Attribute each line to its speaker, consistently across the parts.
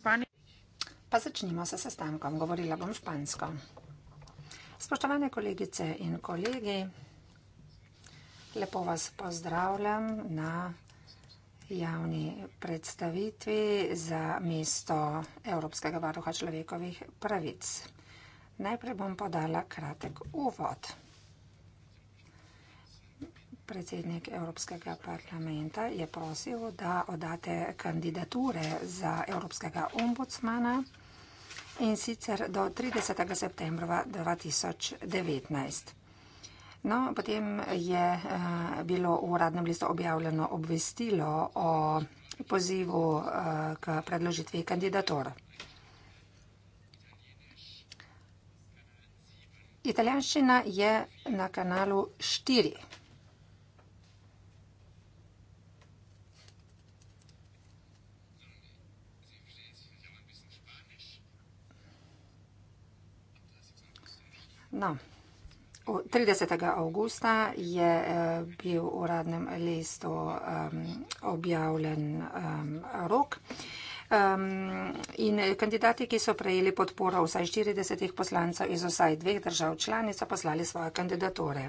Speaker 1: Pa začnimo sa sestankom. Govorila bom špansko. Spoštovane kolegice in kolegi, lepo vas pozdravljam na javni predstavitvi za mesto Evropskega varuha človekovih pravic. Najprej bom podala kratek uvod predsednik Evropskega parlamenta je prosil, da odate kandidature za Evropskega ombudsmana in sicer do 30. septembra 2019. No, potem je eh, bilo v uradnem listu objavljeno obvestilo o pozivu eh, k predložitvi kandidatora. Italijanščina je na kanalu 4. No, 30. avgusta je eh, bil v uradnem listu objavljen rok. Um, in kandidati, ki so prejeli podporo vsaj 40 poslancev iz vsaj dveh držav članic, so poslali svoje kandidature.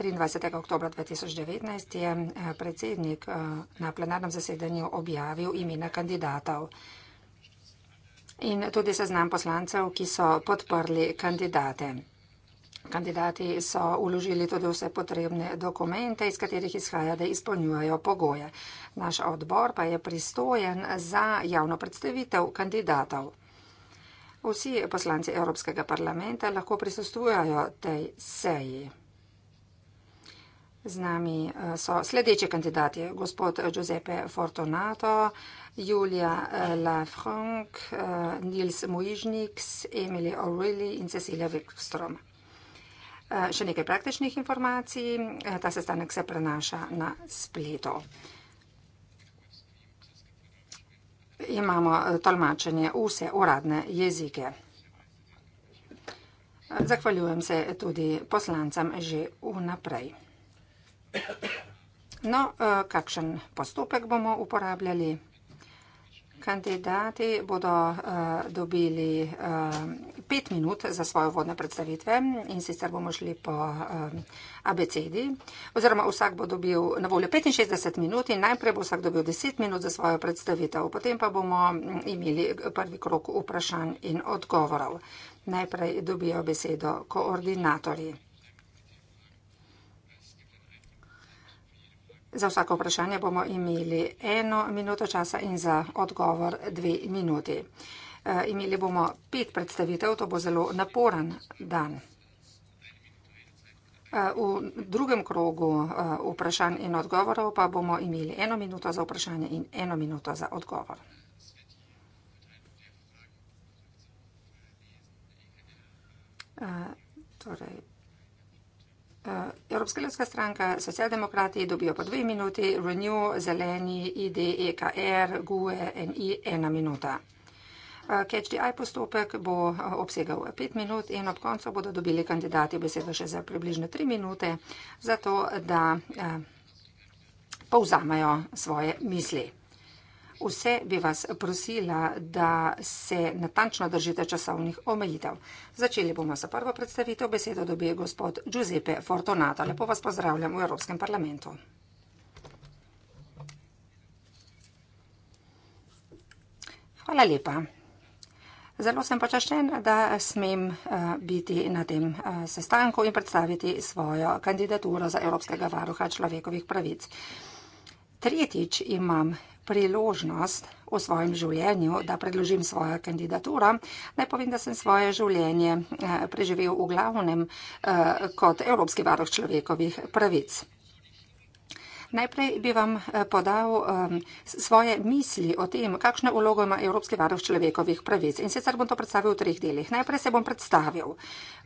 Speaker 1: 23. oktober 2019 je eh, predsednik uh, na plenarnem zasedanju objavil imena kandidatov in tudi seznam poslancev, ki so podprli kandidate. Kandidati so uložili tudi vse potrebne dokumente, iz katerih izhaja, da izpolnjujejo pogoje. Naš odbor pa je pristojen za javno predstavitev kandidatov. Vsi poslanci Evropskega parlamenta lahko prisostujajo tej seji. Z nami eh, so sledeči kandidati, gospod Giuseppe Fortunato, Julia eh, Lafranc, eh, Nils Muižniks, Emily O'Reilly in Cecilia Wikstrom. Eh, še nekaj praktičnih informacij. Eh, ta sestanek se prenaša na spleto. Imamo eh, tolmačenje vse uradne jezike. Zahvaljujem se tudi poslancem že vnaprej. No, kakšen postopek bomo uporabljali? Kandidati bodo uh, dobili uh, pet minut za svoje vodne predstavitve in sicer bomo šli po uh, abecedi. Oziroma vsak bo dobil na voljo 65 minut in najprej bo vsak dobil 10 minut za svojo predstavitev. Potem pa bomo mm, imeli prvi krok vprašanj in odgovorov. Najprej dobijo besedo koordinatorji. Za vsako vprašanje bomo imeli eno minuto časa in za odgovor dve minuti. Eh, imeli bomo pet predstavitev, to bo zelo naporen dan. Eh, v drugem krogu eh, vprašanj in odgovorov pa bomo imeli eno minuto za vprašanje in eno minuto za odgovor. Torej, Eh, Evropska ljudska stranka, socialdemokrati dobijo po dve minuti, Renew, Zeleni, ID, EKR, GUE, NI, ena minuta. Eh, Catch the eye postopek bo eh, obsegal pet minut in ob koncu bodo dobili kandidati besedo še za približno tri minute, zato da povzamajo svoje misli. Vse bi vas prosila, da se natančno držite časovnih omejitev. Začeli bomo sa prvo predstavitev. Besedo dobi gospod Giuseppe Fortunato. Lepo vas pozdravljam v Evropskem parlamentu. Hvala lepa. Zelo sem počaščen, da smem eh, biti na tem eh, sestanku in predstaviti svojo kandidaturo za Evropskega varuha človekovih pravic. Tretjič imam priložnost v svojem življenju, da predložim svojo kandidaturo. Naj povem, da sem svoje življenje eh, preživel v glavnem eh, kot Evropski varuh človekovih pravic. Najprej bi vam eh, podal um, svoje misli o tem, kakšno vlogo ima Evropski varuh človekovih pravic. In sicer bom to predstavil v treh delih. Najprej se bom predstavil,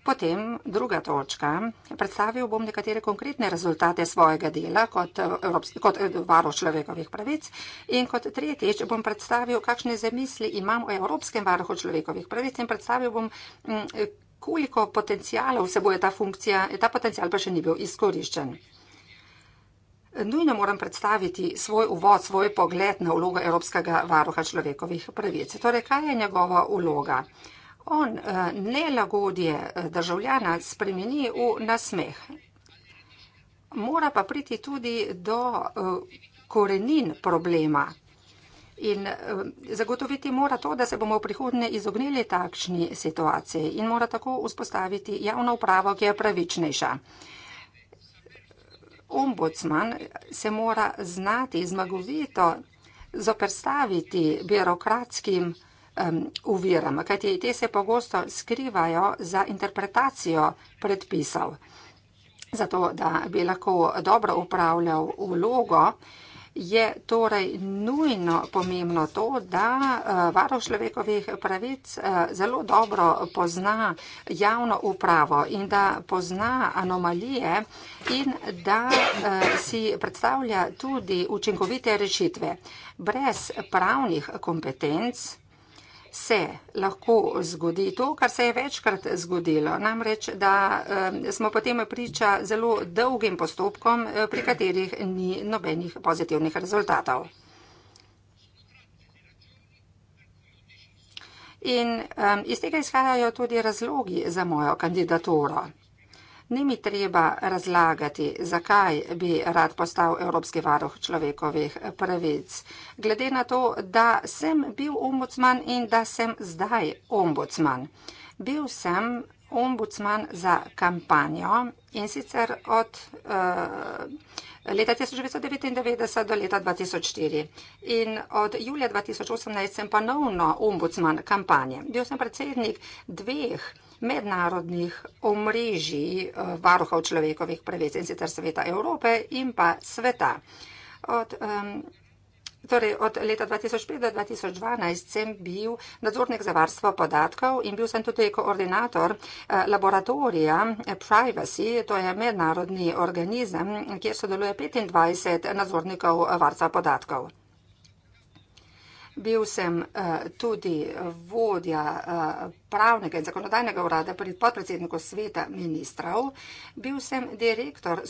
Speaker 1: potem druga točka. Predstavil bom nekatere konkretne rezultate svojega dela kot, eh, Evropski, kot eh, varuh človekovih pravic. In kot tretjič bom predstavil, kakšne zamisli imam o Evropskem varuhu človekovih pravic in predstavil bom. Mm, koliko potencijala vseboje ta funkcija, ta potencijal pa še ni bil izkoriščen nujno moram predstaviti svoj uvod, svoj pogled na vlogo Evropskega varuha človekovih pravic. Torej, kaj je njegova vloga? On eh, nelagodje eh, državljana spremeni v nasmeh. Mora pa priti tudi do eh, korenin problema in zagotoviti mora to, da se bomo v prihodnje izognili takšni situaciji in mora tako vzpostaviti javno upravo, ki je pravičnejša ombudsman se mora znati zmagovito zoprstaviti birokratskim uviram, kajti te se pogosto skrivajo za interpretacijo predpisov. Zato, da bi lahko dobro upravljal vlogo, je torej nujno pomembno to, da eh, varo človekovih pravic eh, zelo dobro pozna javno upravo in da pozna anomalije in da eh, si predstavlja tudi učinkovite rešitve. Brez pravnih kompetenc se lahko zgodi to, kar se je večkrat zgodilo. Namreč, da smo potem priča zelo dolgim postopkom, eh, pri katerih ni nobenih pozitivnih rezultatov. In um, iz tega izhajajo tudi razlogi za mojo kandidaturo. Ni mi treba razlagati, zakaj bi rad postal Evropski varuh človekovih pravic. Glede na to, da sem bil ombudsman in da sem zdaj ombudsman. Bil sem ombudsman za kampanjo in sicer od uh, leta 1999 do leta 2004. In od julija 2018 sem ponovno ombudsman kampanje. Bil sem predsednik dveh mednarodnih omrežij eh, varuhov človekovih pravic in sicer sveta Evrope in pa sveta. Od, um, torej od leta 2005 do 2012 sem bil nadzornik za varstvo podatkov in bil sem tudi koordinator eh, laboratorija eh, Privacy, to je mednarodni organizem, kjer sodeluje 25 nadzornikov varstva podatkov. Bil sem uh, tudi vodja uh, pravnega in zakonodajnega urada pri podpredsedniku sveta ministrov. Bil sem,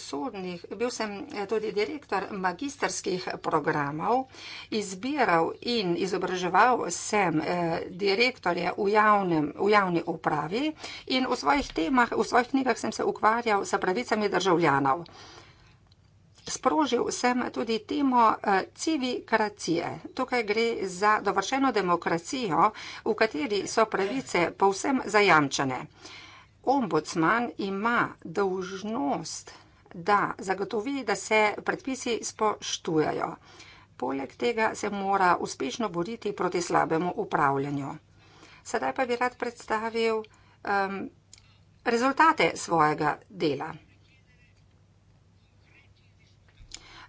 Speaker 1: sodnih, bil sem eh, tudi direktor magistrskih programov. Izbiral in izobraževal sem uh, direktorje v, javnem, v javni upravi in v svojih temah, v svojih knjigah sem se ukvarjal s pravicami državljanov sprožil sem tudi temo eh, civikracije. Tukaj gre za dovršeno demokracijo, v kateri so pravice povsem zajamčene. Ombudsman ima dožnost, da zagotovi, da se predpisi spoštujajo. Poleg tega se mora uspešno boriti proti slabemu upravljanju. Sedaj pa bi rad predstavil um, rezultate svojega dela.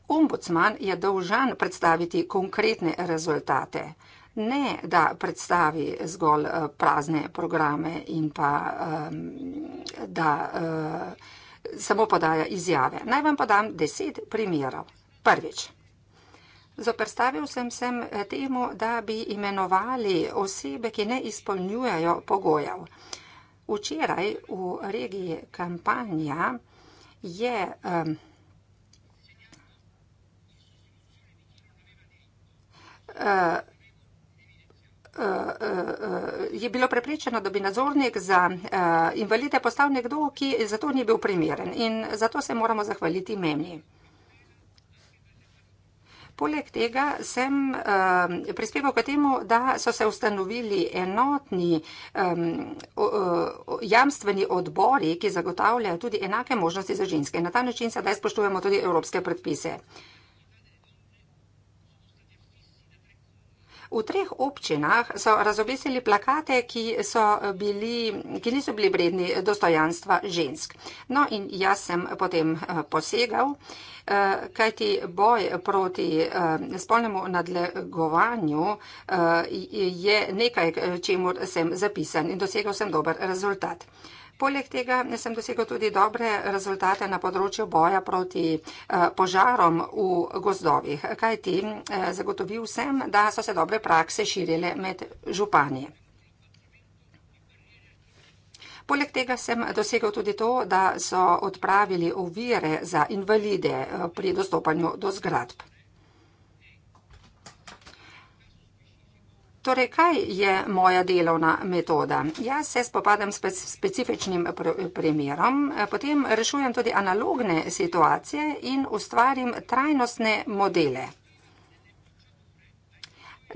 Speaker 1: Ombudsman je dolžan predstaviti konkretne rezultate, ne da predstavi zgolj eh, prazne programe in pa ehm, da eh, samo podaja izjave. Naj vam pa dam deset primerov. Prvič. Zoprstavil sem se eh, temu, da bi imenovali osebe, ki ne izpolnjujejo pogojev. Včeraj v regiji kampanja je. Um, Eh, eh, eh, je bilo preprečeno, da bi nadzornik za invalide postal nekdo, ki za to ni bil primeren. In zato se moramo zahvaliti meni. Poleg tega sem prispeval k temu, da so se ustanovili enotni jamstveni odbori, ki zagotavljajo tudi enake možnosti za ženske. Na ta način sedaj spoštujemo tudi evropske predpise. V treh občinah so razobesili plakate, ki, so bili, ki niso bili vredni dostojanstva žensk. No in jaz sem potem eh, posegal, eh, kajti boj proti eh, spolnemu nadlegovanju je nekaj, čemu sem zapisan in dosegal sem dober rezultat. Poleg tega sem dosegel tudi dobre rezultate na področju boja proti eh, požarom v gozdovih, kajti eh, zagotovil sem, da so se dobre prakse širile med županje. Poleg tega sem dosegel tudi to, da so odpravili ovire za invalide eh, pri dostopanju do zgradb. Torej, kaj je moja delovna metoda? Jaz se spopadam s specifičnim primerom, potem rešujem tudi analogne situacije in ustvarim trajnostne modele.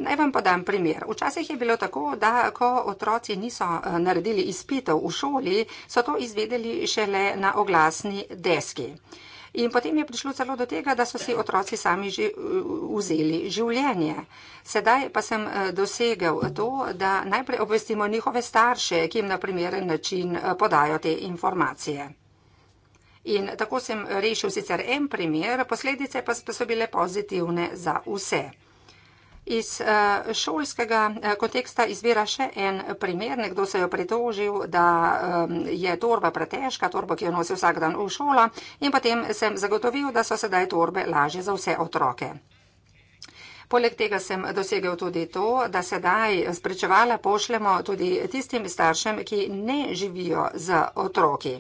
Speaker 1: Naj vam podam primer. Včasih je bilo tako, da ko otroci niso eh, naredili izpitev v šoli, so to izvedeli šele na oglasni deski. In potem je prišlo celo do tega, da so si otroci sami že uh, vzeli življenje. Sedaj pa sem uh, dosegel to, da najprej obvestimo njihove starše, ki jim na primeren način uh, podajo te informacije. In tako sem rešil sicer en primer, posledice pa so bile pozitivne za vse. Iz eh, šolskega eh, konteksta izvira še en primer. Nekdo se je pritožil, da eh, je torba pretežka, torba, ki jo nosi vsak dan v šolo in potem sem zagotovil, da so sedaj torbe lažje za vse otroke. Poleg tega sem dosegel tudi to, da sedaj spričevala pošljemo tudi tistim staršem, ki ne živijo z otroki.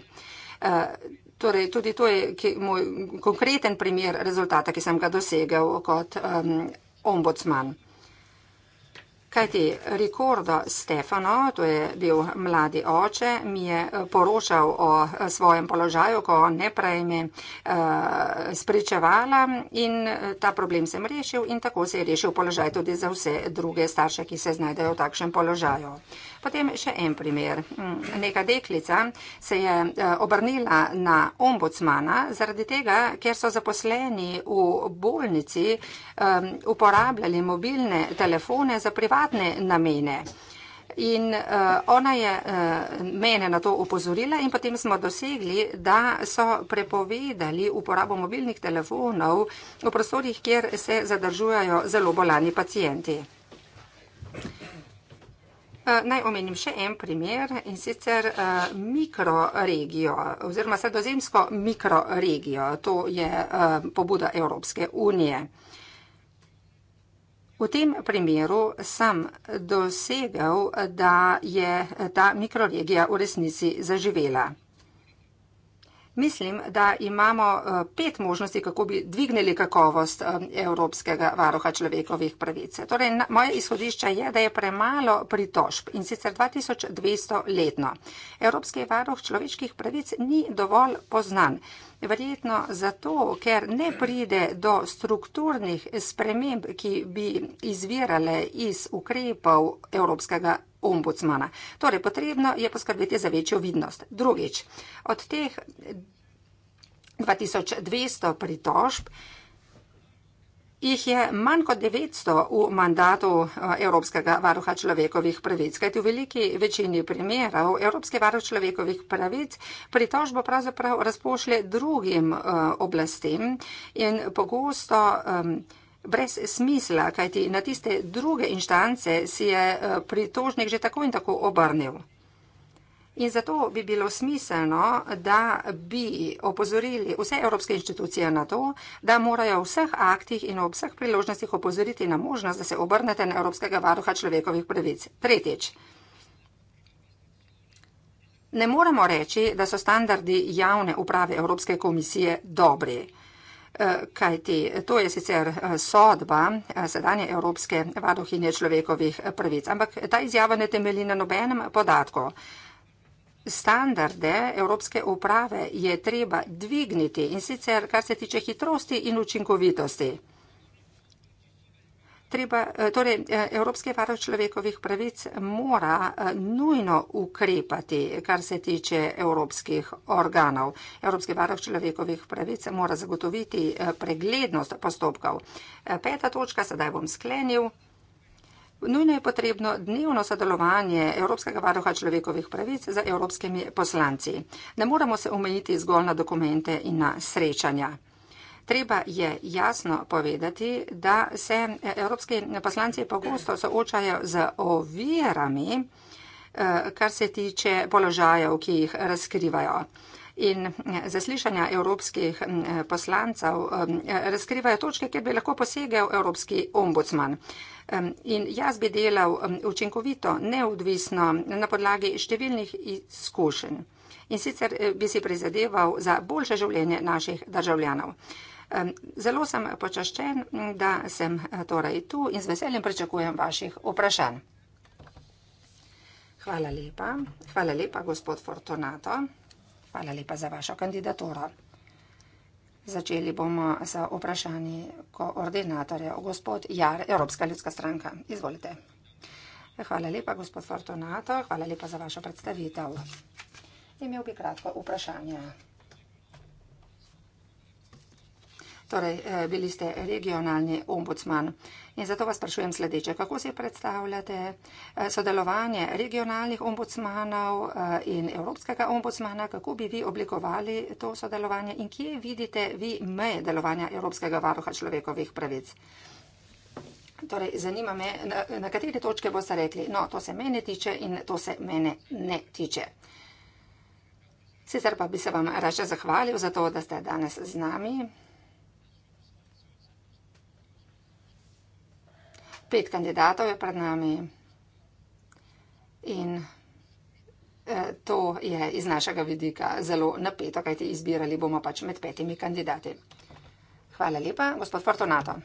Speaker 1: Torej, tudi to je moj konkreten primer rezultata, ki sem ga dosegel kot otrok ombudsman. Kajti Rikordo Stefano, to je bil mladi oče, mi je eh, poročal o eh, svojem položaju, ko ne prejme eh, spričevala in ta problem sem rešil in tako se je rešil položaj tudi za vse druge starše, ki se znajdejo v takšnem položaju. Potem še en primer. Mm, neka deklica se je eh, obrnila na ombudsmana zaradi tega, ker so zaposleni v bolnici ehm, uporabljali mobilne telefone za privatne namene. In uh, ona je uh, mene na to upozorila in potem smo dosegli, da so prepovedali uporabo mobilnih telefonov v prostorih, kjer se zadržujajo zelo bolani pacijenti. Eh, naj omenim še en primer in sicer eh, mikroregijo oziroma sredozemsko mikroregijo. To je eh, pobuda Evropske unije. V tem primeru sem dosegel, da je ta mikroregija v resnici zaživela. Mislim, da imamo eh, pet možnosti, kako bi dvignili kakovost eh, Evropskega varuha človekovih pravic. Torej, moje izhodišče je, da je premalo pritožb in sicer 2200 letno. Evropski varuh človekovih pravic ni dovolj poznan verjetno zato, ker ne pride do strukturnih sprememb, ki bi izvirale iz ukrepov Evropskega ombudsmana. Torej, potrebno je poskrbeti za večjo vidnost. Drugič, od teh 2200 pritožb jih je manj kot 900 v mandatu eh, Evropskega varuha človekovih pravic. Kajti v veliki večini primerov Evropski varuh človekovih pravic pritožbo pravzaprav razpošlje drugim eh, oblastem in pogosto brez smisla, kajti na tiste druge inštance si je eh, pritožnik že tako in tako obrnil. In zato bi bilo smiselno, da bi opozorili vse evropske inštitucije na to, da morajo v vseh aktih in v vseh priložnostih opozoriti na možnost, da se obrnete na Evropskega varuha človekovih pravic. Tretjič. Ne moremo reči, da so standardi javne uprave Evropske komisije dobri. Eh, kajti, to je sicer eh, sodba eh, sedanje Evropske varuhinje človekovih pravic, ampak ta izjava ne temelji na nobenem podatku standarde evropske uprave je treba dvigniti in sicer kar se tiče hitrosti in učinkovitosti. Treba, eh, torej, eh, Evropske varo človekovih pravic mora eh, nujno ukrepati, kar se tiče evropskih organov. Evropske varo človekovih pravic mora zagotoviti preglednost postopkov. Peta točka, sedaj bom sklenil. Nujno je potrebno dnevno sodelovanje Evropskega varuha človekovih pravic z evropskimi poslanci. Ne moremo se omejiti zgolj na dokumente in na srečanja. Treba je jasno povedati, da se evropski poslanci pogosto soočajo z ovirami, eh, kar se tiče položajev, ki jih razkrivajo in eh, zaslišanja evropskih mm, eh, poslancev mm, eh, razkrivajo točke, kjer bi lahko posegel evropski ombudsman. In jaz bi delal mm, učinkovito, neodvisno na podlagi številnih izkušenj. In sicer bi si prizadeval za boljše življenje naših državljanov. Zelo sem počaščen, da sem torej tu in z veseljem pričakujem vaših vprašanj. Hvala lepa. Hvala lepa, gospod Fortunato. Hvala lepa za vašo kandidaturo. Začeli bomo sa vprašanji koordinatorja, gospod Jar, Evropska ljudska stranka. Izvolite. Hvala lepa, gospod Fortunato, hvala lepa za vašo predstavitev. Imel bi kratko vprašanje. Torej, eh, bili ste regionalni ombudsman. In zato vas sprašujem sledeče, kako si predstavljate eh, sodelovanje regionalnih ombudsmanov eh, in evropskega ombudsmana, kako bi vi oblikovali to sodelovanje in kje vidite vi meje delovanja Evropskega varuha človekovih pravic? Torej, zanima me, na, na kateri točki boste rekli, no, to se mene tiče in to se mene ne tiče. Sicer pa bi se vam raje zahvalil za to, da ste danes z nami. pet kandidatov je pred nami in eh, to je iz našega vidika zelo napeto, kajti izbirali bomo pač med petimi kandidati. Hvala lepa, gospod Fortunato.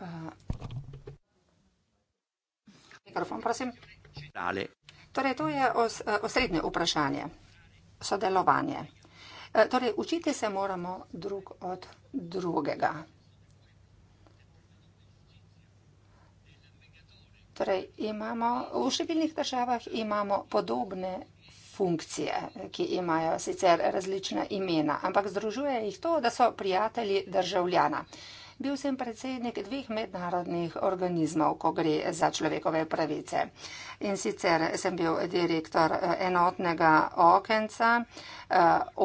Speaker 1: Uh, mikrofon, prosim. Dale. Torej, to je os, eh, osrednje vprašanje, sodelovanje. Eh, torej, učiti se moramo drug od drugega. Torej, imamo, v številnih državah imamo podobne funkcije, ki imajo sicer različna imena, ampak združuje jih to, da so prijatelji državljana. Bil sem predsednik dveh mednarodnih organizmov, ko gre za človekove pravice. In sicer sem bil direktor eh, enotnega okenca eh,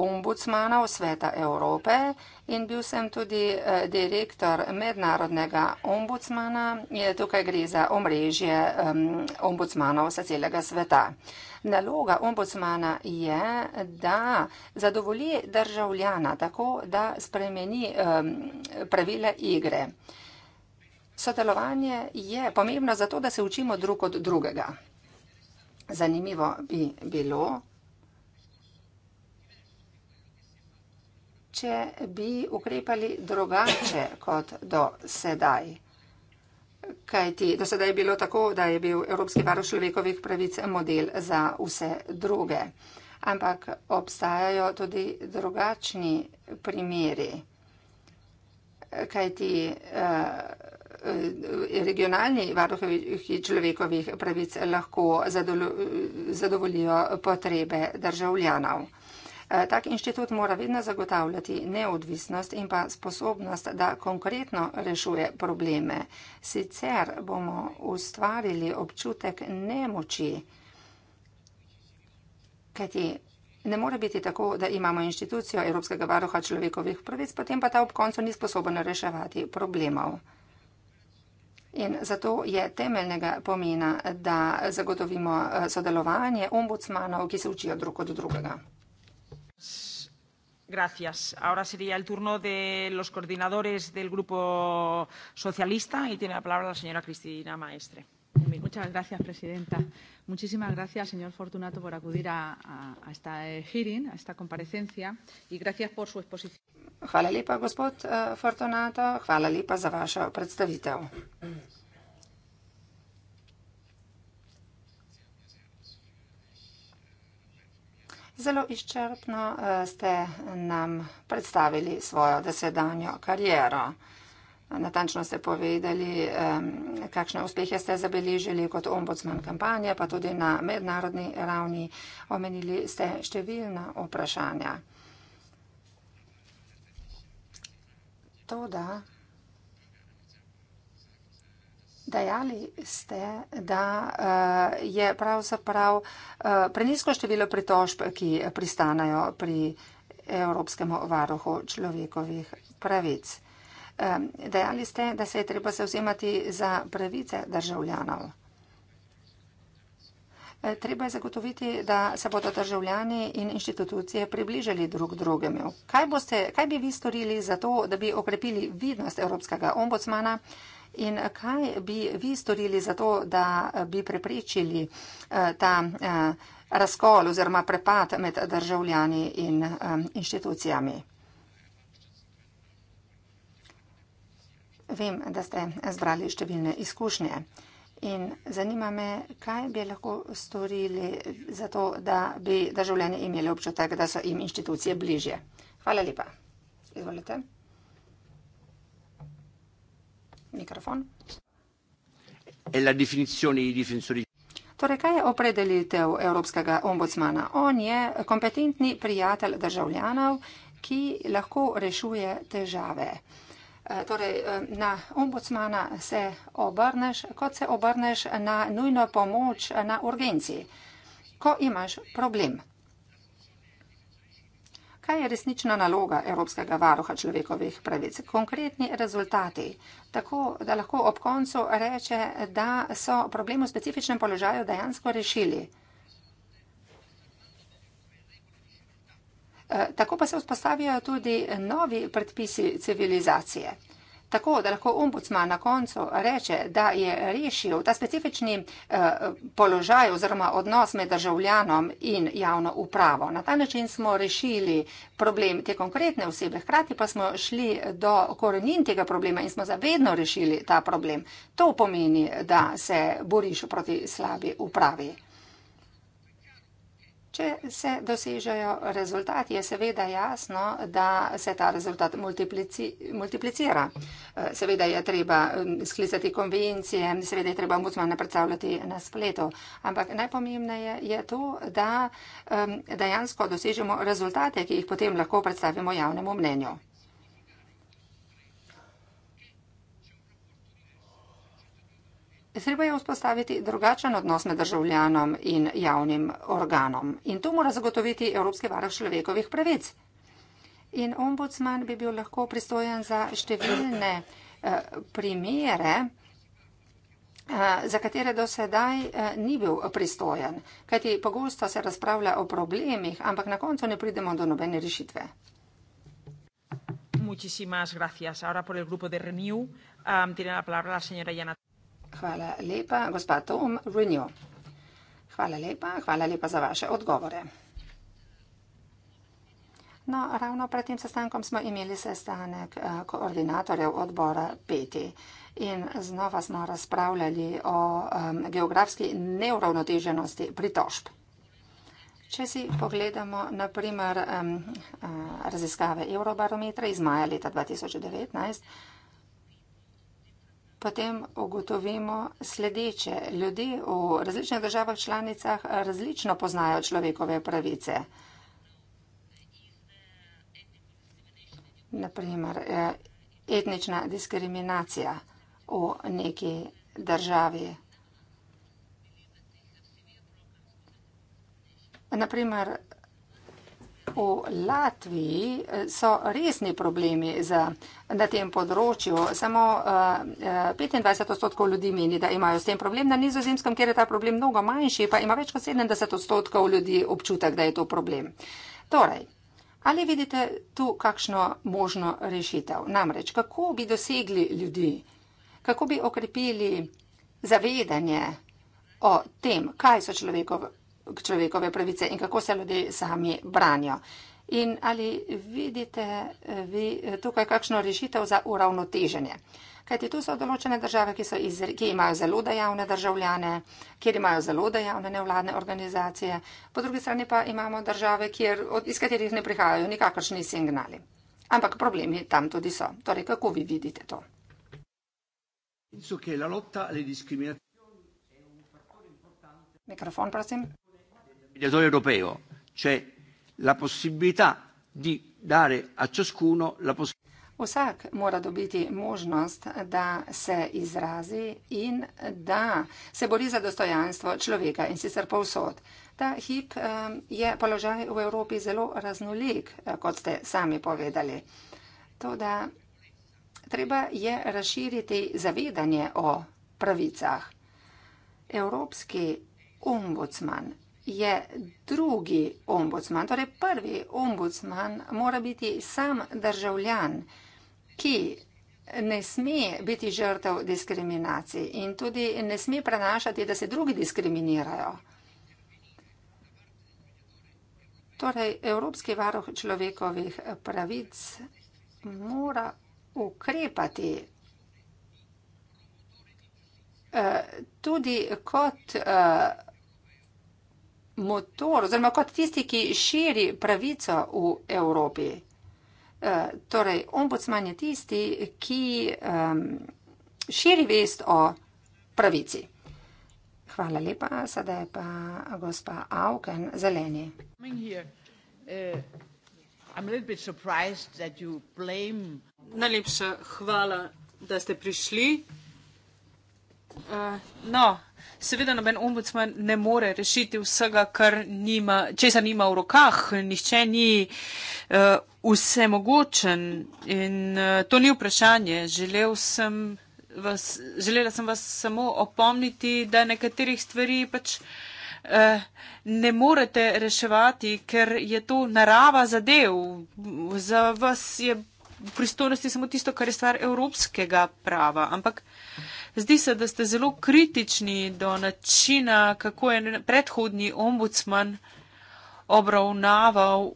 Speaker 1: ombudsmanov Sveta Evrope in bil sem tudi eh, direktor mednarodnega ombudsmana. Tukaj gre za omrežje ombudsmanov sa celega sveta. Naloga ombudsmana je, da zadovolji državljana tako, da spremeni pravile igre. Sodelovanje je pomembno zato, da se učimo drug od drugega. Zanimivo bi bilo, če bi ukrepali drugače kot do sedaj. Kajti do sedaj je bilo tako, da je bil Evropski varuh človekovih pravic model za vse druge. Ampak obstajajo tudi drugačni primeri. Kajti eh, regionalni varuhi človekovih pravic lahko zadovoljijo potrebe državljanov. Eh, tak inštitut mora vedno zagotavljati neodvisnost in pa sposobnost, da konkretno rešuje probleme. Sicer bomo ustvarili občutek nemoči, kajti ne more biti tako, da imamo inštitucijo Evropskega varuha človekovih pravic, potem pa ta ob koncu ni sposoben reševati problemov. In zato je temeljnega pomena, da zagotovimo eh, sodelovanje ombudsmanov, ki se učijo drug od drugega.
Speaker 2: Gracias. Ahora sería el turno de los coordinadores del Grupo Socialista y tiene la palabra la señora Cristina Maestre. Muchas gracias, presidenta. Muchísimas gracias, señor Fortunato, por acudir a, a, a esta eh, hearing, a esta comparecencia y gracias por su exposición.
Speaker 1: Hvala lepa, gospod uh, Fortunato. Hvala lepa za vašo predstavitev. Zelo izčrpno eh, ste nam predstavili svojo desedanjo karijero. Natančno ste povedali, kakšne uspehe ste zabeležili kot ombudsman kampanje, pa tudi na mednarodni ravni omenili ste številna vprašanja. Toda Dajali ste, da eh, je pravzaprav eh, prenisko število pritožb, ki pristanajo pri Evropskemu varohu človekovih pravic. Dajali ste, da se je treba zauzemati za pravice državljanov. Eh, treba je zagotoviti, da se bodo državljani in inštitucije približali drug drugemu. Kaj, kaj bi vi storili za to, da bi okrepili vidnost Evropskega ombudsmana? In kaj bi vi storili za to, da bi preprečili eh, ta eh, razkol oziroma prepad med državljani in eh, inštitucijami? Vem, da ste zbrali številne izkušnje in zanima me, kaj bi lahko storili za to, da bi državljani imeli občutek, da so jim inštitucije bližje. Hvala lepa. Izvolite mikrofon.
Speaker 3: E la definizione di difensori.
Speaker 1: Torej, kaj je opredelitev Evropskega ombudsmana? On je kompetentni prijatelj državljanov, ki lahko rešuje težave. E, torej, e, na ombudsmana se obrneš, kot se obrneš na nujno pomoč na urgenci, ko imaš problem kaj je resnična naloga Evropskega varuha človekovih pravic, konkretni rezultati, tako da lahko ob koncu reče, da so problem v specifičnem položaju dejansko rešili. E, tako pa se vzpostavijo tudi novi predpisi civilizacije tako, da lahko ombudsman na koncu reče, da je rešil ta specifični eh, položaj oziroma odnos med državljanom in javno upravo. Na ta način smo rešili problem te konkretne osebe, hkrati pa smo šli do korenin tega problema in smo zavedno rešili ta problem. To pomeni, da se boriš proti slabi upravi. Če se dosežejo rezultati, je seveda jasno, da se ta rezultat multiplici, multiplicira. Eh, seveda je treba mm, sklicati konvencije, seveda je treba ombudsmana predstavljati na spletu, ampak najpomembneje je to, da mm, dejansko dosežemo rezultate, ki jih potem lahko predstavimo javnemu mnenju. Treba je vzpostaviti drugačen odnos med državljanom in javnim organom. In to mora zagotoviti Evropski varuh človekovih pravic. In ombudsman bi bil lahko pristojen za številne eh, primere, eh, za katere do sedaj eh, ni bil pristojen. Kajti pogosto se razpravlja o problemih, ampak na koncu ne pridemo do nobene rešitve.
Speaker 2: Muchísimas gracias. Ahora por el grupo de Renew um, tiene la palabra la señora Yana.
Speaker 1: Hvala lepa. Gospa Tom, Renew. Hvala lepa, hvala lepa za vaše odgovore. No, ravno pred tem sestankom smo imeli sestanek eh, koordinatorjev odbora PETI in znova smo razpravljali o geografski neuravnoteženosti pritožb. Če si pogledamo naprimer eh, raziskave Eurobarometra iz maja leta 2019, potem ugotovimo sledeče. Ljudje v različnih državah članicah različno poznajo človekove pravice. Naprimer, eh, etnična diskriminacija v neki državi. Naprimer, v Latviji eh, so resni problemi za, na tem področju. Samo uh, eh, 25 eh, odstotkov ljudi meni, da imajo s tem problem. Na nizozemskem, kjer je ta problem mnogo manjši, pa ima več kot 70 odstotkov ljudi občutek, da je to problem. Torej, ali vidite tu kakšno možno rešitev? Namreč, kako bi dosegli ljudi, kako bi okrepili zavedanje o tem, kaj so človekovi človekove pravice in kako se ljudje sami branijo. In ali vidite eh, vi tukaj kakšno rešitev za uravnoteženje? Kajti tu so določene države, ki, so iz, ki imajo zelo dejavne državljane, kjer imajo zelo dejavne nevladne organizacije, po drugi strani pa imamo države, kjer, iz katerih ne prihajajo nikakršni signali. Ampak problemi tam tudi so. Torej, kako vi vidite to? Mikrofon, prosim
Speaker 3: mediatore europeo, cioè la possibilità di dare a ciascuno la possibilità.
Speaker 1: Vsak mora dobiti možnost, da se izrazi in da se bori za dostojanstvo človeka in sicer povsod. Ta hip je položaj v Evropi zelo raznolik, eh, kot ste sami povedali. Toda treba je razširiti zavedanje o pravicah. Evropski ombudsman je drugi ombudsman, torej prvi ombudsman mora biti sam državljan, ki ne sme biti žrtev diskriminacij in tudi ne sme prenašati, da se drugi diskriminirajo. Torej, Evropski varuh človekovih pravic mora ukrepati eh, tudi kot vsega, eh, motor oziroma kot tisti, ki širi pravico v Evropi. Eh, torej, ombudsman je tisti, ki um, širi vest o pravici. Hvala lepa, sedaj pa gospa Auken, zeleni.
Speaker 2: Eh,
Speaker 4: Najlepša hvala, da ste prišli. Uh, no, Seveda, noben ombudsman ne more rešiti vsega, nima, česar nima v rokah. Nihče ni uh, eh, vse mogočen in uh, to ni vprašanje. Želel sem vas, želela sem vas samo opomniti, da nekaterih stvari pač. Eh, ne morete reševati, ker je to narava zadev. Za vas je v pristojnosti samo tisto, kar je stvar evropskega prava. Ampak Zdi se, da ste zelo kritični do načina, kako je predhodni ombudsman obravnaval eh,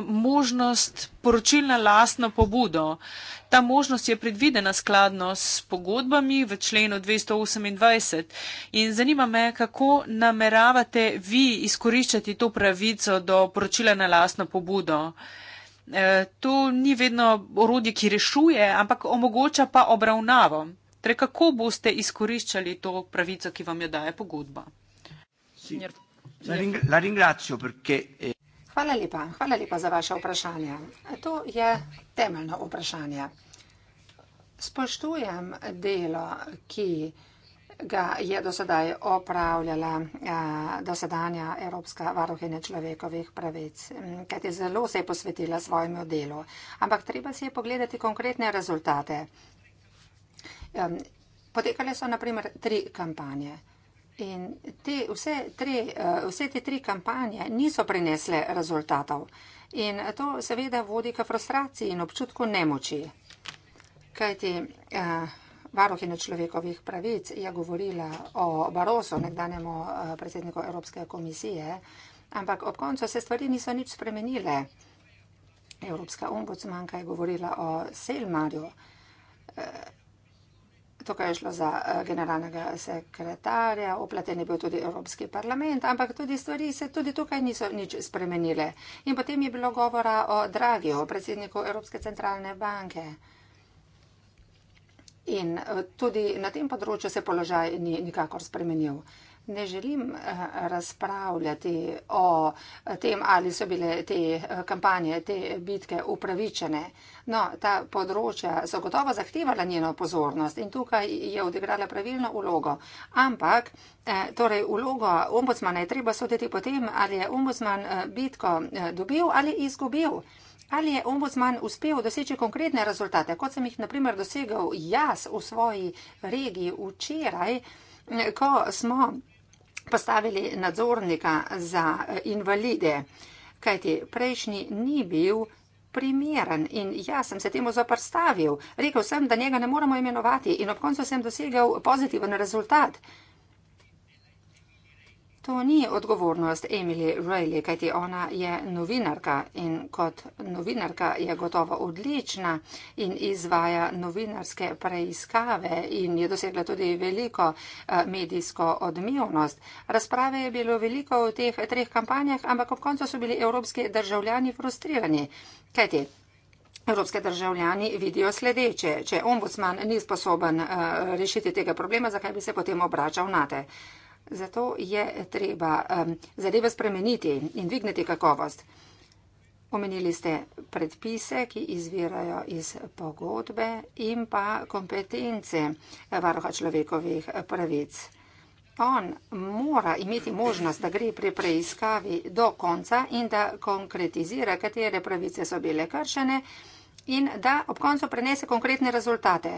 Speaker 4: možnost poročil na lastno pobudo. Ta možnost je predvidena skladno s pogodbami v členu 228 in zanima me, kako nameravate vi izkoriščati to pravico do poročila na lastno pobudo. Eh, to ni vedno orodje, ki rešuje, ampak omogoča pa obravnavo. Torej, kako boste izkoriščali to pravico, ki vam jo daje pogodba?
Speaker 2: Eh,
Speaker 1: Hvala lepa. Hvala lepa za vaše vprašanje. To je temeljno vprašanje. Spoštujem delo, ki ga je do sedaj opravljala dosedanja Evropska varuhinja človekovih pravic, kajti zelo se je posvetila svojemu delu. Ampak treba si je pogledati konkretne rezultate. Potekale so naprimer tri kampanje. In te, vse, tri, e, vse te tri kampanje niso prinesle rezultatov. In to seveda vodi k frustraciji in občutku nemoči. Kajti, uh, Varuhine človekovih pravic je govorila o Baroso, nekdanjemu eh, predsedniku Evropske komisije, ampak ob koncu se stvari niso nič spremenile. Evropska ombudsmanka je govorila o Selmarju. Eh, tukaj je šlo za eh, generalnega sekretarja, upleten je bil tudi Evropski parlament, ampak tudi stvari se tudi tukaj niso nič spremenile. In potem je bilo govora o Dragiju, predsedniku Evropske centralne banke. In eh, tudi na tem področju se položaj ni nikakor spremenil. Ne želim eh, razpravljati o tem, ali so bile te eh, kampanje, te bitke upravičene. No, ta področja so gotovo zahtevala njeno pozornost in tukaj je odigrala pravilno ulogo. Ampak, torej, ulogo ombudsmana je treba soditi potem, ali je ombudsman bitko dobil ali izgubil. Ali je ombudsman uspel doseči konkretne rezultate, kot sem jih naprimer dosegal jaz v svoji regiji včeraj, ko smo postavili nadzornika za eh, invalide, kajti prejšnji ni bil primeren in jaz sem se temu zaprstavil. Rekl sem, da njega ne moramo imenovati in ob koncu sem dosegal pozitiven rezultat to ni odgovornost Emily Reilly, kajti ona je novinarka in kot novinarka je gotovo odlična in izvaja novinarske preiskave in je dosegla tudi veliko eh, medijsko odmevnost. Razprave je bilo veliko v teh treh kampanjah, ampak ob koncu so bili evropski državljani frustrirani. Kajti? Evropske državljani vidijo sledeče, če ombudsman ni sposoben uh, rešiti tega problema, zakaj bi se potem obračal na te. Uh, Zato je treba um, zadeve spremeniti in dvigniti kakovost. Omenili ste predpise, ki izvirajo iz pogodbe in pa kompetence varoha človekovih pravic. On mora imeti možnost, da gre pri preiskavi do konca in da konkretizira, katere pravice so bile kršene in da ob koncu prenese konkretne rezultate.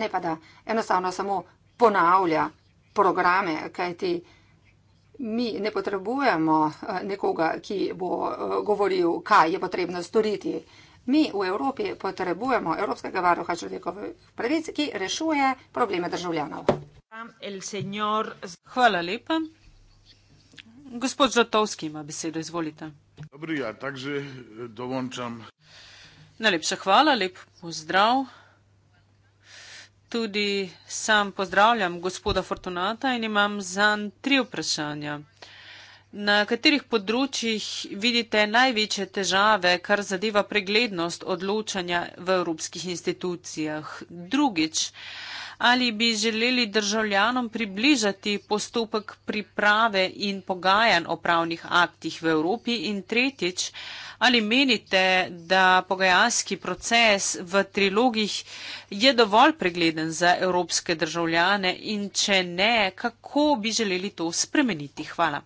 Speaker 1: Ne pa da enostavno samo ponavlja programe, kajti mi ne potrebujemo eh, nekoga, ki bo eh, govoril, kaj je potrebno storiti. Mi v Evropi potrebujemo Evropskega varuha človekovih pravic, ki rešuje probleme državljanov.
Speaker 2: Hvala lepa.
Speaker 4: Gospod Žatovski ima besedo, izvolite. Dobro, ja, takže eh, dovončam. Najlepša hvala, lep pozdrav tudi sam pozdravljam gospoda Fortunata in imam zan tri vprašanja. Na katerih področjih vidite največje težave, kar zadeva preglednost odločanja v evropskih institucijah? Drugič, ali bi želeli državljanom približati postopek priprave in pogajanj o pravnih aktih v Evropi? In tretjič, Ali menite, da pogajalski proces v trilogih je dovolj pregleden za evropske državljane in če ne, kako bi želeli to spremeniti? Hvala.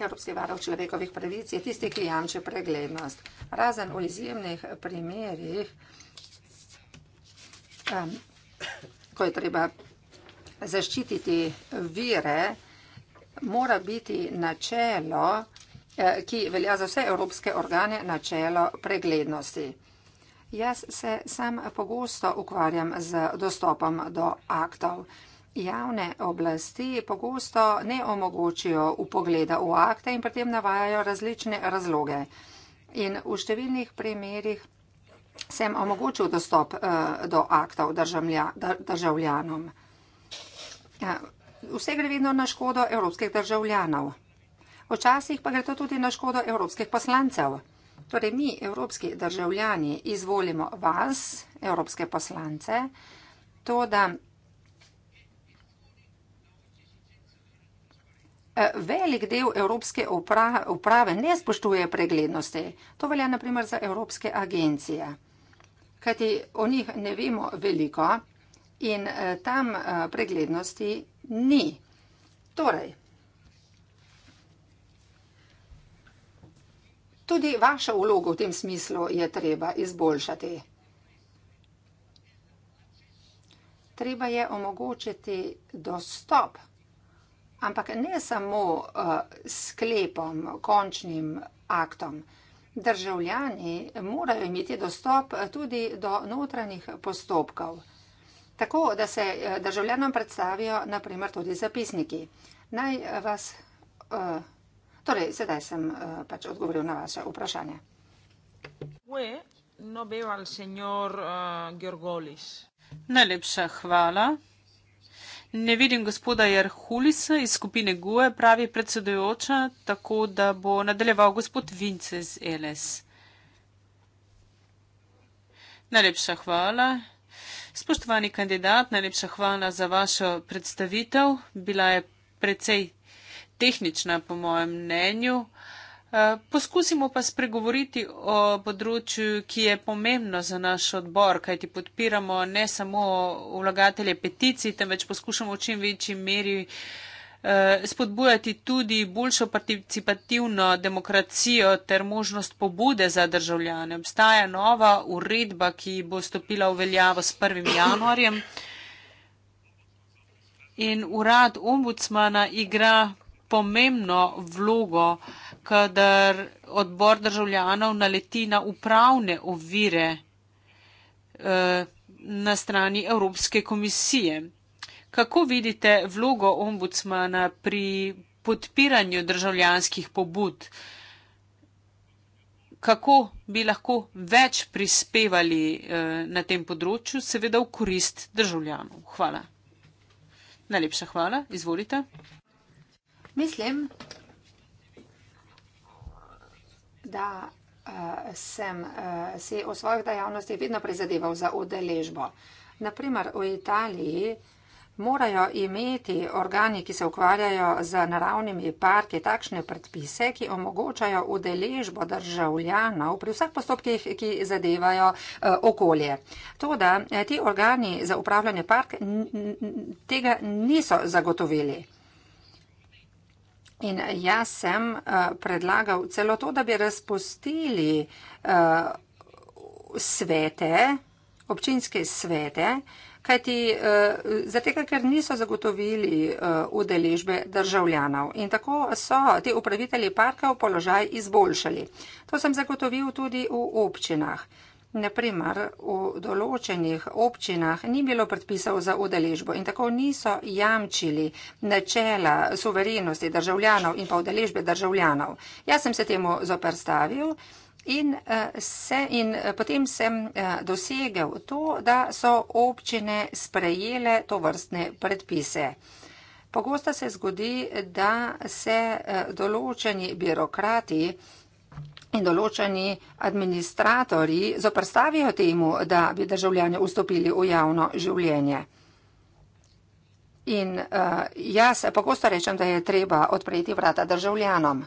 Speaker 1: Evropski varov človekovih pravic je tisti, ki jamči preglednost. Razen v izjemnih primerjih, ko je treba zaščititi vire, mora biti načelo, eh, ki velja za vse evropske organe, načelo preglednosti. Jaz se sam pogosto ukvarjam z dostopom do aktov. Javne oblasti pogosto ne omogočijo upogleda v akte in pri tem navajajo različne razloge. In v številnih primerjih sem omogočil dostop eh, do aktov državljanom. Eh, vse gre vedno na škodo evropskih državljanov. Včasih pa gre to tudi na škodo evropskih poslancev. Torej, mi, evropski državljani, izvolimo vas, evropske poslance, to, da eh, velik del evropske uprave ne spoštuje preglednosti. To velja naprimer za evropske agencije kajti o njih ne vemo veliko in eh, tam eh, preglednosti ni. Torej, tudi vašo vlogo v tem smislu je treba izboljšati. Treba je omogočiti dostop, ampak ne samo eh, sklepom, končnim aktom, ampak državljani morajo imeti dostop tudi do notranjih postopkov. Tako, da se eh, državljanom predstavijo, naprimer, tudi zapisniki. Naj vas. Uh, torej, sedaj sem uh, pač odgovoril na vaše vprašanje. No Najlepša hvala.
Speaker 4: Ne vidim gospoda Jarhulisa iz skupine GUE, pravi predsedujoča, tako da bo nadaljeval gospod Vince z LS. Najlepša hvala. Spoštovani kandidat, najlepša hvala za vašo predstavitev. Bila je precej tehnična, po mojem mnenju. Uh, Eh, poskusimo pa spregovoriti o področju, ki je pomembno za naš odbor, kajti podpiramo ne samo vlagatelje peticij, temveč poskušamo v čim večji meri eh, spodbujati tudi boljšo participativno demokracijo ter možnost pobude za državljane. Obstaja nova uredba, ki bo stopila v veljavo s 1. januarjem in urad ombudsmana igra pomembno vlogo kadar odbor državljanov naleti na upravne ovire eh, na strani Evropske komisije. Kako vidite vlogo ombudsmana pri podpiranju državljanskih pobud? Kako bi lahko več prispevali eh, na tem področju, seveda v korist državljanov? Hvala. Najlepša hvala. Izvolite.
Speaker 1: Mislim, da uh, sem uh, si v svojih dejavnostih vedno prizadeval za udeležbo. Naprimer, v Italiji morajo imeti organi, ki se ukvarjajo z naravnimi parki, takšne predpise, ki omogočajo udeležbo državljanov pri vseh postopkih, ki zadevajo uh, okolje. To, da ti organi za upravljanje park tega niso zagotovili. In jaz sem eh, predlagal celo to, da bi razpustili eh, svete, občinske svete, kajti eh, zatega, ker niso zagotovili udeležbe državljanov. In tako so ti upravitelji parka v položaj izboljšali. To sem zagotovil tudi v občinah. Naprimer, v določenih občinah ni bilo predpisov za udeležbo in tako niso jamčili načela suverenosti državljanov in pa udeležbe državljanov. Jaz sem se temu zoprstavil. In, eh, se, in eh, potem sem eh, dosegel to, da so občine sprejele to vrstne predpise. Pogosto se zgodi, da se določeni birokrati In določeni administratorji zoprstavijo temu, da bi državljani vstopili v javno življenje. In uh, jaz pogosto rečem, da je treba odpreti vrata državljanom.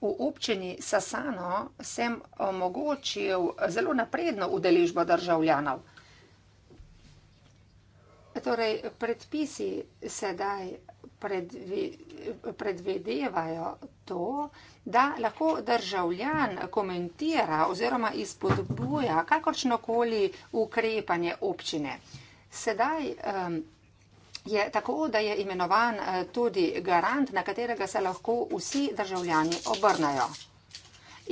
Speaker 1: V občini Sasano sem omogočil zelo napredno udeležbo državljanov. Torej, predpisi sedaj predvi, predvedevajo to, da lahko državljan komentira oziroma izpodbuja kakršnokoli ukrepanje občine. Sedaj um, je tako, da je imenovan uh, tudi garant, na katerega se lahko vsi državljani obrnajo.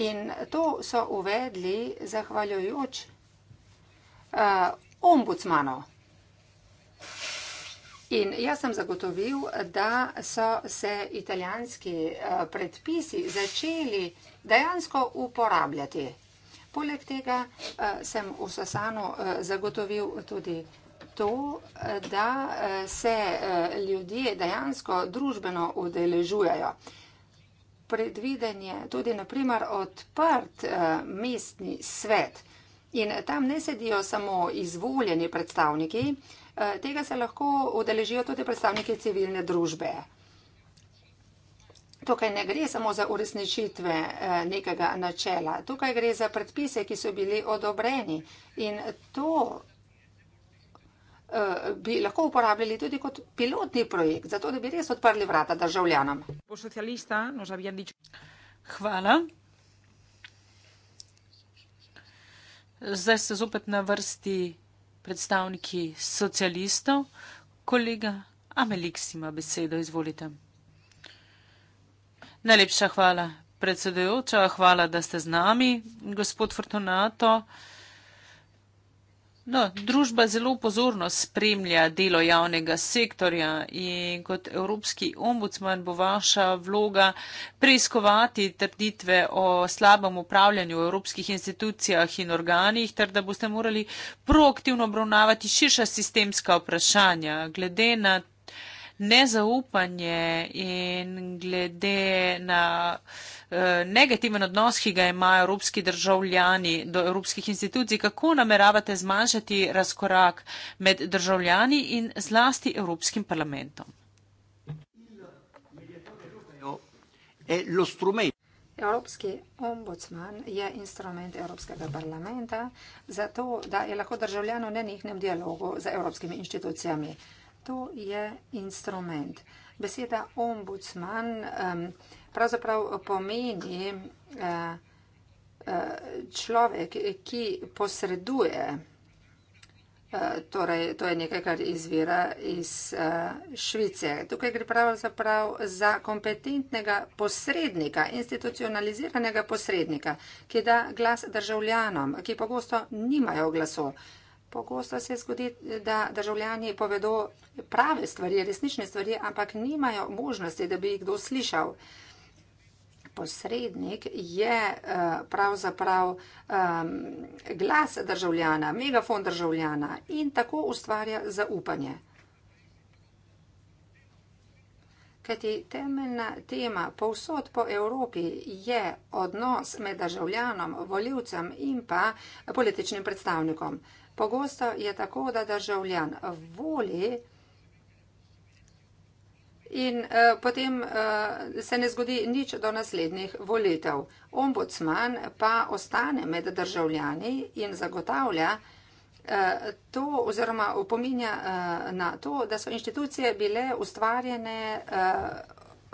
Speaker 1: In to so uvedli zahvaljujoč uh, eh, ombudsmanov. In jaz sem zagotovil, da so se italijanski eh, predpisi začeli dejansko uporabljati. Poleg tega eh, sem v Sasanu eh, zagotovil tudi to, da se ljudje dejansko družbeno udeležujajo. Predviden je tudi naprimer odprt mestni svet in tam ne sedijo samo izvoljeni predstavniki, Eh, tega se lahko udeležijo tudi predstavniki civilne družbe. Tukaj ne gre samo za uresničitve eh, nekega načela, tukaj gre za predpise, ki so bili odobreni in to eh, bi lahko uporabljali tudi kot pilotni projekt, zato da bi res odprli vrata državljanom. Hvala. Zdaj ste
Speaker 4: zopet na vrsti predstavniki socialistov. Kolega Ameliks ima besedo, izvolite. Najlepša hvala, predsedujoča, hvala, da ste z nami, gospod Fortunato. No, družba zelo pozorno spremlja delo javnega sektorja in kot evropski ombudsman bo vaša vloga preiskovati trditve o slabem upravljanju v evropskih institucijah in organih, ter da boste morali proaktivno obravnavati širša sistemska vprašanja. Glede na nezaupanje in glede na eh, negativen odnos, ki ga imajo evropski državljani do evropskih institucij, kako nameravate zmanjšati razkorak med državljani in zlasti Evropskim parlamentom?
Speaker 3: E,
Speaker 1: evropski ombudsman je instrument Evropskega parlamenta, zato da je lahko državljano nenehnem dialogu z evropskimi institucijami to je instrument. Beseda ombudsman pravzaprav pomeni eh, eh, človek, ki posreduje, eh, torej to je nekaj, kar izvira iz Švice. Tukaj gre pravzaprav za kompetentnega posrednika, institucionaliziranega posrednika, ki da glas državljanom, ki pogosto nimajo glasov. Pogosto se zgodi, da državljani povedo prave stvari, resnične stvari, ampak nimajo možnosti, da bi jih kdo slišal. Posrednik je eh, pravzaprav glas državljana, megafon državljana in tako ustvarja zaupanje. Kajti temeljna tema povsod po Evropi je odnos med državljanom, voljivcem in pa političnim predstavnikom. Pogosto je tako, da državljan voli in uh, potem uh, se ne zgodi nič do naslednjih volitev. Ombudsman pa ostane med državljani in zagotavlja uh, to oziroma upominja uh, na to, da so inštitucije bile ustvarjene uh,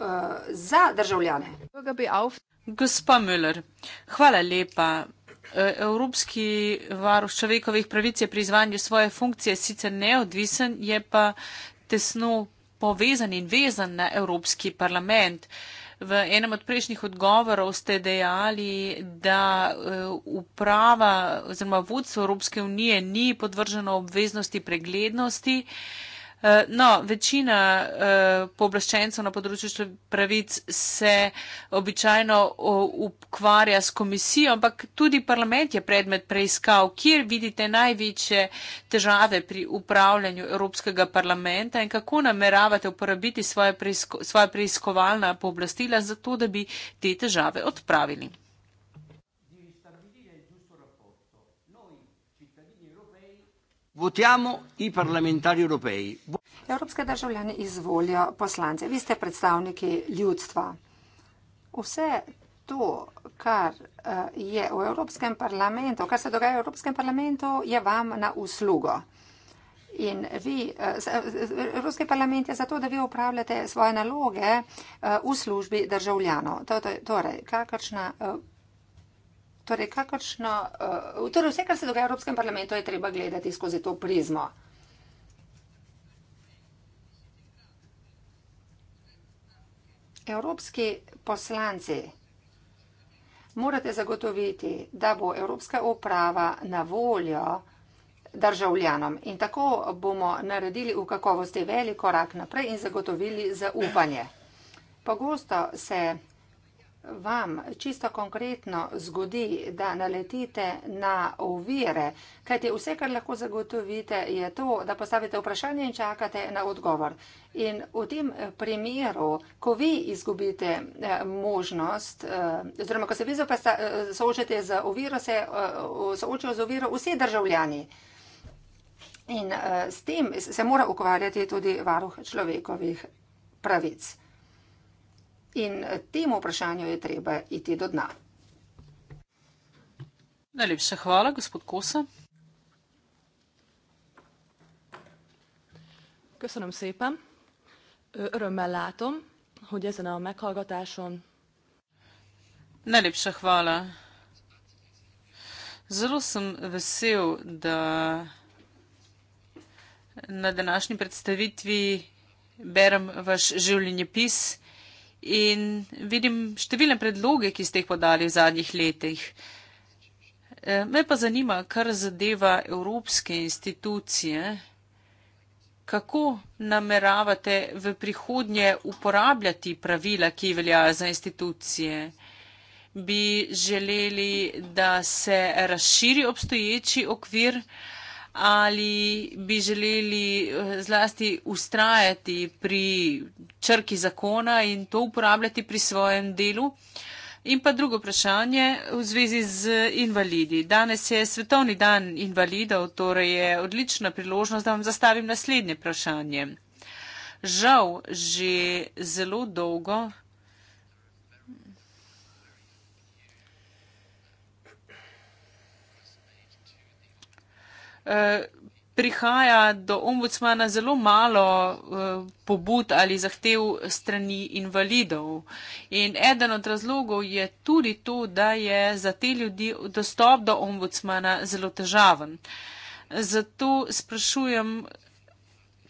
Speaker 1: uh, za državljane.
Speaker 4: Gospa Müller, hvala lepa. E, Evropski varuh človekovih pravic je pri izvanju svoje funkcije sicer neodvisen, je pa tesno povezan in vezan na Evropski parlament. V enem od prejšnjih odgovorov ste dejali, da e, uprava oziroma vodstvo Evropske unije ni podvrženo obveznosti preglednosti. Eh, no, večina uh, pooblaščencev na področju pravic se običajno ukvarja s komisijo, ampak tudi parlament je predmet preiskav, kjer vidite največje težave pri upravljanju Evropskega parlamenta in kako nameravate uporabiti svoje, preisko, svoje preiskovalna pooblastila za to, da bi te
Speaker 3: težave odpravili. Votiamo i parlamentari europei.
Speaker 1: Evropske državljane izvolijo poslance. Vi ste predstavniki ljudstva. Vse to, kar eh, je v Evropskem parlamentu, kar se dogaja v Evropskem parlamentu, je vam na uslugo. In vi, eh, Ruski parlament je zato, da vi upravljate svoje naloge eh, v službi državljano. Torej, kakršna torej kakršno, uh, torej vse, kar se dogaja v Evropskem parlamentu, je treba gledati skozi to prizmo. Evropski poslanci morate zagotoviti, da bo Evropska uprava na voljo državljanom in tako bomo naredili v kakovosti velik korak naprej in zagotovili zaupanje. Pogosto se vam čisto konkretno zgodi, da naletite na ovire, kajte vse, kar lahko zagotovite, je to, da postavite vprašanje in čakate na odgovor. In v tem primeru, ko vi izgubite eh, možnost, eh, oziroma ko se vi eh, soočate z oviro, se soočajo z oviro vsi državljani. In s tem se mora ukvarjati tudi varuh človekovih pravic. In temu vprašanju je treba iti do dna. Najlepša hvala, gospod Kosa. Köszönöm szépen.
Speaker 4: Örömmel látom, hogy ezen a meghallgatáson. Ne lépse hvala. Zelo sem vesel, da na današnji predstavitvi berem vaš življenjepis pis in vidim številne predloge, ki ste jih podali v zadnjih letih. E, me pa zanima, kar zadeva evropske institucije, kako nameravate v prihodnje uporabljati pravila, ki veljajo za institucije. Bi želeli, da se razširi obstoječi okvir, ali bi želeli eh, zlasti ustrajati pri črki zakona in to uporabljati pri svojem delu. In pa drugo vprašanje v zvezi z invalidi. Danes je svetovni dan invalidov, torej je odlična priložnost, da vam zastavim naslednje vprašanje. Žal že zelo dolgo Eh, prihaja do ombudsmana zelo malo eh, pobud ali zahtev strani invalidov. In eden od razlogov je tudi to, da je za te ljudi dostop do ombudsmana zelo težaven. Zato sprašujem,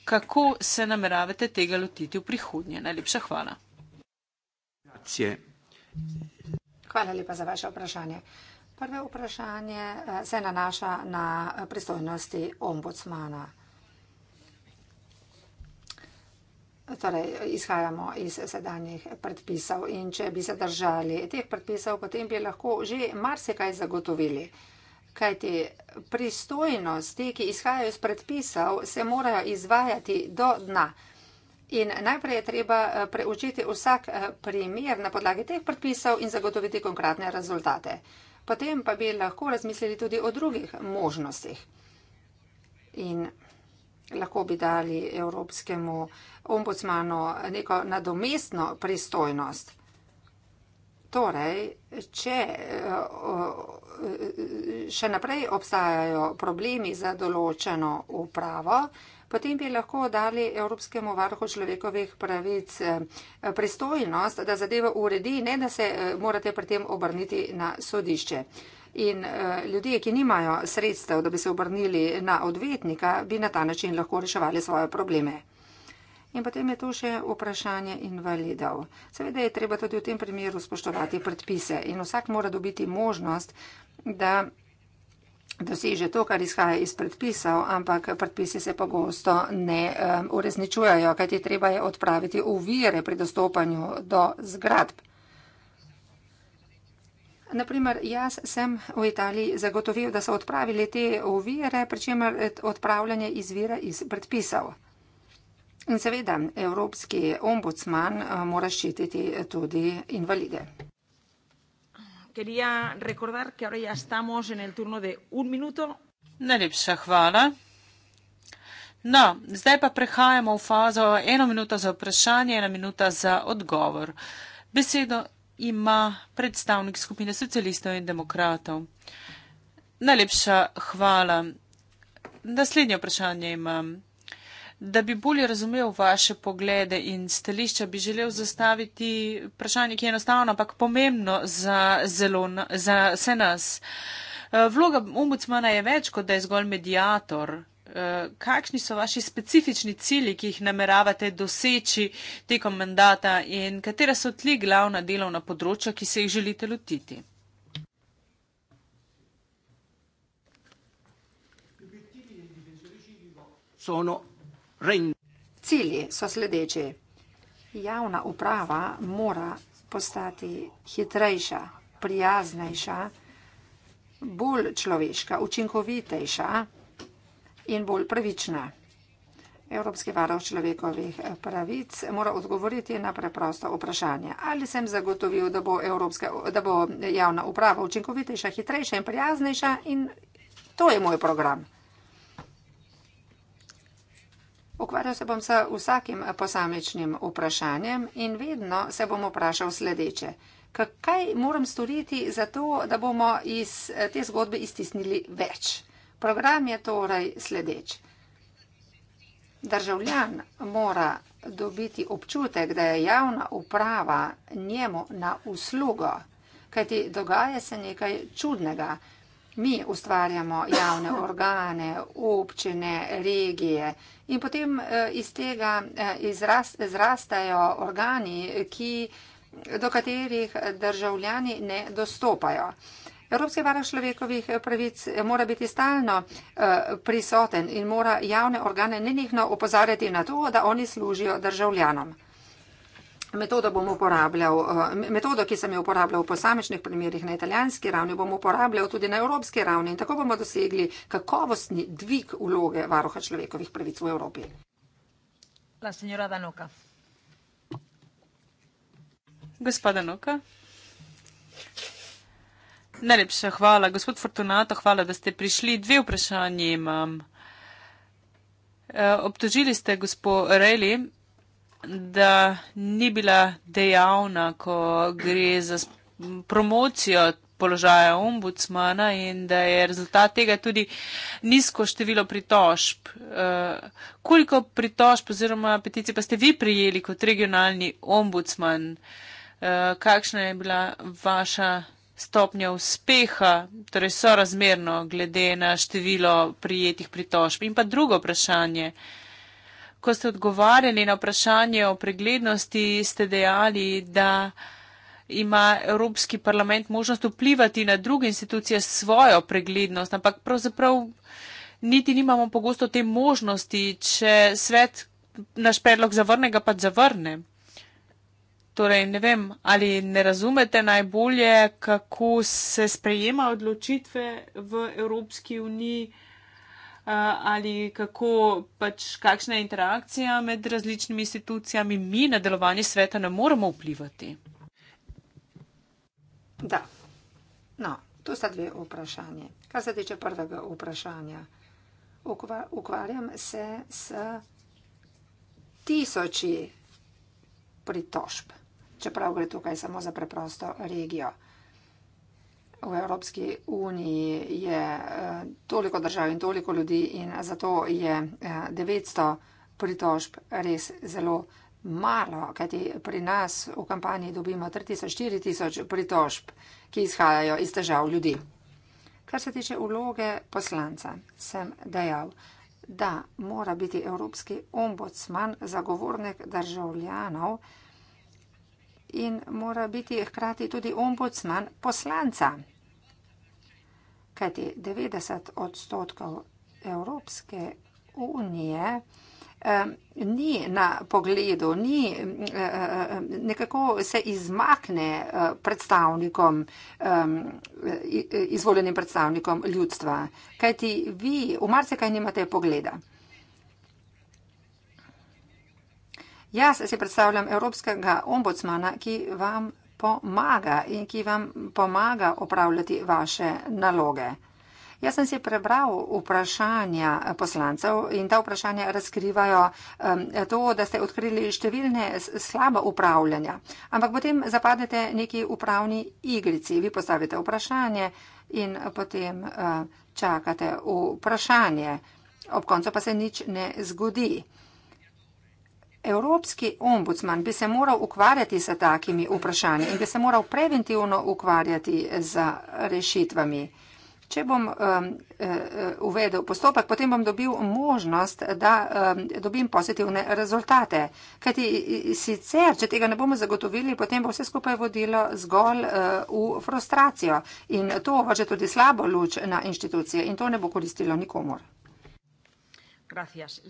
Speaker 4: kako se nameravate tega lotiti v prihodnje. Najlepša hvala.
Speaker 1: Hvala lepa za vaše vprašanje. Uh, Prvo vprašanje eh, se nanaša na pristojnosti ombudsmana. Torej, izhajamo iz sedanjih predpisov in če bi se držali teh predpisov, potem bi lahko že marsikaj zagotovili. Kajti pristojnosti, ki izhajajo iz predpisov, se morajo izvajati do dna. In najprej je treba eh, preučiti vsak eh, primer na podlagi teh predpisov in zagotoviti konkretne rezultate. Potem pa bi lahko razmislili tudi o drugih možnostih. In lahko bi dali Evropskemu ombudsmanu neko nadomestno pristojnost. Torej, če eh, še naprej obstajajo problemi za določeno upravo, potem bi lahko dali Evropskemu varuhu človekovih pravic eh, pristojnost, da zadevo uredi, ne da se eh, morate pri tem obrniti na sodišče. In eh, ljudje, ki nimajo sredstev, da bi se obrnili na odvetnika, bi na ta način lahko reševali svoje probleme. In potem je tu še vprašanje invalidov. Seveda je treba tudi v tem primeru spoštovati predpise in vsak mora dobiti možnost, da doseže to, kar izhaja iz predpisov, ampak predpisi se pogosto ne um, uresničujejo, kajti treba je odpraviti uvire pri dostopanju do zgradb. Naprimer, jaz sem v Italiji zagotovil, da so odpravili te uvire, pričemer odpravljanje izvira iz predpisov. In seveda, Evropski ombudsman uh, mora ščititi tudi invalide.
Speaker 2: Quería recordar que ahora ya estamos en el turno de un minuto.
Speaker 4: Najlepša hvala. No, zdaj pa prehajamo v fazo eno minuto za vprašanje, ena minuta za odgovor. Besedo ima predstavnik skupine socialistov in demokratov. Najlepša hvala. Naslednje vprašanje imam. Da bi bolje razumel vaše poglede in stališča, bi želel zastaviti vprašanje, ki je enostavno, ampak pomembno za, zelo, za vse nas. Eh, vloga ombudsmana je več kot da je zgolj medijator. Eh, kakšni so vaši specifični cilji, ki jih nameravate doseči tekom mandata in katera so tli glavna delovna področja, ki se jih želite
Speaker 1: lotiti? Sono Cilji so sledeči. Javna uprava mora postati hitrejša, prijaznejša, bolj človeška, učinkovitejša in bolj pravična. Evropski varov človekovih pravic mora odgovoriti na preprosto vprašanje. Ali sem zagotovil, da bo, Evropska, da bo javna uprava učinkovitejša, hitrejša in prijaznejša in to je moj program. Ukvarjal se bom z vsakim posamičnim vprašanjem in vedno se bom vprašal sledeče. Kaj moram storiti za to, da bomo iz te zgodbe iztisnili več? Program je torej sledeč. Državljan mora dobiti občutek, da je javna uprava njemu na uslugo, kajti dogaja se nekaj čudnega. Mi ustvarjamo javne organe, občine, regije in potem eh, iz tega izrast, eh, izrastajo organi, ki, do katerih državljani ne dostopajo. Evropski varuh človekovih pravic mora biti stalno eh, prisoten in mora javne organe nenehno opozarjati na to, da oni služijo državljanom metodo bom uporabljal, eh, metodo, ki sem jo uporabljal v posamečnih primerjih na italijanski ravni, bom uporabljal tudi na evropski ravni in tako bomo dosegli kakovostni dvig vloge varuha človekovih pravic v Evropi.
Speaker 2: La signora Danoka.
Speaker 1: Gospod Danoka.
Speaker 4: Najlepša hvala. Gospod Fortunato, hvala, da ste prišli. Dve vprašanje imam. Eh, obtožili ste gospod Reli da ni bila dejavna, ko gre za promocijo položaja ombudsmana in da je rezultat tega tudi nizko število pritožb. Eh, koliko pritožb oziroma peticij pa ste vi prijeli kot regionalni ombudsman? Eh, kakšna je bila vaša stopnja uspeha, torej sorazmerno glede na število prijetih pritožb? In pa drugo vprašanje. Ko ste odgovarjali na vprašanje o preglednosti, ste dejali, da ima Evropski parlament možnost vplivati na druge institucije s svojo preglednost, ampak pravzaprav niti nimamo pogosto te možnosti, če svet naš predlog zavrne, ga pa zavrne. Torej, ne vem, ali ne razumete najbolje, kako se sprejema odločitve v Evropski uniji ali kako pač kakšna je interakcija med različnimi institucijami, mi na delovanje sveta ne moremo vplivati.
Speaker 1: Da. No, to sta dve vprašanje. Kar se tiče prvega vprašanja, ukvarjam se s tisoči pritožb, čeprav gre tukaj samo za preprosto regijo v Evropski uniji je eh, toliko držav in toliko ljudi in zato je 900 eh, pritožb res zelo malo, kajti pri nas v kampanji dobimo 3000-4000 pritožb, ki izhajajo iz težav ljudi. Kar se tiče vloge poslanca, sem dejal, da mora biti Evropski ombudsman zagovornik državljanov, in mora biti hkrati tudi ombudsman poslanca. Kajti 90 odstotkov Evropske unije eh, ni na pogledu, ni eh, nekako se izmakne eh, predstavnikom, eh, izvoljenim predstavnikom ljudstva. Kajti vi v marsikaj nimate pogleda. Jaz si predstavljam evropskega ombudsmana, ki vam pomaga in ki vam pomaga opravljati vaše naloge. Jaz sem si prebral vprašanja poslancev in ta vprašanja razkrivajo to, da ste odkrili številne slaba upravljanja. Ampak potem zapadete neki upravni igrici. Vi postavite vprašanje in potem eh, čakate vprašanje. Ob koncu pa se nič ne zgodi. Evropski ombudsman bi se moral ukvarjati z takimi vprašanji in bi se moral preventivno ukvarjati z rešitvami. Če bom um, uh, uh uvedel postopek, potem bom dobil možnost, da um, dobim pozitivne rezultate. Kajti sicer, če tega ne bomo zagotovili, potem bo vse skupaj vodilo zgolj uh, v frustracijo in to važe tudi slabo luč na inštitucije in to ne bo koristilo nikomor. Gracias,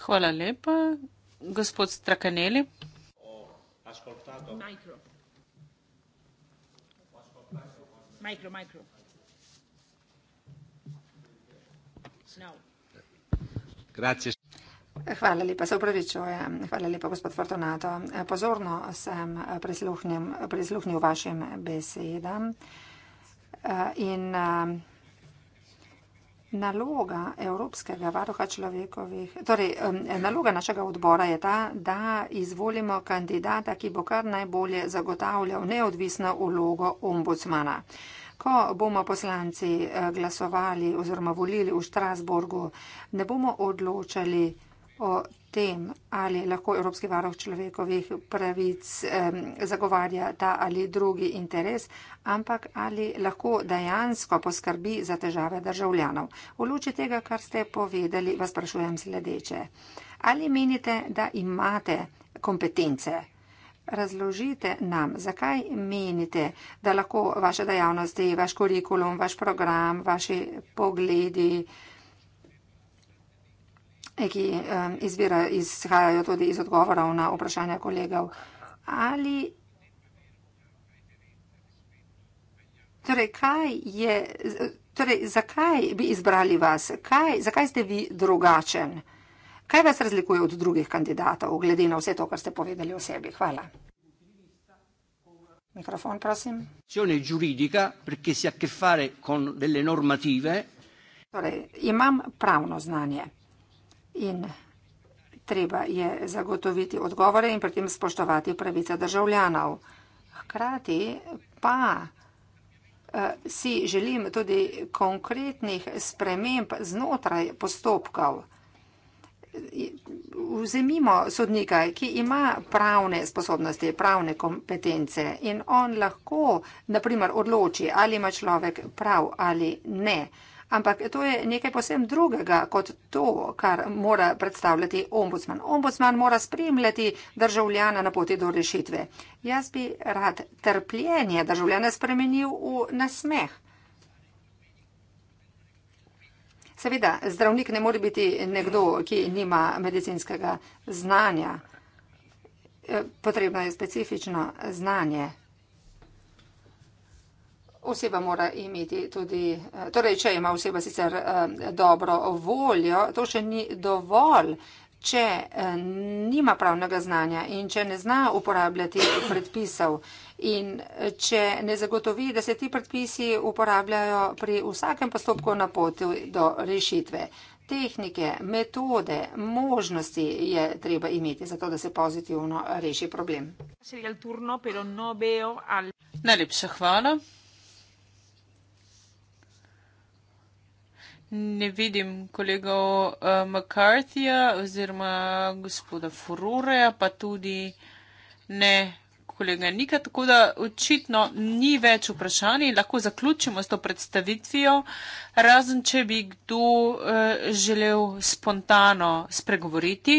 Speaker 1: Hvala lepa,
Speaker 4: gospod Strakaneli.
Speaker 2: No.
Speaker 1: Hvala lepa, se upravičujem. Hvala lepa, gospod Fortunato. Pozorno sem prisluhnil vašim besedam eh, in eh, Naloga Evropskega varuha človekovih, torej naloga našega odbora je ta, da izvolimo kandidata, ki bo kar najbolje zagotavljal neodvisno ulogo ombudsmana. Ko bomo poslanci eh, glasovali oziroma volili v Štrasburgu, ne bomo odločali o tem, ali lahko Evropski varoh človekovih pravic um, zagovarja ta ali drugi interes, ampak ali lahko dejansko poskrbi za težave državljanov. V luči tega, kar ste povedali, vas sprašujem sledeče. Ali menite, da imate kompetence? Razložite nam, zakaj menite, da lahko vaše dejavnosti, vaš kurikulum, vaš program, vaši pogledi, ki izvira, izhajajo tudi iz odgovorov na vprašanja kolegov. Ali, torej, kaj je, torej, zakaj bi izbrali vas? Kaj, zakaj ste vi drugačen? Kaj vas razlikuje od drugih kandidatov, glede na vse to, kar ste povedali o sebi? Hvala. Mikrofon, prosim.
Speaker 3: Giuridica, perché si ha a che fare con delle normative.
Speaker 1: Torej, imam pravno znanje in treba je zagotoviti odgovore in pri tem spoštovati pravice državljanov. Hkrati pa eh, si želim tudi konkretnih sprememb znotraj postopkov. Vzemimo sodnika, ki ima pravne sposobnosti, pravne kompetence in on lahko, naprimer, odloči, ali ima človek prav ali ne. Ne ampak to je nekaj posebno drugega kot to, kar mora predstavljati ombudsman. Ombudsman mora spremljati državljana na poti do rešitve. Jaz bi rad trpljenje državljana spremenil v nasmeh. Seveda, zdravnik ne more biti nekdo, ki nima medicinskega znanja. E, potrebno je specifično znanje. Oseba mora imeti tudi, eh, torej, če ima oseba sicer eh, dobro voljo, to še ni dovolj, če eh, nima pravnega znanja in če ne zna uporabljati predpisov in če ne zagotovi, da se ti predpisi uporabljajo pri vsakem postopku na poti do rešitve. Tehnike, metode, možnosti je treba imeti, zato da se pozitivno reši problem. No Najlepša hvala.
Speaker 4: Ne vidim kolegov uh, McCarthyja oziroma gospoda Furoreja, pa tudi ne kolega Nika, tako da očitno ni več vprašanj, lahko zaključimo s to predstavitvijo, razen če bi kdo uh, želel spontano spregovoriti.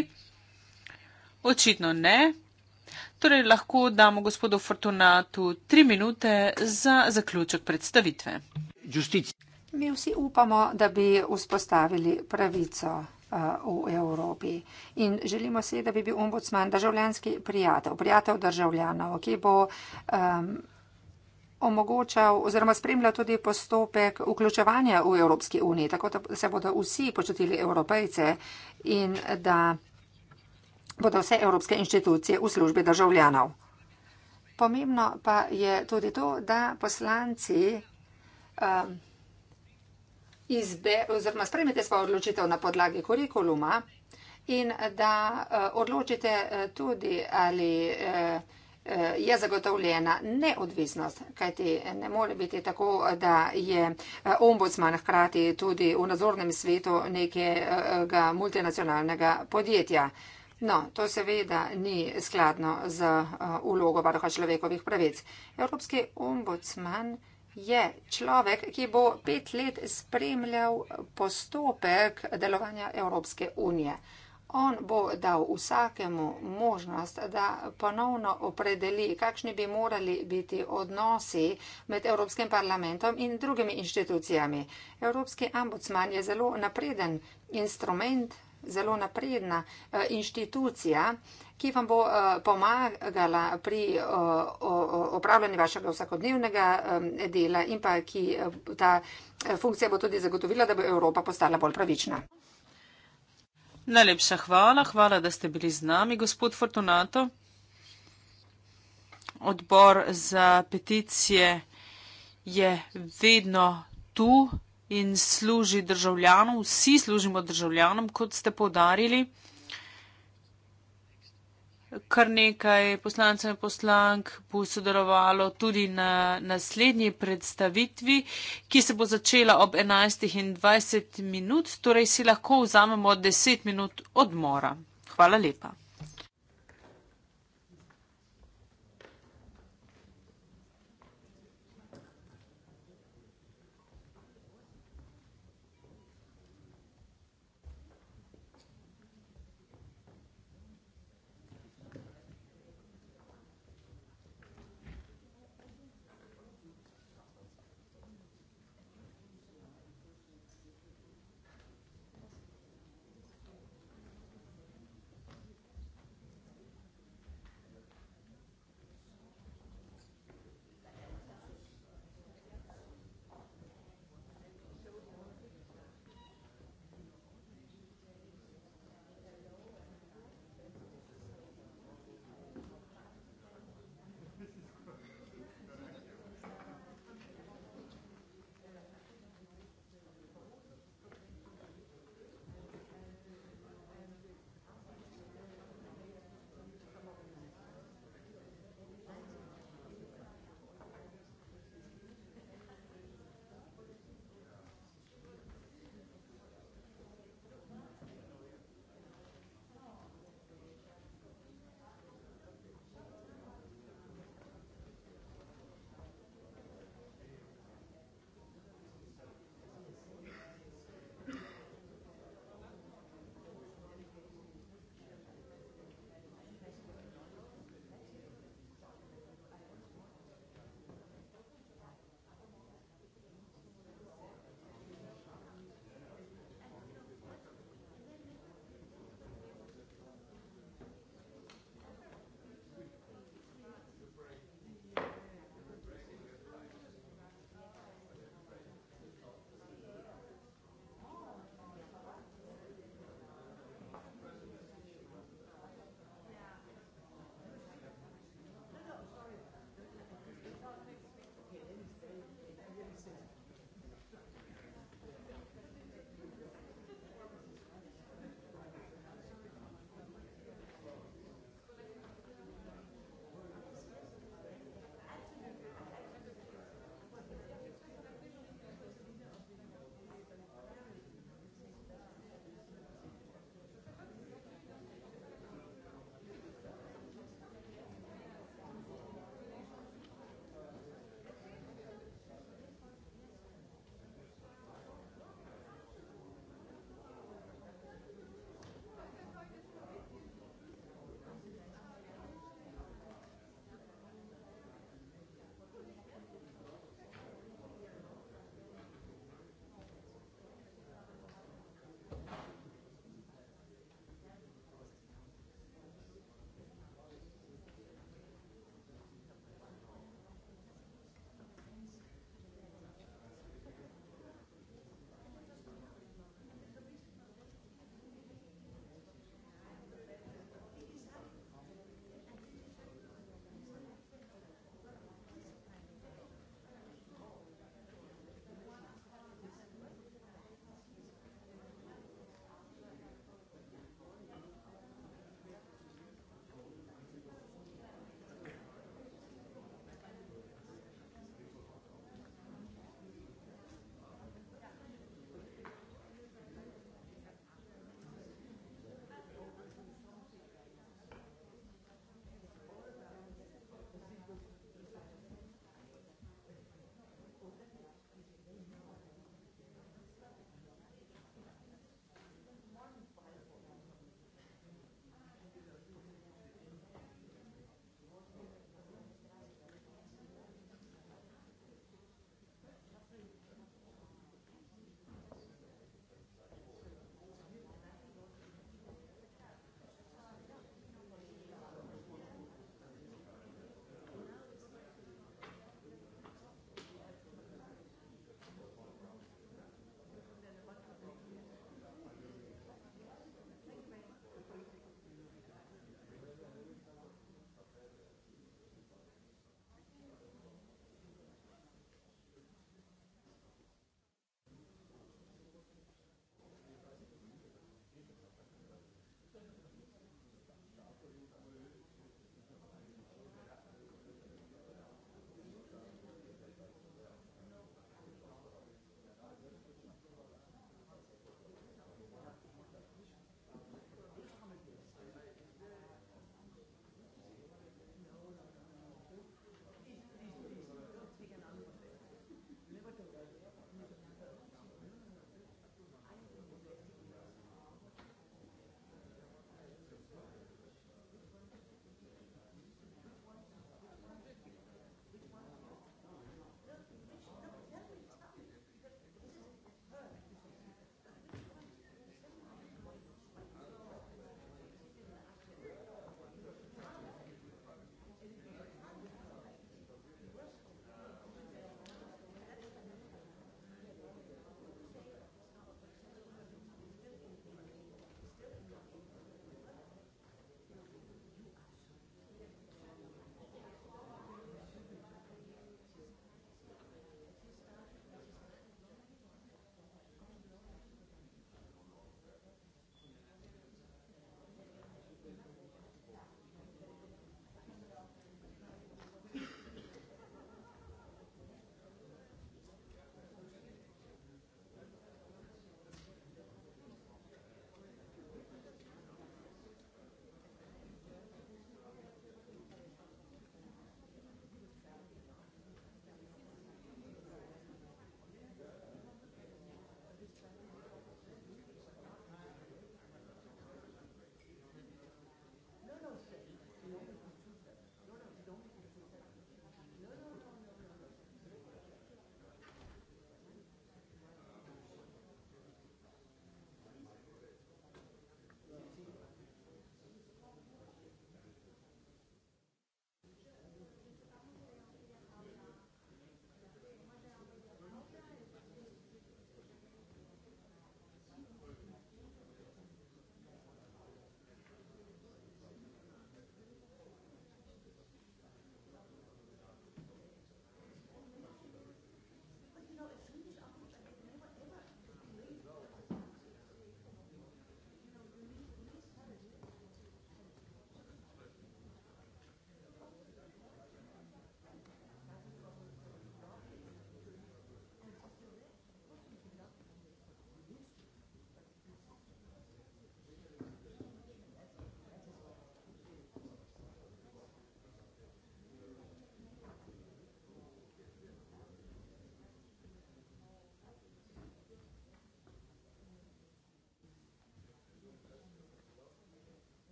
Speaker 4: Očitno ne. Torej lahko damo gospodu Fortunatu tri minute za zaključek predstavitve.
Speaker 1: Justicija. Mi vsi upamo, da bi vzpostavili pravico eh, v Evropi. In želimo se, da bi bil ombudsman državljanski prijatelj, prijatelj državljanov, ki bo um, omogočal oziroma spremljal tudi postopek vključevanja v Evropski uniji, tako da se bodo vsi počutili evropejce in da bodo vse evropske inštitucije v službi državljanov. Pomembno pa je tudi to, da poslanci um, izbe, oziroma spremite svojo odločitev na podlagi kurikuluma in da eh, odločite eh, tudi, ali eh, je zagotovljena neodvisnost, kajti ne more biti tako, da je ombudsman hkrati tudi v nadzornem svetu nekega multinacionalnega podjetja. No, to seveda ni skladno z vlogo varuha človekovih pravic. Evropski ombudsman je človek, ki bo pet let spremljal postopek delovanja Evropske unije. On bo dal vsakemu možnost, da ponovno opredeli, kakšni bi morali biti odnosi med Evropskim parlamentom in drugimi inštitucijami. Evropski ambudsman je zelo napreden instrument, zelo napredna eh, inštitucija, uh, ki vam bo eh, pomagala pri eh, opravljanju vašega vsakodnevnega eh, dela in pa ki ta funkcija bo tudi zagotovila, da bo Evropa postala bolj pravična.
Speaker 4: Najlepša hvala, hvala, da ste bili z nami, gospod Fortunato. Odbor za peticije je vedno tu in služi državljanom, vsi služimo državljanom, kot ste podarili. Kar nekaj poslancev in poslank bo sodelovalo tudi na naslednji predstavitvi, ki se bo začela ob 11.20 minut, torej si lahko vzamemo 10 minut odmora. Hvala lepa.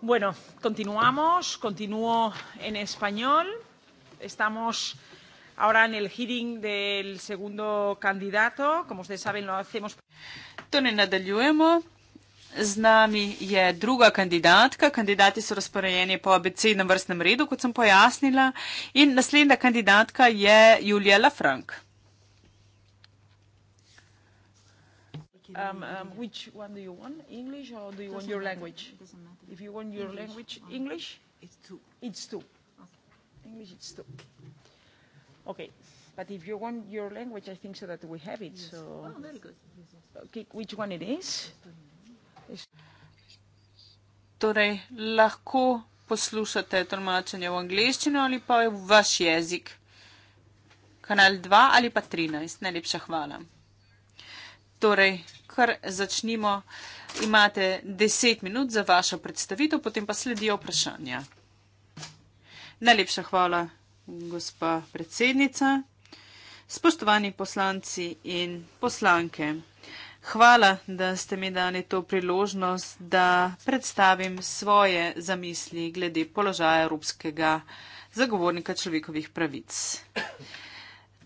Speaker 2: Bueno, continuamos, continúo en español. Estamos ahora en el hearing del segundo candidato. Como ustedes saben, lo hacemos. Tony
Speaker 4: Nadaljuemo. Z nami je druga kandidatka. Kandidati so razporejeni po abecednem vrstnem redu, kot sem pojasnila. In naslednja kandidatka je Julija Lafranc.
Speaker 2: Um, um, which one do you want, English or do you want your language? Matter. It doesn't matter. If you want your English language, English? It's two. It's two. Okay. English, it's two. Okay, but if you want your language, I think so that we have it. Yes. So, oh, very good. Yes, yes. Okay, which one it is? Yes. Torej, lahko
Speaker 4: poslušate tolmačenje v angliščino ali pa v vaš jezik. Kanal 2 ali pa 13. Najlepša hvala. Torej, kar začnimo. Imate deset minut za vašo predstavitev, potem pa sledijo vprašanja. Najlepša hvala, gospa predsednica. Spoštovani poslanci in poslanke, hvala, da ste mi dali to priložnost, da predstavim svoje zamisli glede položaja evropskega zagovornika človekovih pravic.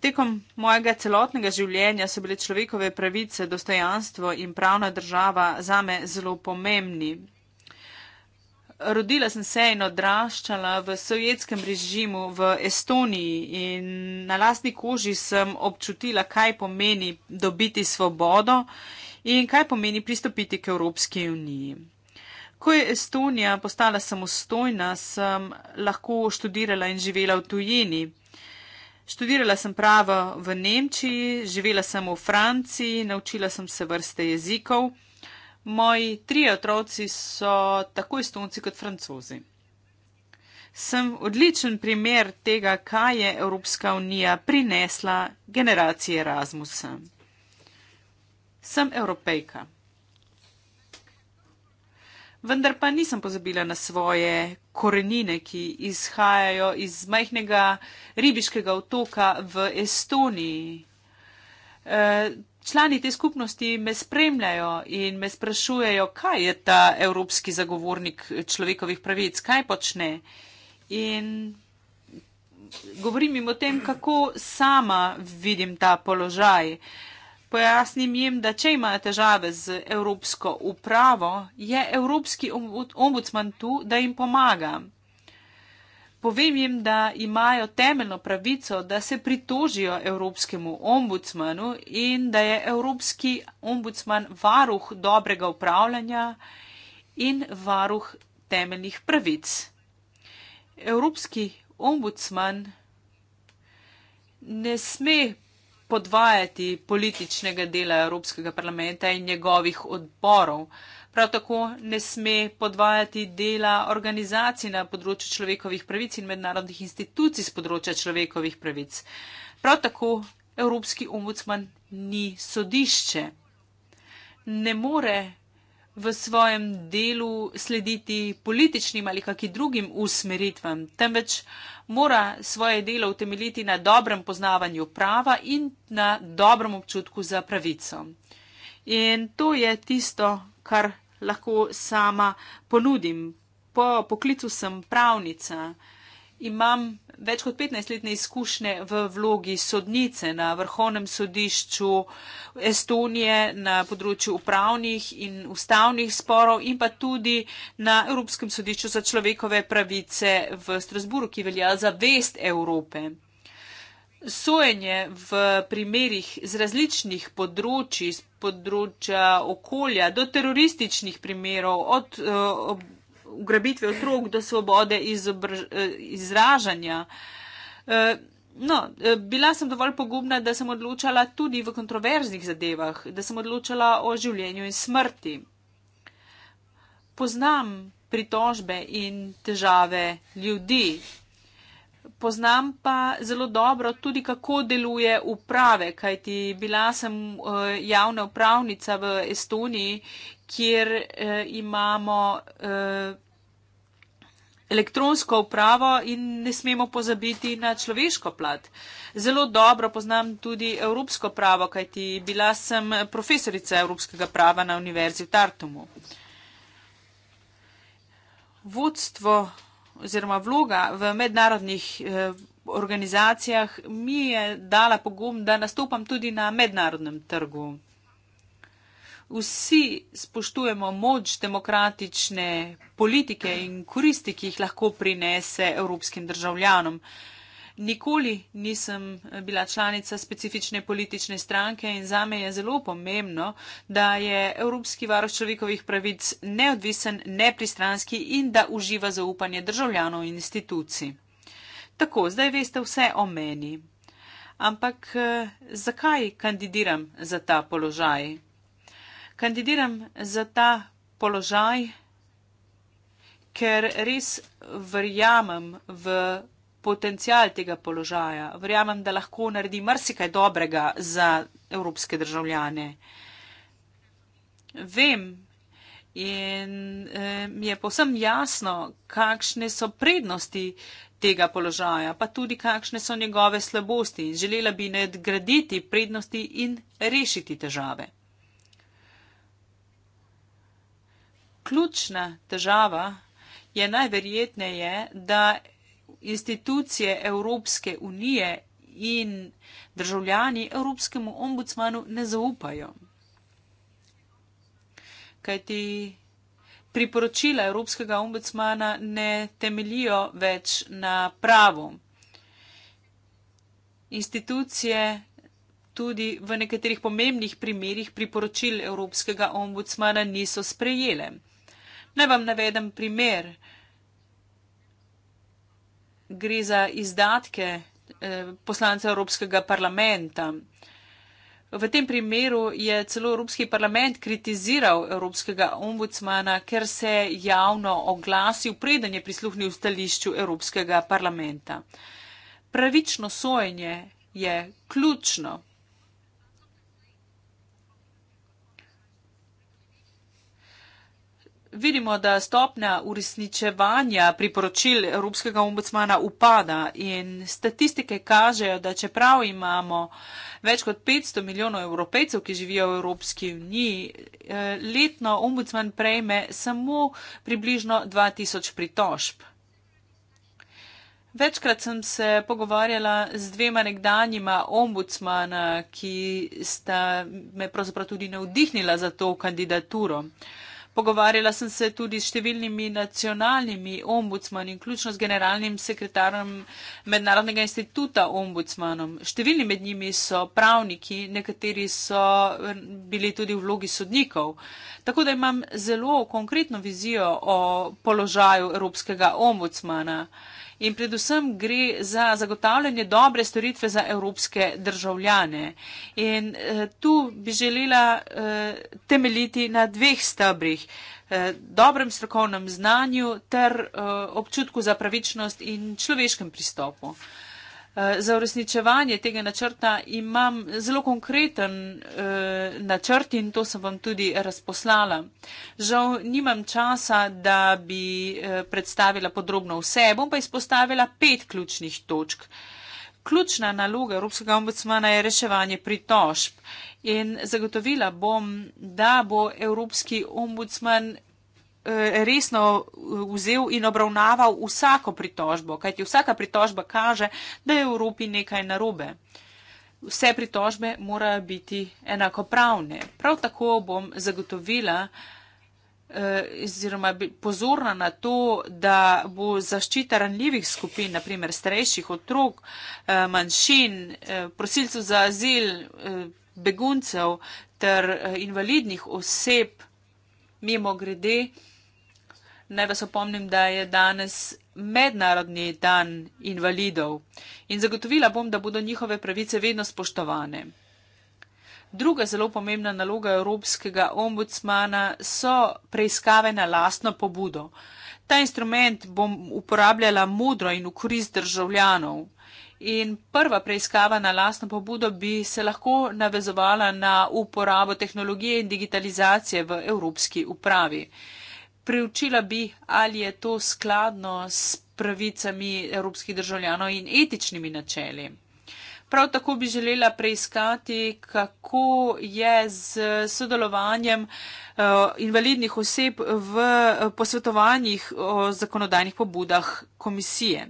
Speaker 4: Tekom mojega celotnega življenja so bile človekove pravice, dostojanstvo in pravna država zame zelo pomembni. Rodila sem se in odraščala v sovjetskem režimu v Estoniji in na lastni koži sem občutila, kaj pomeni dobiti svobodo in kaj pomeni pristopiti k Evropski uniji. Ko je Estonija postala samostojna, sem lahko študirala in živela v tujini. Študirala sem pravo v Nemčiji, živela sem v Franciji, naučila sem se vrste jezikov. Moji trije otroci so tako istonci kot francozi. Sem odličen primer tega, kaj je Evropska unija prinesla generaciji Erasmusa. Sem evropejka vendar pa nisem pozabila na svoje korenine, ki izhajajo iz majhnega ribiškega otoka v Estoniji. E, člani te skupnosti me spremljajo in me sprašujejo, kaj je ta evropski zagovornik človekovih pravic, kaj počne. In govorim jim o tem, kako sama vidim ta položaj. Uh, Pojasnim jim, da če imajo težave z Evropsko upravo, je Evropski ombudsman tu, da jim pomaga. Povem jim, da imajo temeljno pravico, da se pritožijo Evropskemu ombudsmanu in da je Evropski ombudsman varuh dobrega upravljanja in varuh temeljnih pravic. Evropski ombudsman ne sme podvajati političnega dela Evropskega parlamenta in njegovih odborov. Prav tako ne sme podvajati dela organizacij na področju človekovih pravic in mednarodnih institucij z področja človekovih pravic. Prav tako Evropski ombudsman ni sodišče. Ne more v svojem delu slediti političnim ali kakim drugim usmeritvam, temveč mora svoje delo utemeljiti na dobrem poznavanju prava in na dobrem občutku za pravico. In to je tisto, kar lahko sama ponudim. Po poklicu sem pravnica imam več kot 15-letne izkušnje v vlogi sodnice na vrhovnem sodišču Estonije, na področju upravnih in ustavnih sporov in pa tudi na Evropskem sodišču za človekove pravice v Strasburu, ki velja za vest Evrope. Sojenje v primerih z različnih področji, z področja okolja do terorističnih primerov, od uh, ugrabitve otrok do svobode eh, izražanja. Eh, no, eh, bila sem dovolj pogumna, da sem odločala tudi v kontroverznih zadevah, da sem odločala o življenju in smrti. Poznam pritožbe in težave ljudi. Poznam pa zelo dobro tudi, kako deluje uprave, kajti bila sem javna upravnica v Estoniji, kjer eh, imamo eh, elektronsko upravo in ne smemo pozabiti na človeško plat. Zelo dobro poznam tudi evropsko pravo, kajti bila sem profesorica evropskega prava na univerzi v Tartumu. Vodstvo oziroma vloga v mednarodnih eh, organizacijah mi je dala pogum, da nastopam tudi na mednarodnem trgu vsi spoštujemo moč demokratične politike in koristi, ki jih lahko prinese evropskim državljanom. Nikoli nisem bila članica specifične politične stranke in za me je zelo pomembno, da je Evropski varuh človekovih pravic neodvisen, nepristranski in da uživa zaupanje državljanov in institucij. Tako, zdaj veste vse o meni. Ampak eh, zakaj kandidiram za ta položaj? kandidiram za ta položaj, ker res verjamem v potencijal tega položaja. Verjamem, da lahko naredi marsikaj dobrega za evropske državljane. Vem in eh, mi je povsem jasno, kakšne so prednosti tega položaja, pa tudi kakšne so njegove slabosti. Želela bi nadgraditi prednosti in rešiti težave. ključna težava je najverjetneje, da institucije Evropske unije in državljani Evropskemu ombudsmanu ne zaupajo. Kaj ti priporočila Evropskega ombudsmana ne temelijo več na pravu. Institucije tudi v nekaterih pomembnih primerjih priporočil Evropskega ombudsmana niso sprejele. Naj vam navedem primer. Gre za izdatke eh, poslancev Evropskega parlamenta. V tem primeru je celo Evropski parlament kritiziral Evropskega ombudsmana, ker se je javno oglasil, preden je prisluhnil stališču Evropskega parlamenta. Pravično sojenje je ključno vidimo, da stopnja uresničevanja priporočil Evropskega ombudsmana upada in statistike kažejo, da čeprav imamo več kot 500 milijonov evropejcev, ki živijo v Evropski uniji, eh, letno ombudsman prejme samo približno 2000 pritožb. Večkrat sem se pogovarjala z dvema nekdanjima ombudsmana, ki sta me pravzaprav tudi navdihnila za to kandidaturo. Uh, Pogovarjala sem se tudi s številnimi nacionalnimi ombudsmani, vključno z generalnim sekretarjem Mednarodnega instituta ombudsmanom. Številni med njimi so pravniki, nekateri so eh, bili tudi v vlogi sodnikov. Tako da imam zelo konkretno vizijo o položaju evropskega ombudsmana in predvsem gre za zagotavljanje dobre storitve za evropske državljane. In eh, tu bi želela eh, temeljiti na dveh stebrih eh, dobrem strokovnem znanju ter občutku za pravičnost in človeškem pristopu. Eh, za uresničevanje tega načrta imam zelo konkreten uh, načrt in to sem vam tudi razposlala. Žal nimam časa, da bi uh, predstavila podrobno vse, bom pa izpostavila pet ključnih točk. Ključna naloga Evropskega ombudsmana je reševanje pritožb in zagotovila bom, da bo Evropski ombudsman Eh, resno vzel in obravnaval vsako pritožbo, kajti vsaka pritožba kaže, da je v Evropi nekaj narobe. Vse pritožbe morajo biti enakopravne. Prav tako bom zagotovila eh, oziroma pozorna na to, da bo zaščita ranljivih skupin, naprimer starejših otrok, eh, manjšin, prosilcev za azil, beguncev ter invalidnih oseb, mimo grede, Naj vas opomnim, da je danes mednarodni dan invalidov in zagotovila bom, da bodo njihove pravice vedno spoštovane. Druga zelo pomembna naloga Evropskega ombudsmana so preiskave na lastno pobudo. Ta instrument bom uporabljala modro in v korist državljanov. In prva preiskava na lastno pobudo bi se lahko navezovala na uporabo tehnologije in digitalizacije v Evropski upravi preučila bi, ali je to skladno s pravicami evropskih državljanov in etičnimi načeli. Prav tako bi želela preiskati, kako je z sodelovanjem eh, invalidnih oseb v posvetovanjih o zakonodajnih pobudah komisije.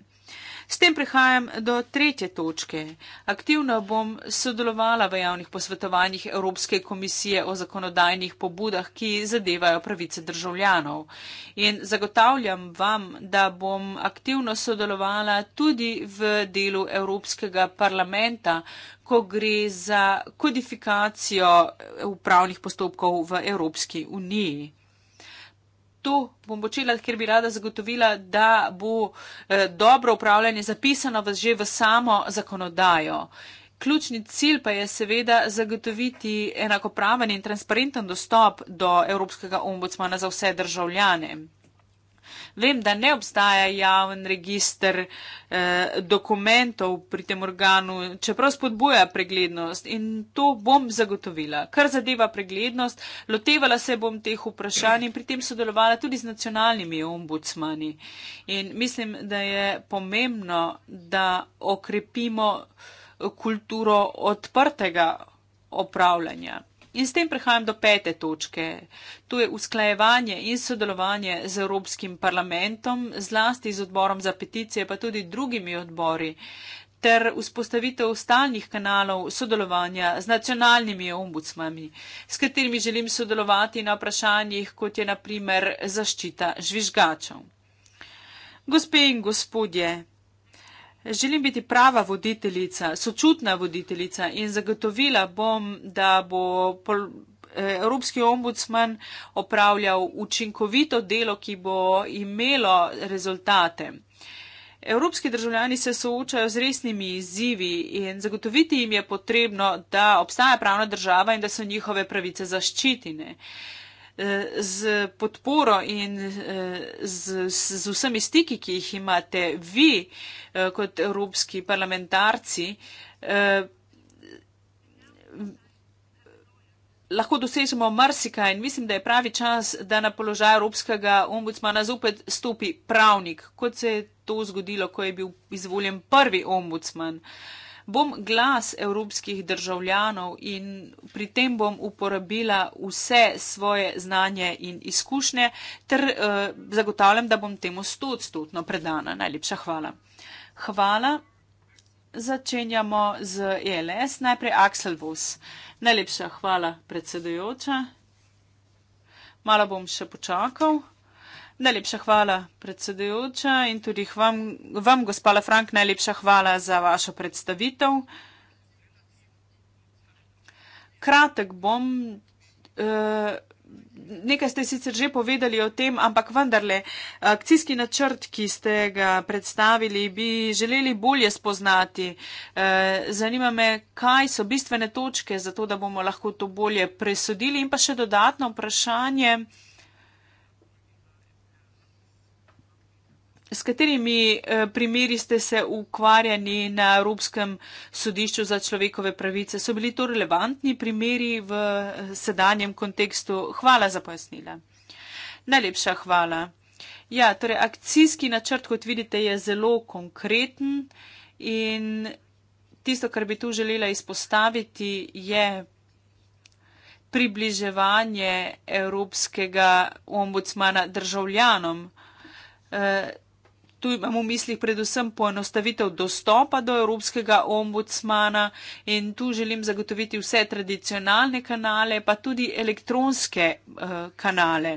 Speaker 4: S tem prihajam do tretje točke. Aktivno bom sodelovala v javnih posvetovanjih Evropske komisije o zakonodajnih pobudah, ki zadevajo pravice državljanov. In zagotavljam vam, da bom aktivno sodelovala tudi v delu Evropskega parlamenta, ko gre za kodifikacijo upravnih postopkov v Evropski uniji to bom počela, ker bi rada zagotovila, da bo eh, dobro upravljanje zapisano v, že v samo zakonodajo. Ključni cilj pa je seveda zagotoviti enakopraven in transparenten dostop do Evropskega ombudsmana za vse državljane. Vem, da ne obstaja javen registr eh, dokumentov pri tem organu, čeprav spodbuja preglednost in to bom zagotovila. Kar zadeva preglednost, lotevala se bom teh vprašanj in pri tem sodelovala tudi z nacionalnimi ombudsmani. In mislim, da je pomembno, da okrepimo kulturo odprtega opravljanja. In s tem prehajam do pete točke. To je usklajevanje in sodelovanje z Evropskim parlamentom, zlasti z odborom za peticije, pa tudi drugimi odbori, ter vzpostavitev stalnih kanalov sodelovanja z nacionalnimi ombudsmami, s katerimi želim sodelovati na vprašanjih, kot je naprimer zaščita žvižgačev. Gospe in gospodje, Želim biti prava voditeljica, sočutna voditeljica in zagotovila bom, da bo eh, Evropski ombudsman opravljal učinkovito delo, ki bo imelo rezultate. Evropski državljani se soočajo z resnimi izzivi in zagotoviti jim je potrebno, da obstaja pravna država in da so njihove pravice zaščitine. Uh, Eh, z podporo in eh, z, z vsemi stiki, ki jih imate vi eh, kot evropski parlamentarci, lahko dosežemo marsika in mislim, da je pravi čas, da na položaj evropskega ombudsmana zopet stopi pravnik, kot se je to zgodilo, ko je bil izvoljen prvi ombudsman. Uh, bom glas evropskih državljanov in pri tem bom uporabila vse svoje znanje in izkušnje ter eh, zagotavljam, da bom temu stotstotno predana. Najlepša hvala. Hvala. Začenjamo z ELS. Najprej Aksel Vos. Najlepša hvala, predsedujoča. Malo bom še počakal. Najlepša hvala, predsedujoča, in tudi vam, vam, gospala Frank, najlepša hvala za vašo predstavitev. Kratek bom. Eh, nekaj ste sicer že povedali o tem, ampak vendarle, akcijski načrt, ki ste ga predstavili, bi želeli bolje spoznati. Eh, zanima me, kaj so bistvene točke za to, da bomo lahko to bolje presodili. In pa še dodatno vprašanje. S katerimi eh, primeri ste se ukvarjali na Evropskem sodišču za človekove pravice? So bili to relevantni primeri v eh, sedanjem kontekstu? Hvala za pojasnila. Najlepša hvala. Ja, torej akcijski načrt, kot vidite, je zelo konkreten in tisto, kar bi tu želela izpostaviti, je približevanje evropskega ombudsmana državljanom. Eh, Tu imamo v mislih predvsem poenostavitev dostopa do Evropskega ombudsmana in tu želim zagotoviti vse tradicionalne kanale, pa tudi elektronske uh, kanale.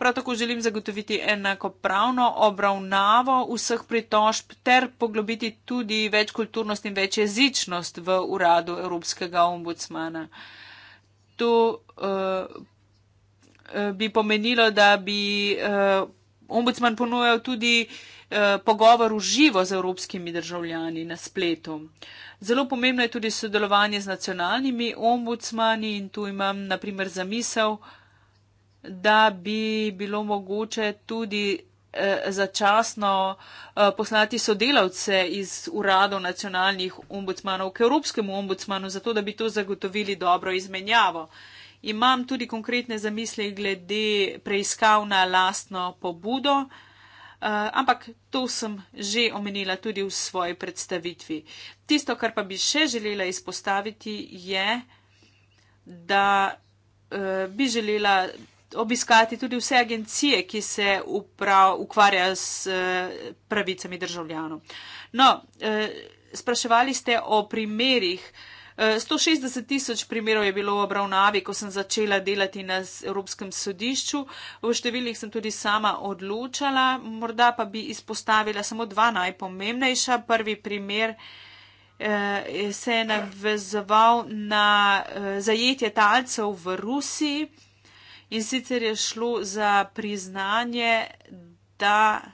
Speaker 4: Prav tako želim zagotoviti enakopravno obravnavo vseh pritožb ter poglobiti tudi večkulturnost in večjezičnost v uradu Evropskega ombudsmana. To uh, bi pomenilo, da bi uh, ombudsman ponujal tudi uh, Eh, pogovor v živo z evropskimi državljani na spletu. Zelo pomembno je tudi sodelovanje z nacionalnimi ombudsmani in tu imam naprimer zamisel, da bi bilo mogoče tudi eh, začasno eh, poslati sodelavce iz uradov nacionalnih ombudsmanov k Evropskemu ombudsmanu, zato da bi to zagotovili dobro izmenjavo. Imam tudi konkretne zamisle glede preiskav na lastno pobudo. Eh, ampak to sem že omenila tudi v svoji predstavitvi. Tisto, kar pa bi še želela izpostaviti, je, da uh, bi želela obiskati tudi vse agencije, ki se uprav, ukvarjajo s uh, pravicami državljanov. No, uh, spraševali ste o primerih, uh, 160 tisoč primerov je bilo v obravnavi, ko sem začela delati na Evropskem sodišču. V številih sem tudi sama odločala. Morda pa bi izpostavila samo dva najpomembnejša. Prvi primer eh, se je navezoval na eh, zajetje talcev v Rusiji in sicer je šlo za priznanje, da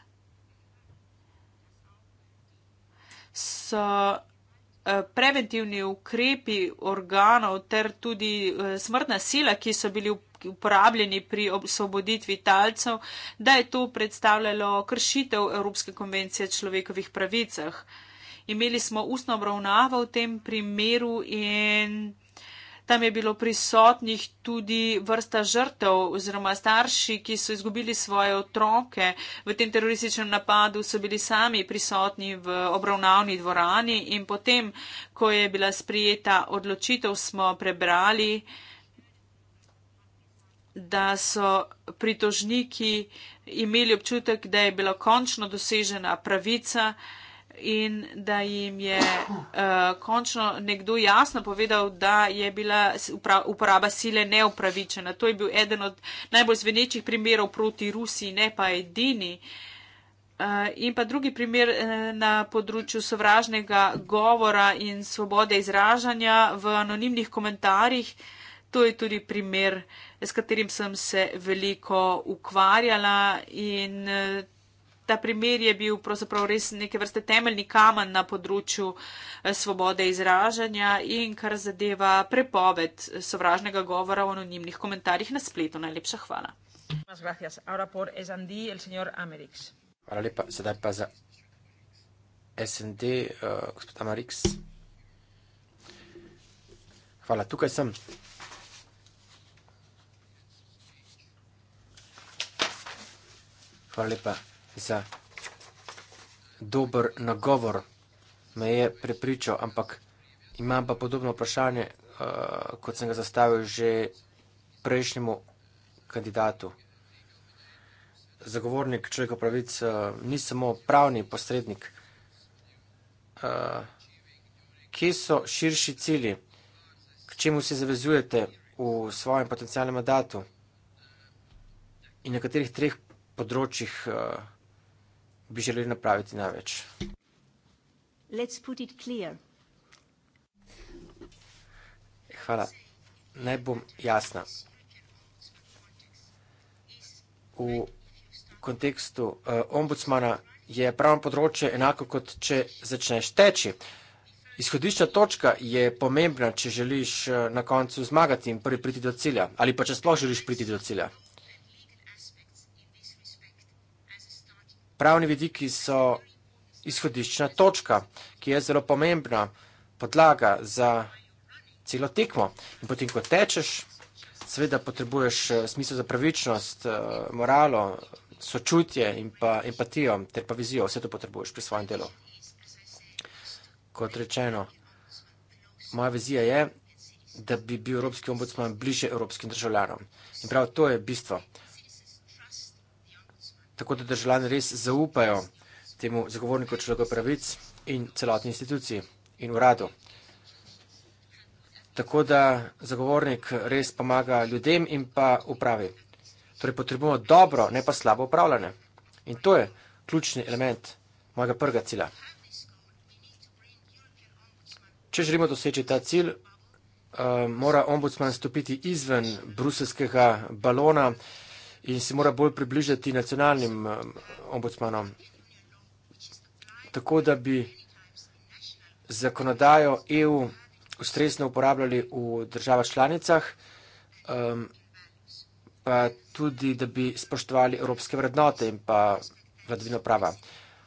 Speaker 4: so Eh, preventivni ukrepi organov ter tudi eh, smrtna sila, ki so bili uporabljeni pri osvoboditvi talcev, da je to predstavljalo kršitev Evropske konvencije o človekovih pravicah. Imeli smo ustno obravnavo v tem primeru in Tam je bilo prisotnih tudi vrsta žrtev oziroma starši, ki so izgubili svoje otroke. V tem terorističnem napadu so bili sami prisotni v obravnavni dvorani in potem, ko je bila sprijeta odločitev, smo prebrali, da so pritožniki imeli občutek, da je bila končno dosežena pravica in da jim je uh, končno nekdo jasno povedal, da je bila uporaba sile neupravičena. To je bil eden od najbolj zvenečih primerov proti Rusiji, ne pa edini. Uh, in pa drugi primer eh, na področju sovražnega govora in svobode izražanja v anonimnih komentarjih. To je tudi primer, s katerim sem se veliko ukvarjala in ta primer je bil pravzaprav res neke vrste temeljni kamen na področju eh, svobode izražanja in kar zadeva prepoved eh, sovražnega govora v anonimnih komentarjih na spletu. Najlepša
Speaker 2: hvala.
Speaker 3: Hvala lepa, sedaj pa za SND, uh, eh, gospod Amarix. Hvala, tukaj sem. Hvala lepa za dober nagovor, me je prepričal, ampak imam pa podobno vprašanje, uh, kot sem ga zastavil že prejšnjemu kandidatu. Zagovornik človekov pravic uh, ni samo pravni posrednik. Uh, kje so širši cilji, k čemu se zavezujete v svojem potencijalnem mandatu in na katerih treh področjih uh, bi želeli napraviti največ? Hvala. Naj bom jasna. V kontekstu uh, ombudsmana je pravno področje enako, kot če začneš teči. Izhodišna točka je pomembna, če želiš eh, na koncu zmagati in prvi priti do cilja ali pa če sploh želiš priti do cilja. Pravni vidiki so izhodiščna točka, ki je zelo pomembna podlaga za celo tekmo. In potem, ko tečeš, seveda potrebuješ eh, smisel za pravičnost, eh, moralo, sočutje in pa empatijo ter pa vizijo. Vse to potrebuješ pri svojem delu. Kot rečeno, moja vizija je, da bi bil Evropski ombudsman bliže evropskim državljanom. In prav to je bistvo tako da državljani res zaupajo temu zagovorniku človekovih pravic in celotni instituciji in uradu. Tako da zagovornik res pomaga ljudem in pa upravi. Torej potrebujemo dobro, ne pa slabo upravljanje. In to je ključni element mojega prga cilja. Če želimo doseči ta cilj, eh, mora ombudsman stopiti izven bruselskega balona in se mora bolj približati nacionalnim um, ombudsmanom. Tako da bi zakonodajo EU ustresno uporabljali v državah članicah, um, pa tudi da bi spoštovali evropske vrednote in pa vladavino prava.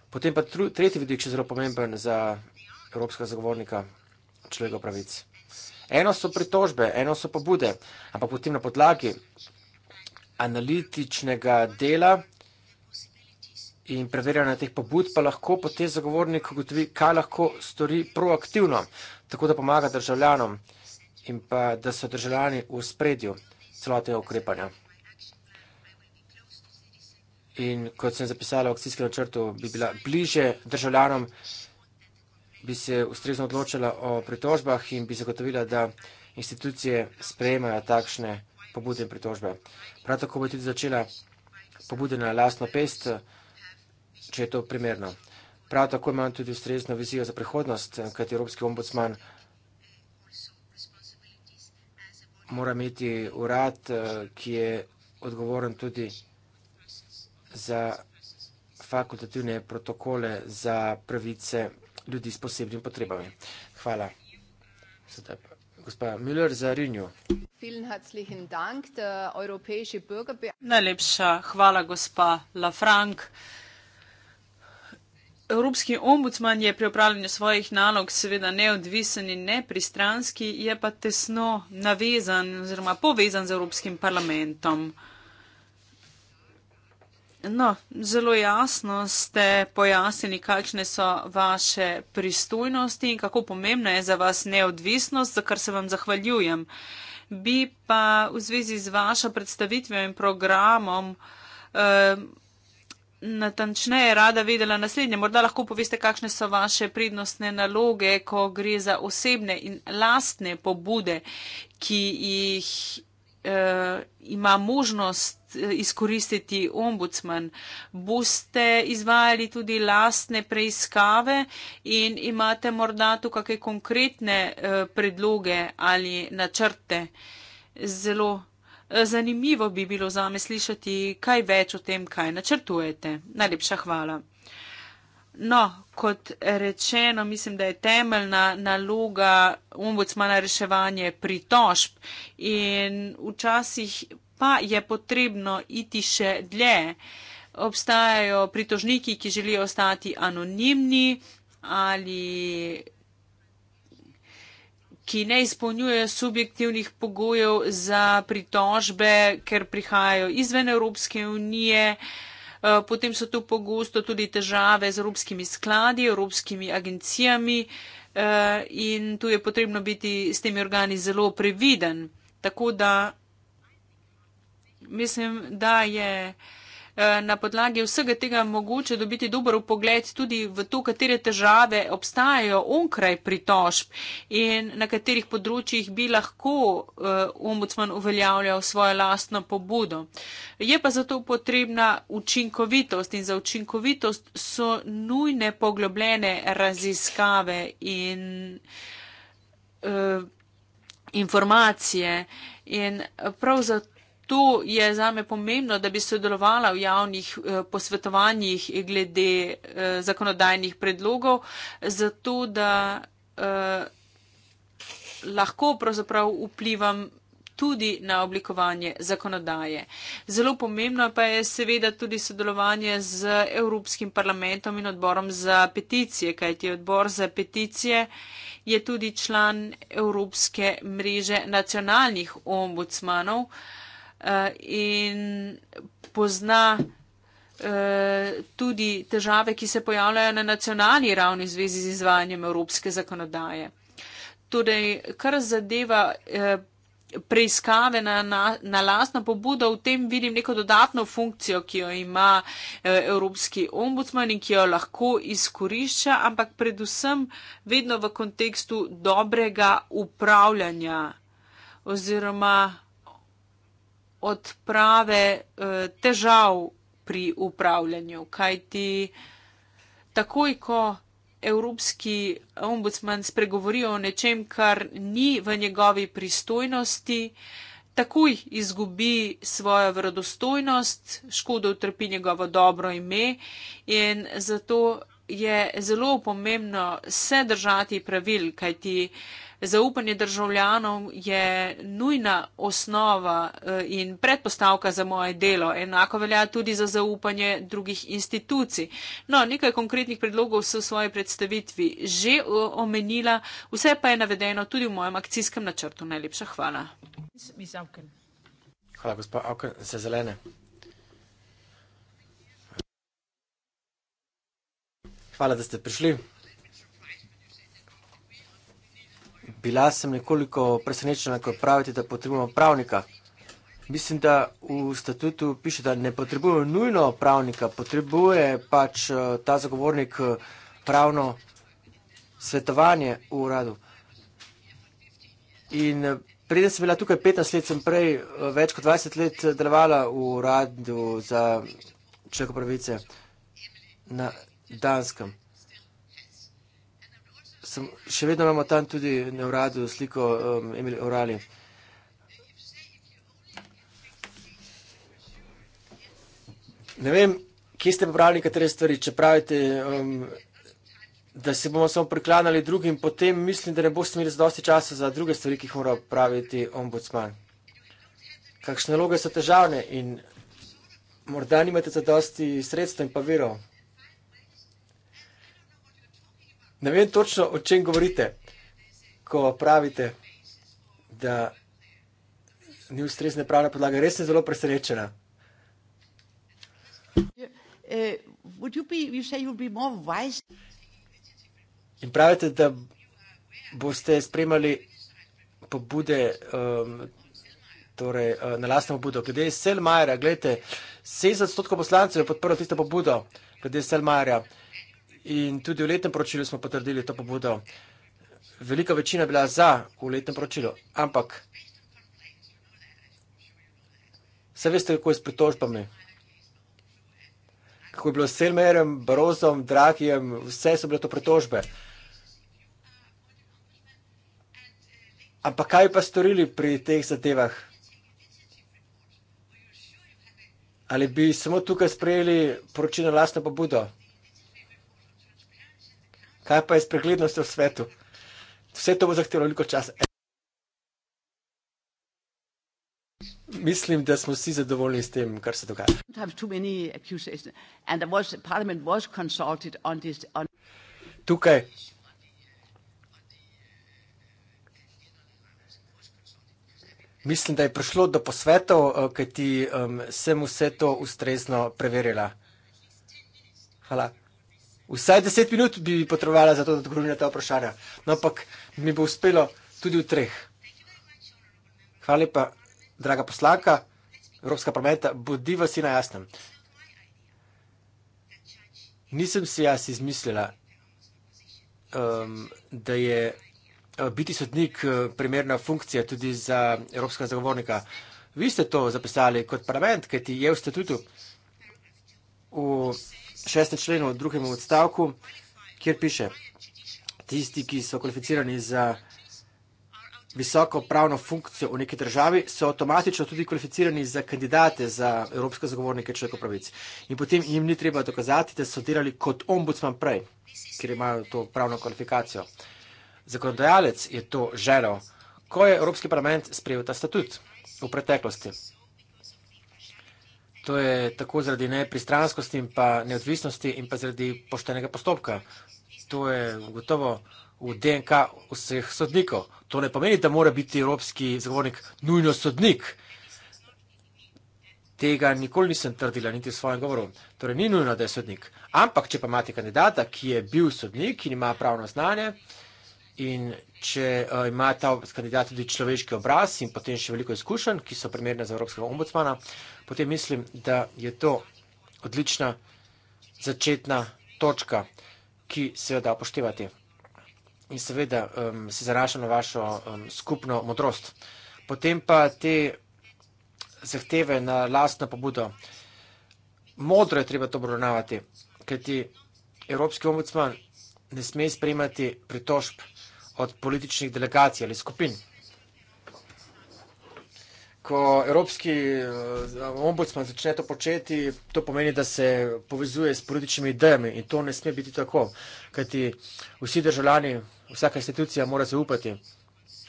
Speaker 3: Potem pa tretji vidik, še zelo pomemben za evropskega zagovornika človekov pravic. Eno so pritožbe, eno so pobude, ampak potem na podlagi analitičnega dela in preverjanja teh pobud, pa lahko potem zagovornik ugotovi, kaj lahko stori proaktivno, tako da pomaga državljanom in pa da so državljani v spredju celotnega ukrepanja. In kot sem zapisala v akcijskem načrtu, bi bila bliže državljanom, bi se ustrezno odločila o pritožbah in bi zagotovila, da institucije sprejemajo takšne pobude in pritožbe. Prav tako bo tudi začela pobude na lastno pest, če je to primerno. Prav tako imam tudi ustrezno vizijo za prihodnost, kajti Evropski ombudsman mora imeti urad, ki je odgovoren tudi za fakultativne protokole za pravice ljudi s posebnimi potrebami. Hvala. Zdaj pa. Gospa Müller za Rinjo.
Speaker 4: Najlepša hvala, gospa Lafrank. Evropski ombudsman je pri upravljanju svojih nalog seveda neodvisen in nepristranski, je pa tesno navezan oziroma povezan z Evropskim parlamentom. No, zelo jasno ste pojasnili, kakšne so vaše pristojnosti in kako pomembna je za vas neodvisnost, za kar se vam zahvaljujem. Bi pa v zvezi z vašo predstavitvijo in programom eh, natančneje rada videla naslednje. Morda lahko poveste, kakšne so vaše pridnostne naloge, ko gre za osebne in lastne pobude, ki jih uh, ima možnost eh, izkoristiti ombudsman. Boste izvajali tudi lastne preiskave in imate morda tu kakšne konkretne uh, predloge ali načrte. Zelo zanimivo bi bilo zame slišati kaj več o tem, kaj načrtujete. Najlepša hvala. No, kot rečeno, mislim, da je temeljna naloga ombudsmana reševanje pritožb in včasih pa je potrebno iti še dlje. Obstajajo pritožniki, ki želijo ostati anonimni ali ki ne izpolnjujejo subjektivnih pogojev za pritožbe, ker prihajajo izven Evropske unije. Uh, Eh, potem so tu pogosto tudi težave z evropskimi skladi, evropskimi agencijami eh, in tu je potrebno biti s temi organi zelo previden. Tako da mislim, da je Eh, na podlagi vsega tega mogoče dobiti dober pogled tudi v to, katere težave obstajajo onkraj pritožb in na katerih področjih bi lahko eh, ombudsman uveljavljal svojo lastno pobudo. Je pa zato potrebna učinkovitost in za učinkovitost so nujne poglobljene raziskave in uh, informacije. In prav zato zato je za me pomembno, da bi sodelovala v javnih eh, posvetovanjih glede eh, zakonodajnih predlogov, zato da eh, lahko pravzaprav vplivam tudi na oblikovanje zakonodaje. Zelo pomembno pa je seveda tudi sodelovanje z Evropskim parlamentom in odborom za peticije, kajti odbor za peticije je tudi član Evropske mreže nacionalnih ombudsmanov, uh, Eh, in pozna eh, tudi težave, ki se pojavljajo na nacionalni ravni v zvezi z izvajanjem evropske zakonodaje. Torej, kar zadeva eh, preiskave na, na, na lastno pobudo, v tem vidim neko dodatno funkcijo, ki jo ima Evropski ombudsman in ki jo lahko izkorišča, ampak predvsem vedno v kontekstu dobrega upravljanja oziroma odprave eh, težav pri upravljanju, kajti takoj, ko evropski ombudsman spregovori o nečem, kar ni v njegovi pristojnosti, takoj izgubi svojo verodostojnost, škodo utrpi njegovo dobro ime in zato je zelo pomembno se držati pravil, kajti zaupanje državljanov je nujna osnova eh, in predpostavka za moje delo. Enako velja tudi za zaupanje drugih institucij. No, nekaj konkretnih predlogov so v svoji predstavitvi že eh, omenila, vse pa je navedeno tudi v mojem akcijskem načrtu. Najlepša hvala.
Speaker 3: Hvala, gospod Auken, za zelene. Hvala, da ste prišli. Bila sem nekoliko presenečena, ko pravite, da potrebujemo pravnika. Mislim, da v statutu piše, da ne potrebujemo nujno pravnika, potrebuje pač eh, ta zagovornik eh, pravno svetovanje v uradu. In eh, preden sem bila tukaj 15 let, sem prej več kot 20 let delovala v uradu za človekove pravice. Na Danskem. Sem, še vedno imamo tam tudi na uradu sliko um, Emil Orali. Ne vem, kje ste pobrali nekatere stvari, če pravite, um, da se bomo samo priklanjali drugim, potem mislim, da ne boste imeli dosti časa za druge stvari, ki jih mora praviti ombudsman. Kakšne naloge so težavne in morda nimate za dosti sredstva in pa virov. Ne vem točno, o čem govorite, ko pravite, da ni ustrezne pravne podlage. Res sem zelo presrečena. Eh, In pravite, da boste spremljali pobude um, torej, eh, na lastno pobudo. Glede Selmajera, gledajte, 60 odstotkov poslancev je podprlo tisto pobudo glede Selmajera. In tudi v letnem poročilu smo potrdili to pobudo. Velika večina je bila za v letnem poročilu, ampak se veste, kako je s pritožbami. Kako je bilo s Selmerjem, Barozom, Dragijem, vse so bile to pritožbe. Ampak kaj pa storili pri teh zadevah? Ali bi samo tukaj sprejeli poročilo na lastno pobudo? Kaj pa je s preglednostjo v svetu? Vse to bo zahtevalo veliko časa. Mislim, da smo vsi zadovoljni s tem, kar se dogaja. Tukaj. Mislim, da je prišlo do posvetov, eh, ki ti um, sem vse to ustrezno preverila. Hvala. Vsaj deset minut bi potrebovala za to, da odgovorim na ta vprašanja. No, ampak mi bo uspelo tudi v treh. Hvala lepa, draga poslanka Evropska parlamenta, bodiva si na jasnem. Nisem si jaz izmislila, um, da je uh, biti sodnik uh, primerna funkcija tudi za evropskega zagovornika. Vi ste to zapisali kot parlament, kajti je v statutu. V šestem členu, drugem odstavku, kjer piše, tisti, ki so kvalificirani za visoko pravno funkcijo v neki državi, so avtomatično tudi kvalificirani za kandidate za Evropske zagovornike človekov pravic. In potem jim ni treba dokazati, da so delali kot ombudsman prej, ker imajo to pravno kvalifikacijo. Zakonodajalec je to želel, ko je Evropski parlament sprejel ta statut v preteklosti. To je tako zaradi nepristranskosti in pa neodvisnosti in pa zaradi poštenega postopka. To je gotovo v DNK vseh sodnikov. To ne pomeni, da mora biti evropski zagovornik nujno sodnik. Tega nikoli nisem trdila, niti v svojem govoru. Torej, ni nujno, da je sodnik. Ampak, če pa imate kandidata, ki je bil sodnik in ima pravno znanje, uh, In če uh, ima ta kandidat tudi človeški obraz in potem še veliko izkušenj, ki so primerne za evropskega ombudsmana, potem mislim, da je to odlična začetna točka, ki se jo da upoštevati. In seveda um, se zarašam na vašo um, skupno modrost. Potem pa te zahteve na lastno pobudo. Modro je treba to obravnavati, kajti evropski ombudsman ne sme sprejemati pritožb od političnih delegacij ali skupin. Ko evropski eh, ombudsman začne to početi, to pomeni, da se povezuje s političnimi idejami in to ne sme biti tako, kajti vsi državljani, vsaka institucija mora zaupati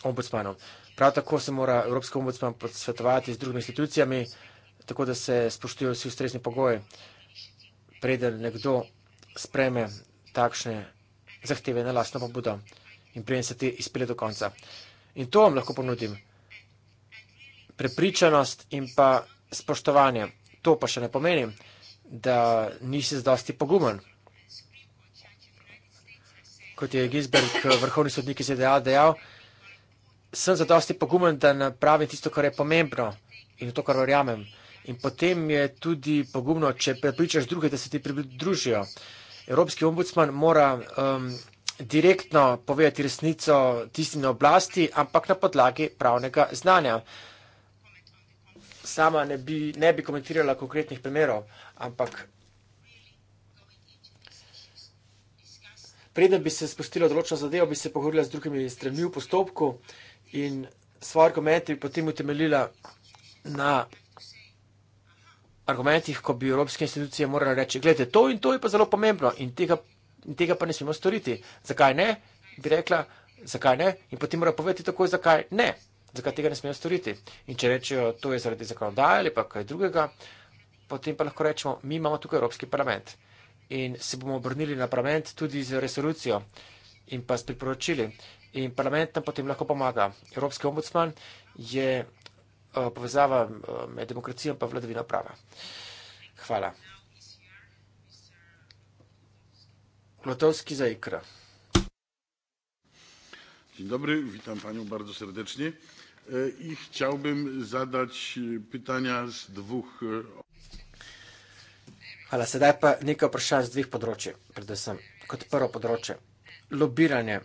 Speaker 3: ombudsmanom. Prav tako se mora evropski ombudsman posvetovati z drugimi institucijami, tako da se spoštujejo vsi ustrezni pogoji, preden nekdo spreme takšne zahteve na lastno pobudo in preden se ti izpele do konca. In to vam lahko ponudim. Prepričanost in pa spoštovanje. To pa še ne pomeni, da nisi zdosti pogumen. Kot je Gisberg, vrhovni sodnik iz ZDA, dejal, sem zadosti pogumen, da napravim tisto, kar je pomembno in to, kar verjamem. In potem je tudi pogumno, če prepričaš druge, da se ti pridružijo. Evropski ombudsman mora um, direktno povedati resnico tistim na oblasti, ampak na podlagi pravnega znanja. Sama ne bi, ne bi komentirala konkretnih primerov, ampak preden bi se spustila določena zadeva, bi se pogovorila z drugimi stranmi v postopku in svoje argumente bi potem utemeljila na argumentih, ko bi evropske institucije morale reči, gledajte, to in to je pa zelo pomembno in tega in tega pa ne smemo storiti. Zakaj ne? Bi rekla, zakaj ne? In potem mora povedati takoj, zakaj ne. Zakaj tega ne smemo storiti? In če rečejo, to je zaradi zakonodaje ali pa kaj drugega, potem pa lahko rečemo, mi imamo tukaj Evropski parlament in se bomo obrnili na parlament tudi z resolucijo in pa s priporočili. In parlament nam potem lahko pomaga. Evropski ombudsman je eh, povezava eh, med demokracijo in pa vladavino prava. Hvala. Klotowski zaikra. Dzień dobry, witam panią bardzo serdecznie
Speaker 4: e, i chciałbym zadać e, pytania z dwóch. E,
Speaker 3: Ale sedaj pa nekaj vprašanj z dveh področji. Predvsem kot prvo področje, lobiranje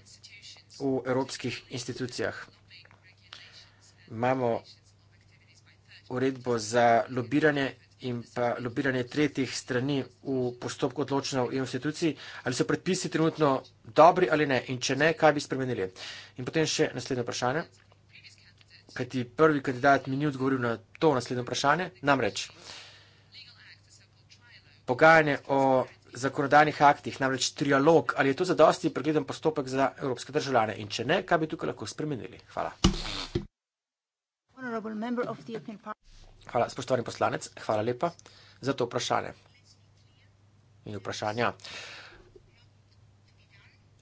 Speaker 3: v evropskih institucijah. Imamo uredbo za lobiranje in pa lobiranje tretjih strani v postopku odločanja v instituciji, ali so predpisi trenutno dobri ali ne in če ne, kaj bi spremenili. In potem še naslednje vprašanje, kajti prvi kandidat mi ni odgovoril na to naslednje vprašanje, namreč pogajanje o zakonodajnih aktih, namreč trialog, ali je to zadosti pregleden postopek za evropske državljane in če ne, kaj bi tukaj lahko spremenili. Hvala.
Speaker 2: Honorable member of the European Parliament.
Speaker 3: Hvala, spoštovani poslanec, hvala lepa za to vprašanje in vprašanja.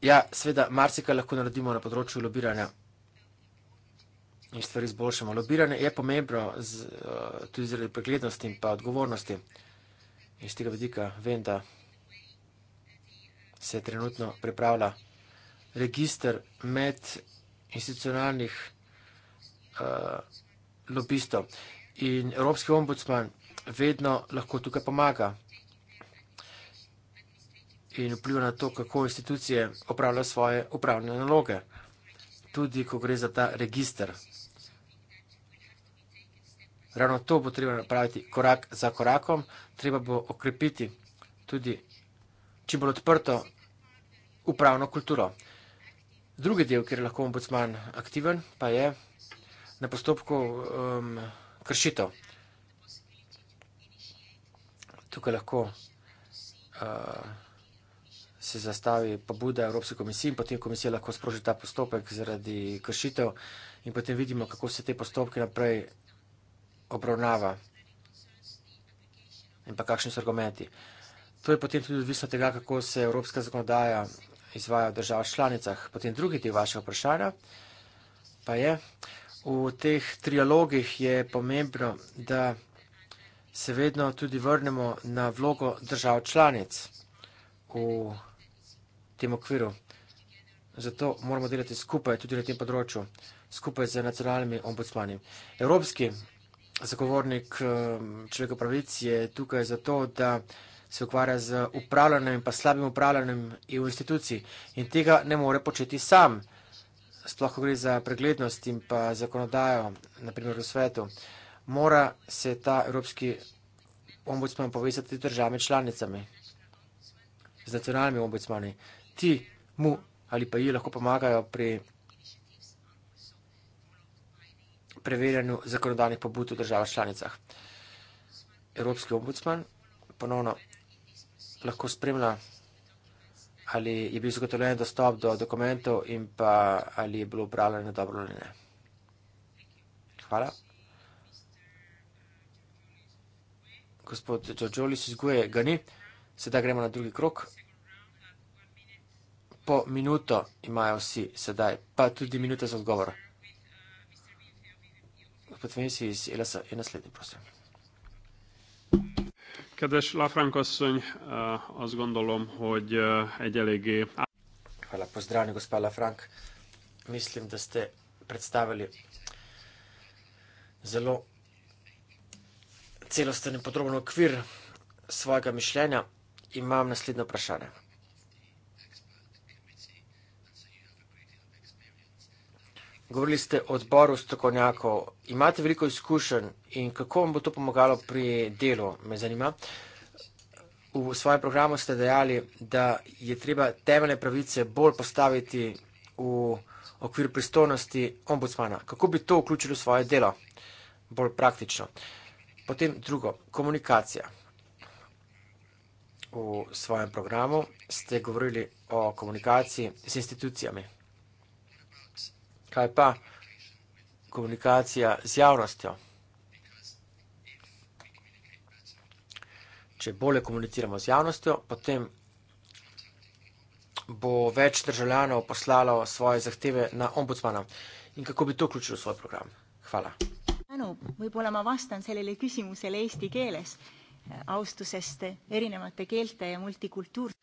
Speaker 3: Ja, sveda, marsikaj lahko naredimo na področju lobiranja in stvari izboljšamo. Lobiranje je pomembno z, eh, tudi zaradi preglednosti in pa odgovornosti. In z tega vidika vem, da se trenutno pripravlja register med institucionalnih uh, lobistov in Evropski ombudsman vedno lahko tukaj pomaga in vpliva na to, kako institucije opravljajo svoje upravne naloge, tudi ko gre za ta register. Ravno to bo treba napraviti korak za korakom, treba bo okrepiti tudi čim bolj odprto upravno kulturo. Drugi del, kjer je lahko ombudsman aktiven, pa je na postopku um, kršitev. Tukaj lahko uh, se zastavi pobuda Evropske komisije in potem komisija lahko sproži ta postopek zaradi kršitev in potem vidimo, kako se te postopke naprej obravnava in pa kakšni so argumenti. To je potem tudi odvisno tega, kako se evropska zakonodaja izvaja v državah članicah. Potem drugi del vašega vprašanja pa je, V teh trialogih je pomembno, da se vedno tudi vrnemo na vlogo držav članic v tem okviru. Zato moramo delati skupaj tudi na tem področju, skupaj z nacionalnimi ombudsmani. Evropski zagovornik eh, človeka pravic je tukaj zato, da se ukvarja z upravljanjem in pa slabim upravljanjem v e instituciji. In tega ne more početi sam sploh ko gre za preglednost in pa zakonodajo, naprimer v svetu, mora se ta evropski ombudsman povezati z državami članicami, z nacionalnimi ombudsmani. Ti mu ali pa ji lahko pomagajo pri preverjanju zakonodajnih pobud v državah članicah. Evropski ombudsman ponovno lahko spremlja ali je bil zagotovljen dostop do dokumentov in pa ali je bilo upravljanje dobro ali ne. Hvala. Gospod Džođoli se izguje, ga ni. Sedaj gremo na drugi krok. Po minuto imajo vsi sedaj, pa tudi minuto za odgovor. Gospod Vinci iz ELSA je naslednji, prosim. Thank you. Kedves Lafranc asszony, eh, azt gondolom, hogy eh, egy eléggé... Hála, pozdrálni, gospod Lafranc. Mislim, da ste predstavili zelo celosten in podroben okvir svojega mišljenja. Imam naslednje vprašanje. Govorili ste o odboru strokovnjakov, imate veliko izkušenj in kako vam bo to pomagalo pri delu, me zanima. V svojem programu ste dejali, da je treba temeljne pravice bolj postaviti v okvir pristojnosti ombudsmana. Kako bi to vključilo v svoje delo? Bolj praktično. Potem drugo, komunikacija. V svojem programu ste govorili o komunikaciji z institucijami kaj pa komunikacija z javnostjo. Če bolje komuniciramo z javnostjo, potem bo več državljanov poslalo svoje zahteve na ombudsmana in kako bi to vključilo v svoj program. Hvala.
Speaker 2: Tänu, võib-olla ma vastan sellele küsimusele eesti keeles äh,, austusest erinevate keelte ja multikultuur-.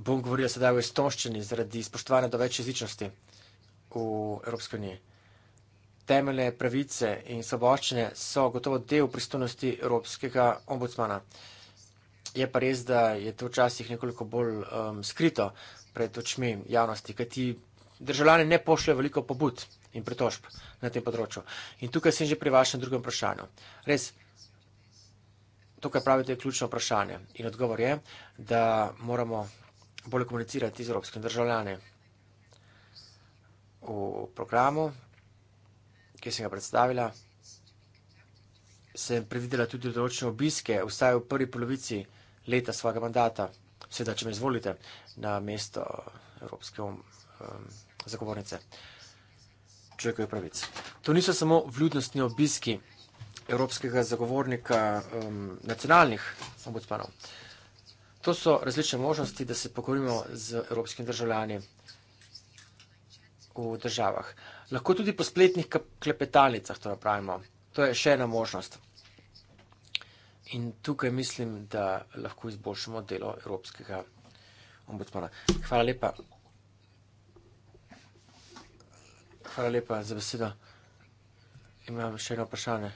Speaker 3: bom govoril sedaj v estonščini zaradi spoštovanja do več jezičnosti v Evropski uniji. Temeljne pravice in svoboščine so gotovo del pristojnosti Evropskega ombudsmana. Je pa res, da je to včasih nekoliko bolj um, skrito pred očmi javnosti, kajti državljani ne pošljajo veliko pobud in pritožb na tem področju. In tukaj sem že pri vašem drugem vprašanju. Res, to, kar pravite, je ključno vprašanje. In odgovor je, da moramo bolj komunicirati z evropskimi državljani. V programu, ki sem ga predstavila, sem predvidela tudi določene obiske, vsaj v prvi polovici leta svojega mandata. Sveda, če me izvolite na mesto Evropske um, zagovornice človekove pravice. To niso samo vljudnostni obiski evropskega zagovornika um, nacionalnih ombudsmanov. Um, To so različne možnosti, da se pogovorimo z evropskimi državljani v državah. Lahko tudi po spletnih klepetalnicah to napravimo. To je še ena možnost. In tukaj mislim, da lahko izboljšamo delo evropskega ombudsmana. Hvala lepa. Hvala lepa za besedo. Imam še eno vprašanje.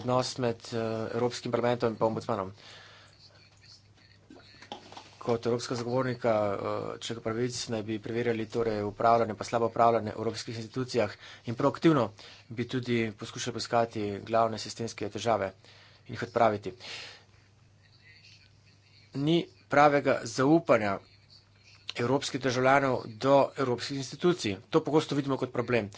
Speaker 3: Odnos med eh, Evropskim parlamentom in pa ombudsmanom. Uh, kot evropska zagovornika eh, človekovih pravic naj bi preverjali torej upravljanje pa slabo upravljanje v evropskih institucijah in proaktivno bi tudi poskušali poiskati glavne sistemske težave in jih odpraviti. Ni pravega zaupanja evropskih državljanov do evropskih institucij. To pogosto vidimo kot problem.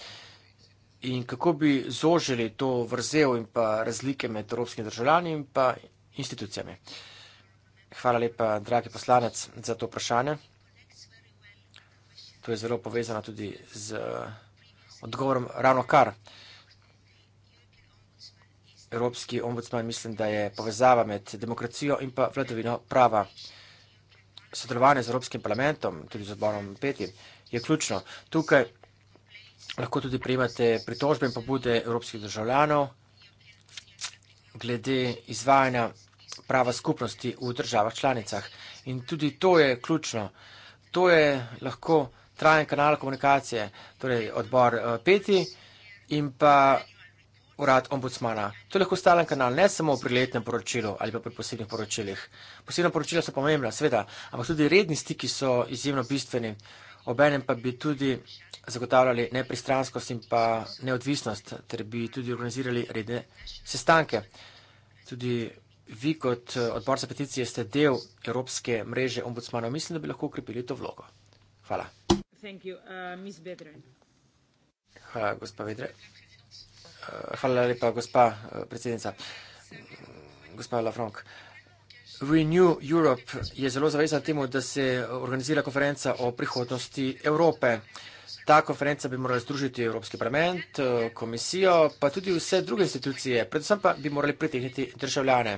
Speaker 3: In kako bi zožili to vrzel in pa razlike med evropskimi državljani in pa institucijami? Hvala lepa, dragi poslanec, za to vprašanje. To je zelo povezano tudi z odgovorom ravno kar. Evropski ombudsman mislim, da je povezava med demokracijo in pa vladavino prava. Sodelovanje z Evropskim parlamentom, tudi z odborom peti, je ključno. Tukaj lahko tudi prijemate pritožbe in pobude evropskih državljanov glede izvajanja prava skupnosti v državah članicah. In tudi to je ključno. To je lahko trajen kanal komunikacije, torej odbor eh, peti in pa urad ombudsmana. To je lahko stalen kanal, ne samo pri letnem poročilu ali pa pri posebnih poročilih. Posebna poročila so pomembna, seveda, ampak tudi redni stiki so izjemno bistveni. Obenem pa bi tudi zagotavljali nepristranskost in pa neodvisnost, ter bi tudi organizirali redne sestanke. Tudi Vi kot eh, odbor za peticije ste del Evropske mreže ombudsmanov. Mislim, da bi lahko ukrepili to vlogo. Hvala.
Speaker 2: Uh,
Speaker 3: hvala, gospa Vedre. Eh, hvala lepa, gospa eh, predsednica. Gospa Lafranc. Renew Europe je zelo zavezan temu, da se organizira konferenca o prihodnosti Evrope. Ta konferenca bi morala združiti Evropski parlament, komisijo, pa tudi vse druge institucije. Predvsem pa bi morali pritehniti državljane.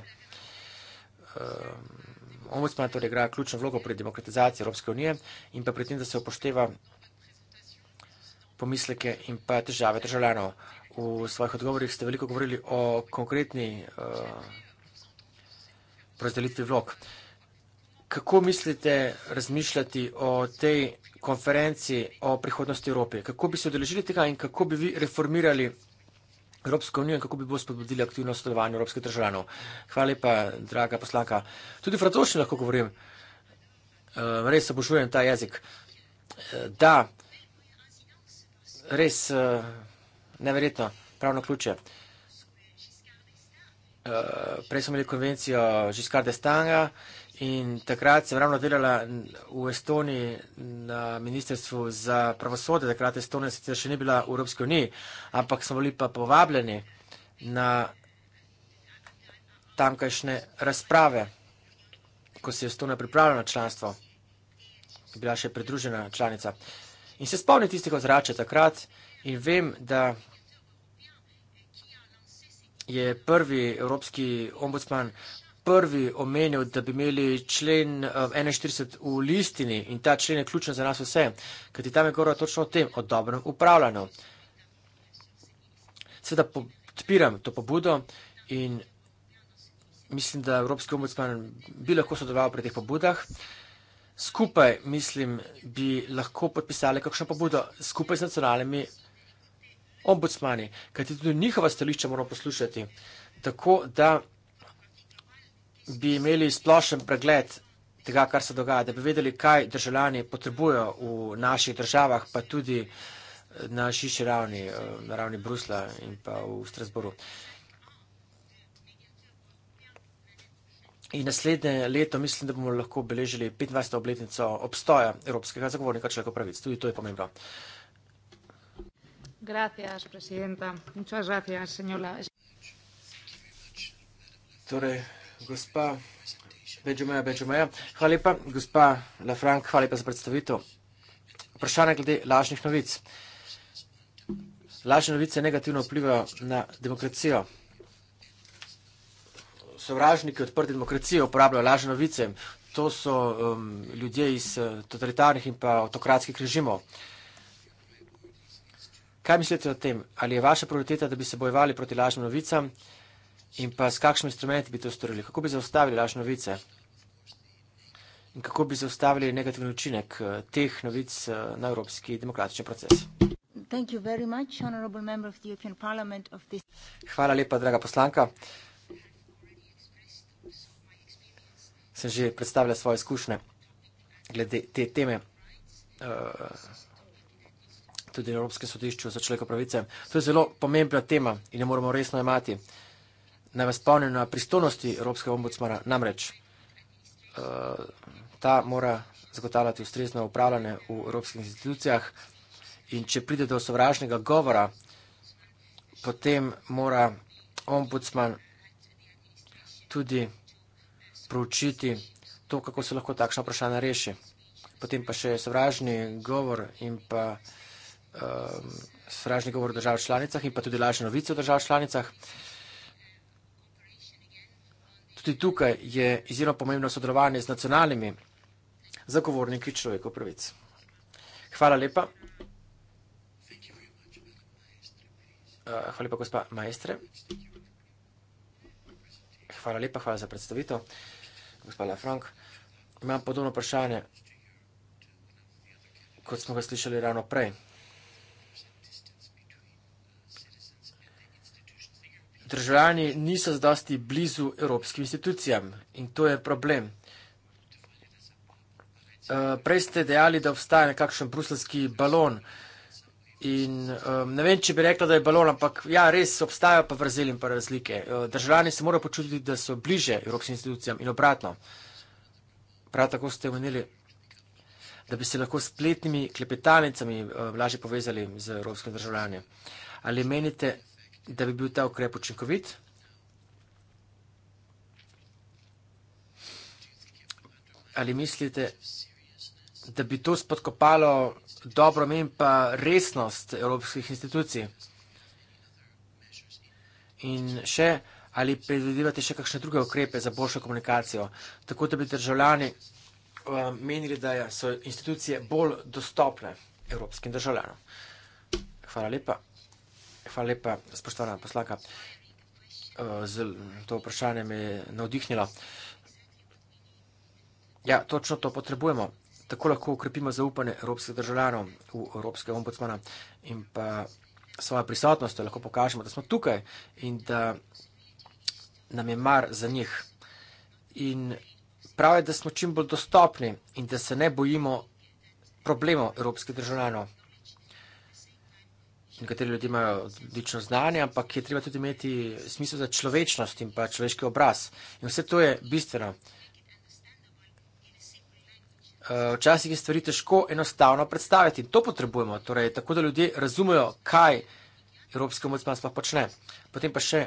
Speaker 3: Ehm, ombudsman torej igra ključno vlogo pri demokratizaciji Evropske unije in pa pri tem, da se upošteva pomisleke in pa težave državljanov. V svojih odgovorih ste veliko govorili o konkretni uh, ehm, razdelitvi vlog. Kako mislite razmišljati o tej konferenci o prihodnosti Evrope? Kako bi se odeležili tega in kako bi vi reformirali Evropska unija, kako bi bolj spodbudila aktivno sodelovanje evropskih državljanov. Hvala lepa, draga poslanka. Tudi francoščino lahko govorim. Ehm, res se obožujem ta jezik. Ehm, da, res ehm, neverjetno, pravno ključe. Prej smo imeli konvencijo Žiskar Destanga, In takrat sem ravno delala v Estoniji na Ministrstvu za pravosodje, takrat Estonija sicer še ni bila v Evropski uniji, ampak smo bili pa povabljeni na tamkajšnje razprave, ko se je Estonija pripravila na članstvo, ki je bila še pridružena članica. In se spomnim tistih ozračja takrat in vem, da je prvi evropski ombudsman prvi omenil, da bi imeli člen 41 eh, v listini in ta člen je ključen za nas vse, ker ti tam je govoril točno o tem, o dobrem upravljanju. Sveda podpiram to pobudo in mislim, da Evropski ombudsman bi lahko sodeloval pri teh pobudah. Skupaj, mislim, bi lahko podpisali kakšno pobudo skupaj z nacionalnimi ombudsmani, kajti tudi njihova stališča moramo poslušati. Tako da bi imeli splošen pregled tega, kar se dogaja, da bi vedeli, kaj državljani potrebujo v naših državah, pa tudi na šišji ravni, eh, na ravni Brusla in pa v Strasboru. In naslednje leto mislim, da bomo lahko obeležili 25. obletnico obstoja Evropskega zagovornika človekov pravic. Tudi to je pomembno.
Speaker 1: Gracias, presidenta.
Speaker 2: Muchas gracias, señora.
Speaker 3: Torej, gospa Benjamina Benjamina. Hvala lepa, gospa Lafranc, hvala lepa za predstavitev. Vprašanje glede lažnih novic. Lažne novice negativno vplivajo na demokracijo. Sovražniki odprte demokracije uporabljajo lažne novice. To so um, ljudje iz uh, totalitarnih in pa autokratskih režimov. Kaj mislite o tem? Ali je vaša prioriteta, da bi se bojevali proti lažnim novicam? In pa s kakšnimi instrumenti bi to storili? Kako bi zaustavili laž novice? In kako bi zaustavili negativen učinek eh, teh novic eh, na evropski demokratični proces?
Speaker 2: Much, this...
Speaker 3: Hvala lepa, draga poslanka. Sem že predstavila svoje izkušnje glede te teme eh, tudi na Evropskem sodišču za človekove pravice. To je zelo pomembna tema in jo moramo resno imati naj vas spomni na pristojnosti Evropskega ombudsmana, namreč eh, ta mora zagotavljati ustrezno upravljanje v evropskih institucijah in če pride do sovražnega govora, potem mora ombudsman tudi proučiti to, kako se lahko takšna vprašanja reši. Potem pa še sovražni govor in pa um, sovražni govor v državah članicah in pa tudi lažne novice v državah članicah. Uh, tudi tukaj je izjemno pomembno sodelovanje z nacionalnimi zagovorniki človekov pravic. Hvala lepa. Eh, hvala lepa, gospa majstre. Hvala lepa, hvala za predstavitev, gospa Lafranc. Imam podobno vprašanje, kot smo ga slišali ravno prej. državljani niso zdosti blizu evropskim institucijam in to je problem. Eh, prej ste dejali, da obstaja nekakšen bruselski balon in ne vem, če bi rekla, da je balon, ampak ja, res obstajajo pa vrzeli in pa razlike. Eh, državljani se morajo počutiti, da so bliže evropskim institucijam in obratno. Prav tako ste omenili, da bi se lahko s spletnimi klepetalnicami eh, lažje povezali z evropskim državljanjem. Ali menite, da bi bil ta ukrep učinkovit. Ali mislite, da bi to spodkopalo dobro men pa resnost evropskih institucij? In še, ali predvidevate še kakšne druge ukrepe za boljšo komunikacijo, tako da bi državljani eh, menili, da so institucije bolj dostopne evropskim državljanom? Hvala lepa. Hvala lepa, spoštovana poslaka. Eh, to vprašanje me je navdihnilo. Ja, točno to potrebujemo. Tako lahko ukrepimo zaupanje evropskih državljanov v evropskega ombudsmana in pa svojo prisotnost, da lahko pokažemo, da smo tukaj in da nam je mar za njih. In prav je, da smo čim bolj dostopni in da se ne bojimo problemov evropskih državljanov nekateri ljudje imajo odlično znanje, ampak je treba tudi imeti smisel za človečnost in pa človeški obraz. In vse to je bistveno. Eh, včasih je stvari težko enostavno predstaviti in to potrebujemo, torej, tako da ljudje razumejo, kaj Evropska unija sploh počne. Potem pa še,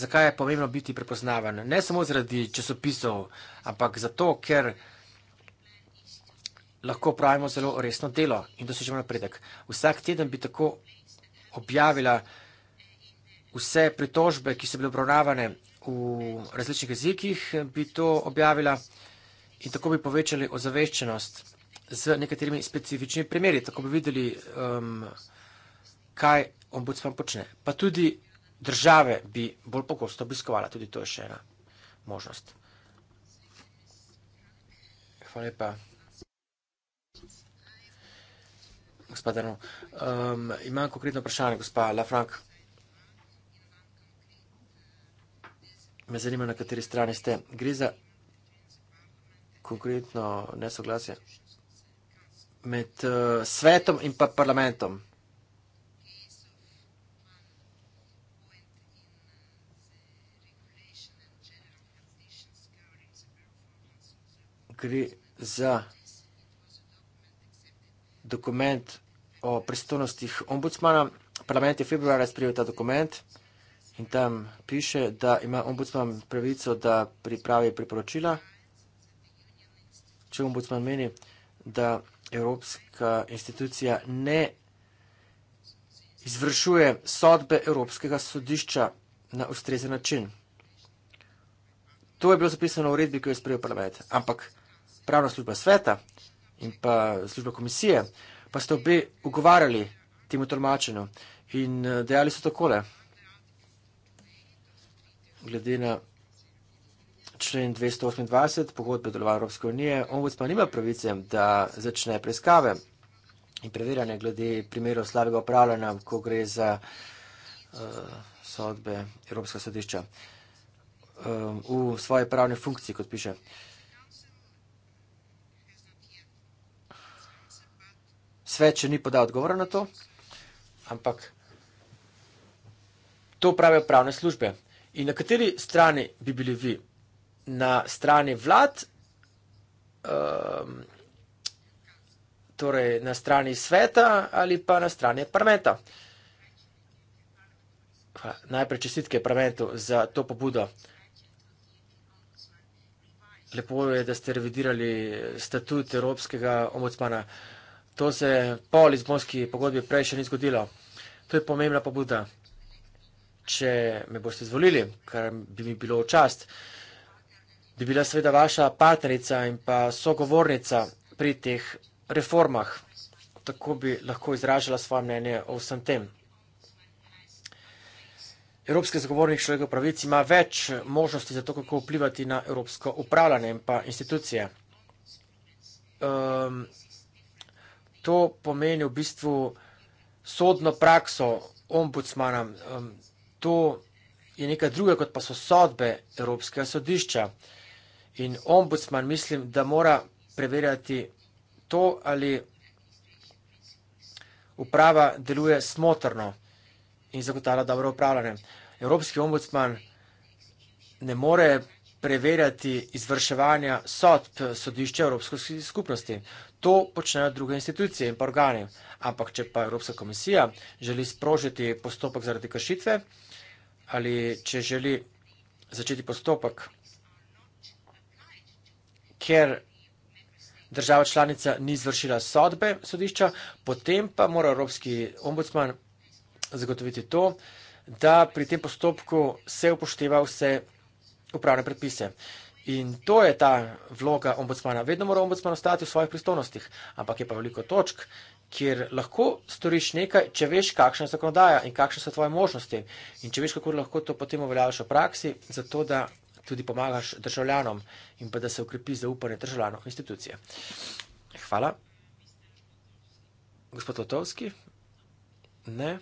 Speaker 3: zakaj je pomembno biti prepoznaven. Ne samo zaradi časopisov, ampak zato, ker lahko pravimo zelo resno delo in dosežemo napredek. Vsak teden bi tako objavila vse pritožbe, ki so bile obravnavane v različnih jezikih, bi to objavila in tako bi povečali ozaveščenost z nekaterimi specifičnimi primeri, tako bi videli, um, kaj ombudsman počne. Pa tudi države bi bolj pogosto obiskovala, tudi to je še ena možnost. Hvala lepa. gospod Arno. Um, imam konkretno vprašanje, gospa Lafranc. Me zanima, na kateri strani ste. Gre za konkretno nesoglasje med uh, svetom in pa parlamentom. Gre za dokument o pristojnostih ombudsmana. Parlament je februarja sprejel ta dokument in tam piše, da ima ombudsman pravico, da pripravi priporočila. Če ombudsman meni, da Evropska institucija ne izvršuje sodbe Evropskega sodišča na ustrezen način. To je bilo zapisano v uredbi, ki jo je sprejel parlament. Ampak pravna služba sveta in pa služba komisije, pa ste obe ugovarjali temu tolmačenju in eh, dejali so takole. Glede na člen 228 pogodbe delovanja Evropske unije, ombudsman nima pravice, da začne preiskave in preverjanje glede primerov slabega upravljanja, ko gre za uh, sodbe Evropskega sodišča uh, v svoji pravni funkciji, kot piše. Uh, svet še ni podal odgovora na to, ampak to pravijo pravne službe. In na kateri strani bi bili vi? Na strani vlad, um, torej na strani sveta ali pa na strani parlamenta? Najprej čestitke parlamentu za to pobudo. Lepo je, da ste revidirali statut Evropskega ombudsmana. Uh, To se po Lizbonski pogodbi prej še ni zgodilo. To je pomembna pobuda. Če me boste zvolili, kar bi mi bilo v čast, bi bila seveda vaša partnerica in pa sogovornica pri teh reformah. Tako bi lahko izražala svoje mnenje o vsem tem. Evropski zagovornik človekov pravic ima več možnosti za to, kako vplivati na evropsko upravljanje in pa institucije. Um, to pomeni v bistvu sodno prakso ombudsmana. To je nekaj druga, kot pa so sodbe Evropskega sodišča. In ombudsman, mislim, da mora preverjati to, ali uprava deluje smotrno in zagotavlja dobro upravljanje. Evropski ombudsman ne more preverjati izvrševanja sodb sodišče Evropske skupnosti. To počnejo druge institucije in pa organi. Ampak, če pa Evropska komisija želi sprožiti postopek zaradi kršitve ali če želi začeti postopek, ker država članica ni izvršila sodbe sodišča, potem pa mora Evropski ombudsman zagotoviti to, da pri tem postopku se upošteva vse upravne predpise. In to je ta vloga ombudsmana. Vedno mora ombudsman ostati v svojih pristojnostih, ampak je pa veliko točk, kjer lahko storiš nekaj, če veš, kakšna je zakonodaja in kakšne so tvoje možnosti. In če veš, kako lahko to potem uveljaviš v praksi, zato da tudi pomagaš državljanom in pa da se ukrepi zaupanje državljanov v institucije. Hvala. Gospod Lotovski? Ne.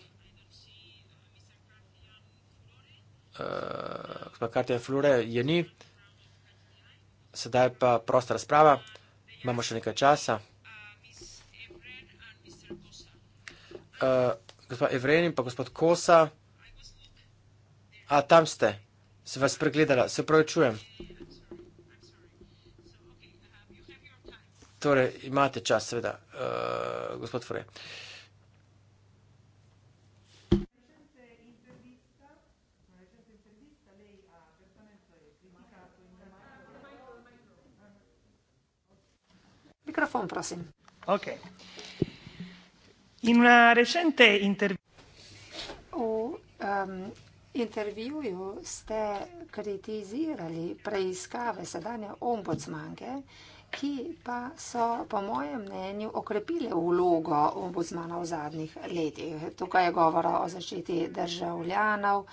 Speaker 3: gospod Kartija Flure, je ni. Sedaj pa prosta razprava. Imamo še nekaj časa. Uh, eh, gospod Evren in pa gospod Kosa. A tam ste. Se vas pregledala. Se pravi, čujem. Torej, imate čas, seveda, uh, gospod Fure. Uh,
Speaker 1: mikrofon, prosim. Ok. In na eh, recente intervju. V um, intervjuju ste kritizirali preiskave sedanje ombudsmanke, ki pa so, po mojem mnenju, okrepile vlogo ombudsmana v zadnjih letih. Tukaj je govora o zaščiti državljanov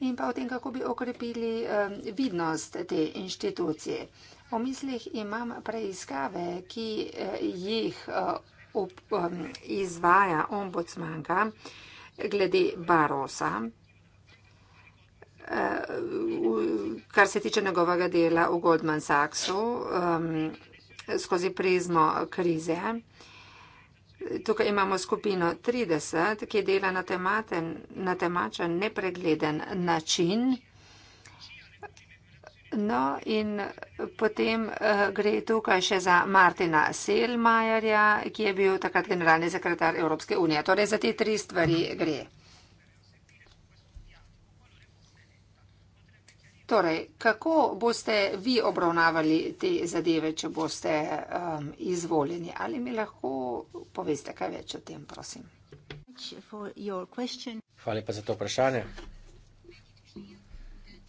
Speaker 1: in pa o tem, kako bi okrepili um, vidnost te inštitucije. V mislih imam preiskave, ki eh, jih eh, izvaja ombudsmanka glede Barosa, eh, kar se tiče njegovega dela v Goldman Sachsu skozi prizmo krize. Tukaj imamo skupino 30, ki dela na temačen, nepregleden način. No, in eh, potem eh, gre tukaj še za Martina Selmajerja, ki je bil takrat generalni sekretar Evropske unije. Torej za te tri stvari gre. Torej, kako boste vi obravnavali te zadeve, če boste um, izvoljeni? Ali mi lahko poveste kaj več o tem, prosim? Hvala
Speaker 3: lepa za to vprašanje.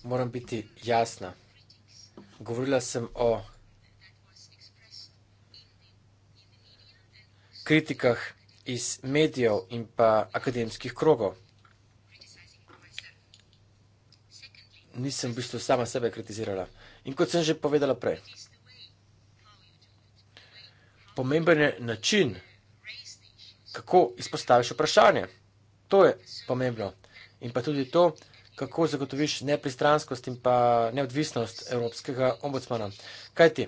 Speaker 3: Moram biti jasna govorila sem o kritikah iz medijev in pa akademskih krogov. Nisem v bistvu sama sebe kritizirala. In kot sem že povedala prej, pomemben je način, kako izpostaviš vprašanje. To je pomembno. In pa tudi to, kako zagotoviš nepristranskost in pa neodvisnost Evropskega ombudsmana. Kaj ti,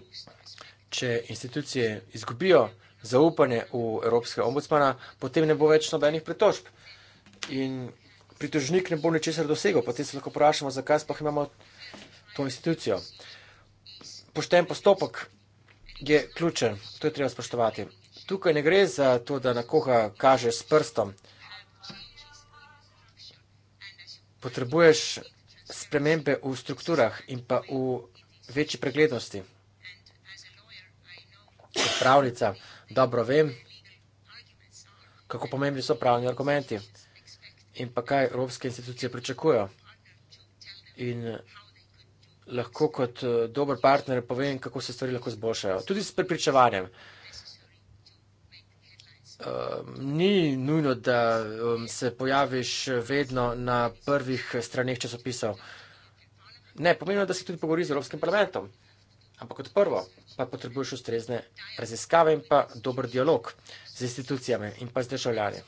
Speaker 3: če institucije izgubijo zaupanje v Evropskega ombudsmana, potem ne bo več nobenih pritožb in pritožnik ne bo ničesar dosegel, potem se lahko vprašamo, zakaj sploh imamo to institucijo. Pošten postopek je ključen, to je treba spoštovati. Tukaj ne gre za to, da na koga kažeš s prstom. potrebuješ spremembe v strukturah in pa v večji preglednosti. Kot pravnica dobro vem, kako pomembni so pravni argumenti in pa kaj evropske institucije pričakujo. In lahko kot eh, dober partner povem, kako se stvari lahko zboljšajo. Tudi s prepričevanjem ni nujno, da um, se pojaviš vedno na prvih straneh časopisov. Ne, pomeni, da se tudi pogovoriš z Evropskim parlamentom. Ampak kot prvo, pa potrebuješ ustrezne raziskave in pa dober dialog z institucijami in pa z državljani.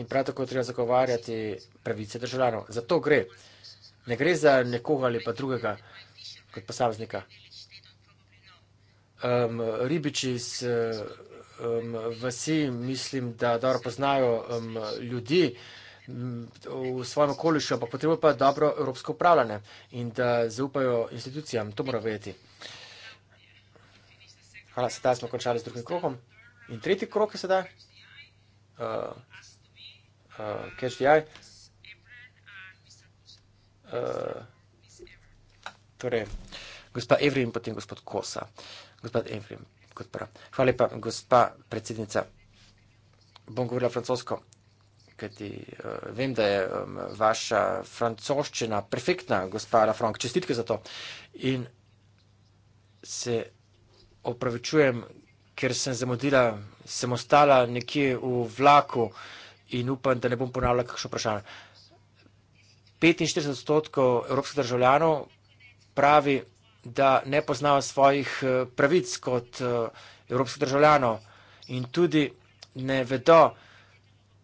Speaker 3: In prav tako treba zagovarjati pravice državljanov. Za to gre. Ne gre za nekoga ali pa drugega kot posameznika. Um, ribiči z. Uh, um, vasi, mislim, da dobro poznajo um, ljudi v svojem okolišu, ampak potrebujo pa dobro evropsko upravljanje in da zaupajo institucijam. To mora vedeti. Hvala, sedaj smo končali z drugim krokom. In tretji krok je sedaj. Uh, uh, Torej, gospod Evrim, potem gospod Kosa. Gospod Evrim, kot prva. Hvala lepa, gospa predsednica. Bom govorila francosko, kajti uh, vem, da je um, vaša francoščina perfektna, gospa Lafranc. Čestitke za to. In se opravičujem, ker sem zamudila, sem ostala nekje v vlaku in upam, da ne bom ponavljala kakšno vprašanje. 45 odstotkov evropskih državljanov pravi, da ne poznajo svojih eh, pravic kot eh, evropskih državljanov in tudi ne vedo,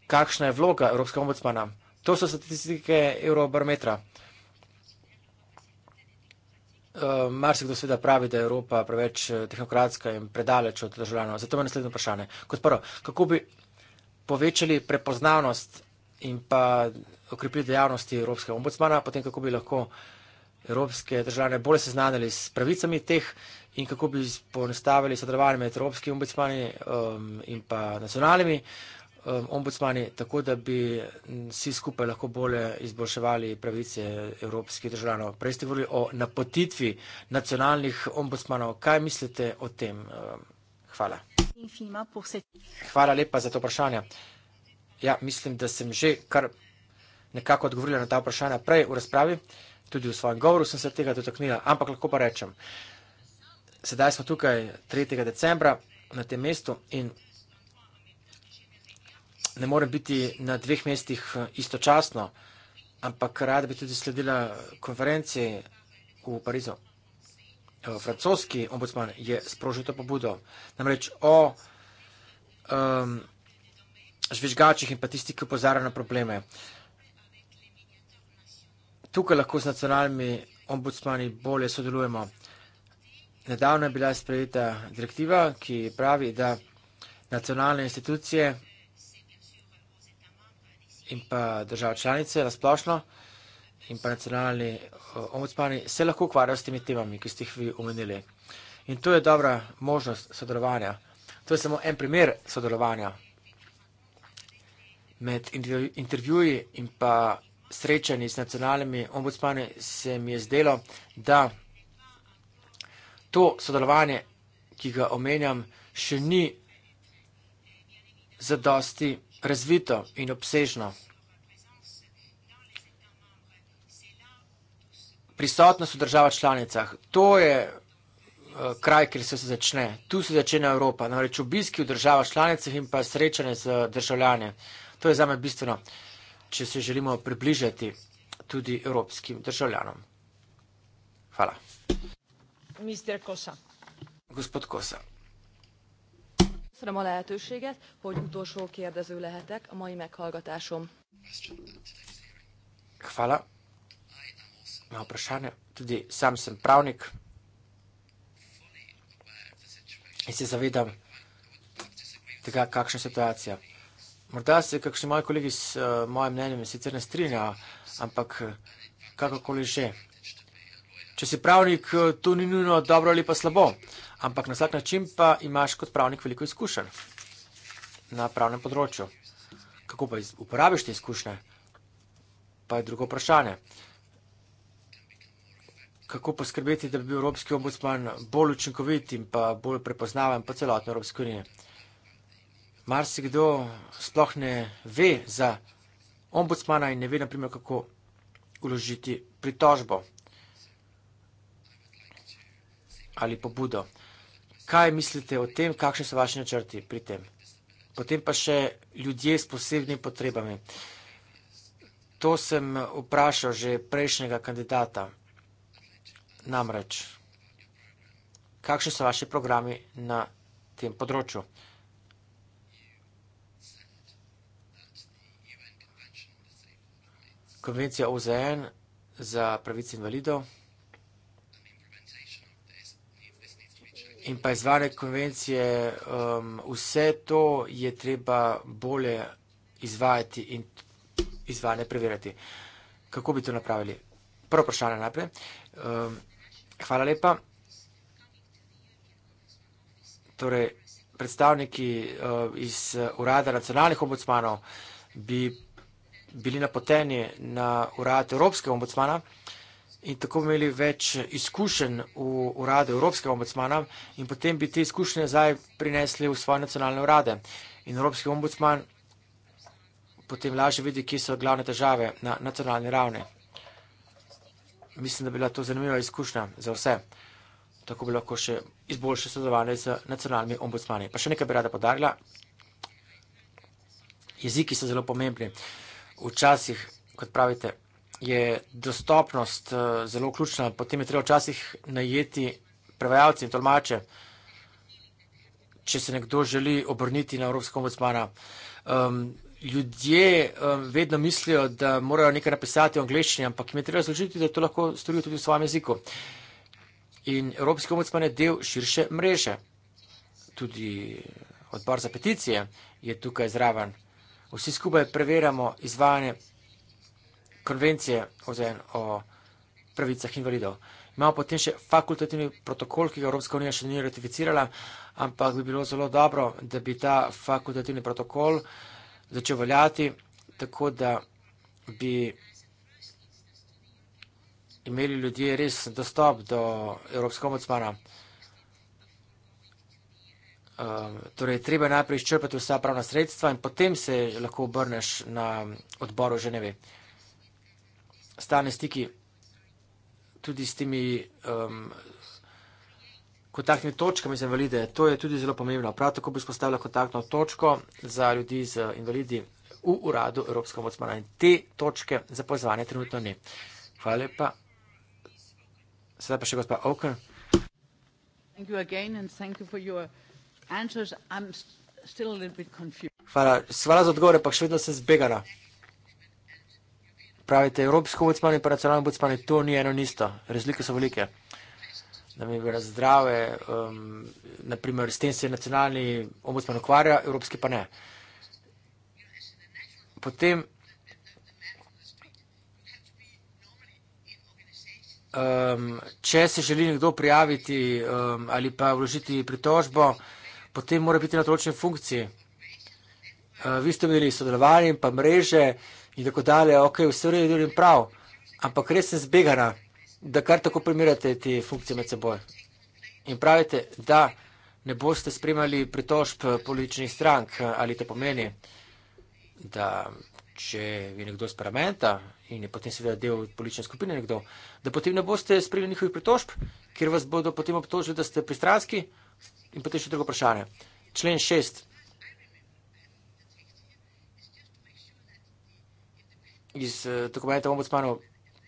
Speaker 3: kakšna je vloga evropskega ombudsmana. To so statistike Eurobarometra. Eh, marsikdo seveda pravi, da je Evropa preveč tehnokratska in predaleč od državljanov. Zato me naslednje vprašanje. Kot prvo, kako bi povečali prepoznavnost in pa okrepili dejavnosti Evropskega ombudsmana, potem kako bi lahko uh, evropske državljane bolj seznanili s pravicami teh in kako bi poenostavili sodelovanje med evropskimi ombudsmani um, in pa nacionalnimi um, ombudsmani, tako da bi vsi skupaj lahko bolje izboljševali pravice evropskih državljanov. Prej ste govorili o napotitvi nacionalnih ombudsmanov. Kaj mislite o tem? Um, hvala. Hvala lepa za to vprašanje. Ja, mislim, da sem že kar nekako odgovorila na ta vprašanja prej v razpravi. Uh, tudi v svojem govoru sem se tega dotaknila, ampak lahko pa rečem, sedaj smo tukaj 3. decembra na tem mestu in ne morem biti na dveh mestih eh, istočasno, ampak rada bi tudi sledila konferenci v Parizu. Eh, francoski ombudsman je sprožil to pobudo. Namreč o um, žvižgačih in pa tisti, ki upozarajo na probleme. Uh, Tukaj lahko z nacionalnimi ombudsmani bolje sodelujemo. Nedavno je bila sprejeta direktiva, ki pravi, da nacionalne institucije in pa država članice nasplošno in pa nacionalni eh, ombudsmani se lahko ukvarjajo s temi temami, ki ste jih vi omenili. In to je dobra možnost sodelovanja. To je samo en primer sodelovanja med intervjuji in pa srečanji s nacionalnimi ombudsmani se mi je zdelo, da to sodelovanje, ki ga omenjam, še ni zadosti razvito in obsežno. Prisotnost v državah članicah, to je eh, kraj, kjer se vse začne. Tu se začne Evropa, namreč obiski v državah članicah in pa srečanje z državljanjem. To je zame bistveno če se želimo približati tudi evropskim državljanom. Hvala. Gospod Kosa.
Speaker 1: Köszönöm a lehetőséget, hogy utolsó kérdező lehetek a mai meghallgatásom.
Speaker 3: Hvala. Na vprašanje, tudi sam sem pravnik in se zavedam tega, kakšna situacija. Morda se kakšni moji kolegi s uh, mojim mnenjem sicer ne strinjajo, ampak eh, kakorkoli že. Če si pravnik, eh, to ni nujno dobro ali pa slabo, ampak na vsak način pa imaš kot pravnik veliko izkušenj na pravnem področju. Kako pa uporabiš te izkušnje, pa je drugo vprašanje. Kako poskrbeti, da bi bil Evropski ombudsman bolj učinkovit in pa bolj prepoznaven po celotni Evropski uniji marsikdo sploh ne ve za ombudsmana in ne ve, naprimer, kako uložiti pritožbo ali pobudo. Kaj mislite o tem, kakšne so vaše načrti pri tem? Potem pa še ljudje s posebnimi potrebami. To sem vprašal že prejšnjega kandidata. Namreč, kakšni so vaši programi na tem področju? konvencija OZN za pravice invalidov in pa izvane konvencije, um, vse to je treba bolje izvajati in izvane preverjati. Kako bi to napravili? Prvo vprašanje najprej. Um, hvala lepa. Torej, predstavniki uh, iz Urada nacionalnih obocmanov bi bili napoteni na urad Evropskega ombudsmana in tako imeli več izkušenj v uradu Evropskega ombudsmana in potem bi te izkušnje zdaj prinesli v svoje nacionalne urade. In Evropski ombudsman potem lažje vidi, kje so glavne države na nacionalni ravni. Mislim, da bi bila to zanimiva izkušnja za vse. Tako bi lahko še izboljšali sodelovanje z nacionalnimi ombudsmani. Pa še nekaj bi rada podarila. Jeziki so zelo pomembni včasih, kot pravite, je dostopnost eh, zelo ključna, potem je treba včasih najeti prevajalce in tolmače, če se nekdo želi obrniti na Evropsko ombudsmana. Um, ljudje um, vedno mislijo, da morajo nekaj napisati v angleščini, ampak jim je treba zložiti, da to lahko storijo tudi v svojem jeziku. In Evropski ombudsman je del širše mreže. Tudi odbor za peticije je tukaj zraven vsi skupaj preverjamo izvajanje konvencije o pravicah invalidov. Imamo potem še fakultativni protokol, ki ga Evropska unija še ni ratificirala, ampak bi bilo zelo dobro, da bi ta fakultativni protokol začel veljati, tako da bi imeli ljudje res dostop do Evropskega ombudsmana. Um, torej treba najprej izčrpati vsa pravna sredstva in potem se lahko obrneš na odboru Ženeve. Stane stiki tudi s temi um, kontaktnimi točkami za invalide. To je tudi zelo pomembno. Prav tako bi spostavila kontaktno točko za ljudi z invalidi v uradu Evropskega ombudsmana in te točke za pozvanje trenutno ni. Hvala lepa. Sedaj pa še gospod Oken.
Speaker 2: Thank you again and thank you for your
Speaker 3: Hvala. Hvala za odgovore, pa še vedno sem zbegana. Pravite, Evropsko obudsmano in pa nacionalno obudsmano, to ni eno isto. Razlike so velike. Da mi bi razdrave, um, naprimer, s tem se nacionalni obudsman ukvarja, evropski pa ne. Potem Um, če se želi nekdo prijaviti um, ali pa vložiti pritožbo, uh, potem mora biti na določen funkciji. Uh, eh, vi ste imeli sodelovanje in pa mreže in tako dalje, ok, vse v redu in prav, ampak res sem zbegana, da kar tako primerjate te funkcije med seboj. In pravite, da ne boste spremljali pritožb političnih strank ali to pomeni, da če je nekdo iz parlamenta in je potem seveda del politične skupine nekdo, da potem ne boste spremljali njihovih pritožb, ker vas bodo potem obtožili, da ste pristranski. In potem še drugo vprašanje. Člen šest. Iz eh, dokumenta ombudsmanov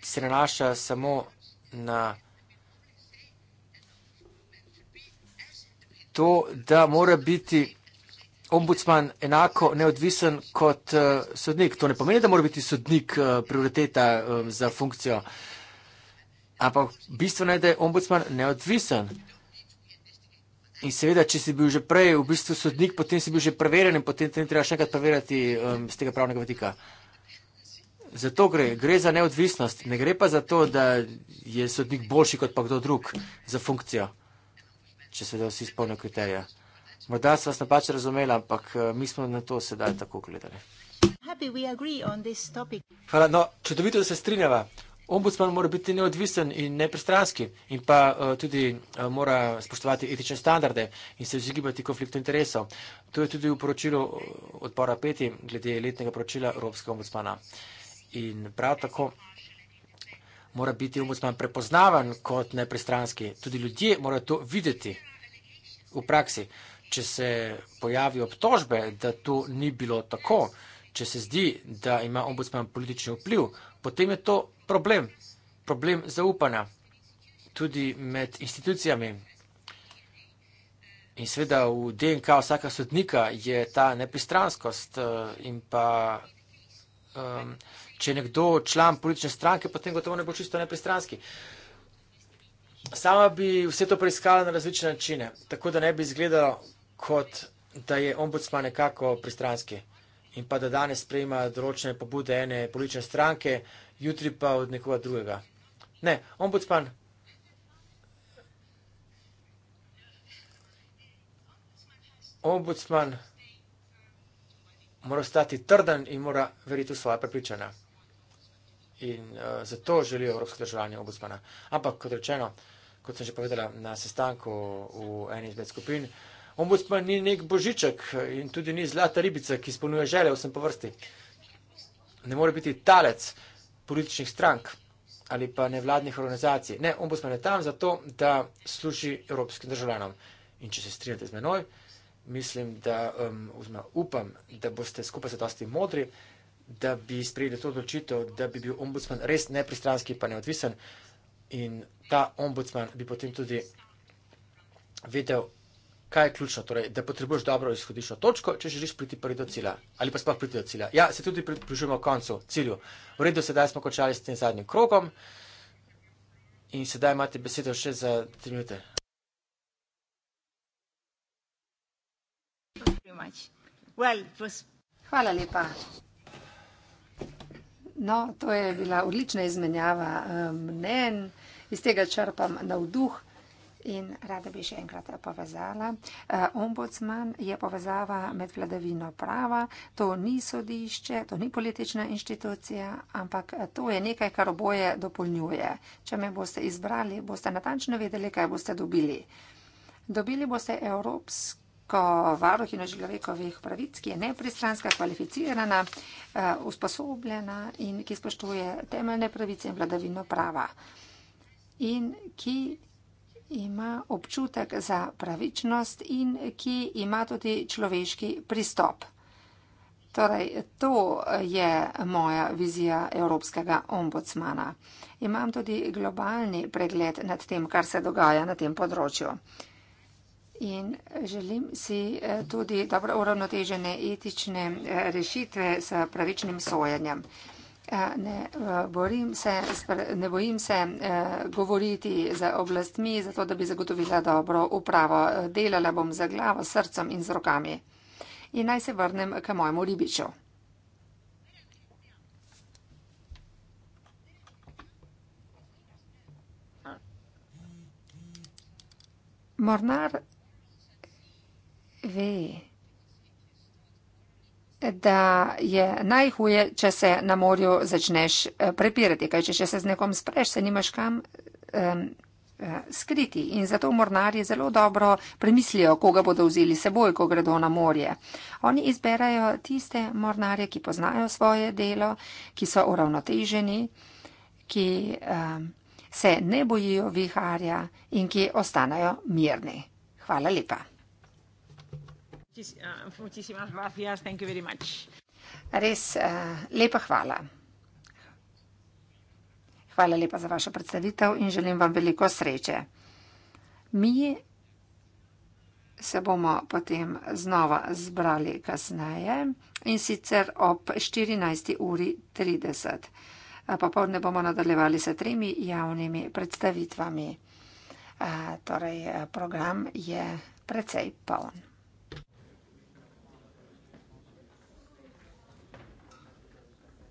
Speaker 3: se nanaša samo na to, da mora biti ombudsman enako neodvisen kot eh, sodnik. To ne pomeni, da mora biti sodnik eh, prioriteta za funkcijo, ampak bistvo je, da je ombudsman neodvisen. In seveda, če si bil že prej v bistvu sodnik, potem si bil že preverjen in potem te treba še enkrat preverjati um, z tega pravnega vidika. Zato gre, gre za neodvisnost, ne gre pa za to, da je sodnik boljši kot pa kdo drug za funkcijo, če se da vsi izpolnijo kriterije. Morda sem vas napačno razumela, ampak uh, mi smo na to sedaj tako gledali. Hvala, no, čudovito, da se strinjava. Ombudsman mora biti neodvisen in nepristranski in pa uh, tudi uh, mora spoštovati etične standarde in se izogibati konfliktu interesov. To je tudi v poročilu eh, odpora peti glede letnega poročila Evropskega ombudsmana. In prav tako mora biti ombudsman prepoznavan kot nepristranski. Tudi ljudje morajo to videti v praksi. Če se pojavi obtožbe, da to ni bilo tako, če se zdi, da ima ombudsman politični vpliv, potem je to problem, problem zaupanja tudi med institucijami. In seveda v DNK vsaka sodnika je ta nepristranskost eh, in pa um, če je nekdo član politične stranke, potem gotovo ne bo čisto nepristranski. Sama bi vse to preiskala na različne načine, tako da ne bi izgledalo kot da je ombudsman nekako pristranski in pa da danes sprejema določene pobude ene politične stranke, jutri pa od nekoga drugega. Ne, ombudsman. Ombudsman mora stati trden in mora veriti v svoje prepričanja. In uh, zato želijo evropske državljanje ombudsmana. Ampak, kot rečeno, kot sem že povedala na sestanku v eni izmed skupin, uh, ombudsman ni nek božiček in tudi ni zlata ribica, ki izpolnjuje želje vsem po vrsti. Ne more biti talec političnih strank ali pa nevladnih organizacij. Ne, ombudsman je tam zato, da služi evropskim državljanom. In če se strinjate z menoj, mislim, da um, upam, da boste skupaj zadosti modri, da bi sprejeli to odločitev, da bi bil ombudsman res nepristranski pa neodvisen. In ta ombudsman bi potem tudi vedel, kaj je ključno, torej, da potrebuješ dobro izhodiščno točko, če želiš priti prvi do cilja ali pa sploh priti do cilja. Ja, se tudi približujemo koncu, cilju. V redu, sedaj smo končali s tem zadnjim krogom in sedaj imate besedo še za tri minute.
Speaker 1: Hvala lepa. No, to je bila odlična izmenjava eh, mnen, iz tega črpam navduh in rada bi še enkrat povezala. Eh, ombudsman je povezava med vladavino prava, to ni sodišče, to ni politična inštitucija, ampak eh, to je nekaj, kar oboje dopolnjuje. Če me boste izbrali, boste natančno vedeli, kaj boste dobili. Dobili boste Evropsko varuhino človekovih pravic, ki je nepristranska, kvalificirana, eh, usposobljena in ki spoštuje temeljne pravice in vladavino prava. In ki ima občutek za pravičnost in ki ima tudi človeški pristop. Torej, to je moja vizija evropskega ombudsmana. Imam tudi globalni pregled nad tem, kar se dogaja na tem področju. In želim si eh, tudi dobro uravnotežene etične eh, rešitve s pravičnim sojenjem ne, borim se, ne bojim se e, govoriti z oblastmi, zato da bi zagotovila dobro upravo. Delala bom za glavo, srcem in z rokami. In naj se vrnem k mojemu ribiču. Mornar ve da je najhuje, če se na morju začneš eh, prepirati, kaj če se z nekom spreš, se nimaš kam um, skriti. In zato mornarji zelo dobro premislijo, koga bodo vzeli seboj, ko gredo na morje. Oni izberajo tiste mornarje, ki poznajo svoje delo, ki so uravnoteženi, ki um, se ne bojijo viharja in ki ostanejo mirni. Hvala lepa. Eh, Res eh, lepa hvala. Hvala lepa za vašo predstavitev in želim vam veliko sreče. Mi se bomo potem znova zbrali kasneje in sicer ob 14.30. Eh, Popovdne bomo nadaljevali s tremi javnimi predstavitvami. Torej, program je precej poln.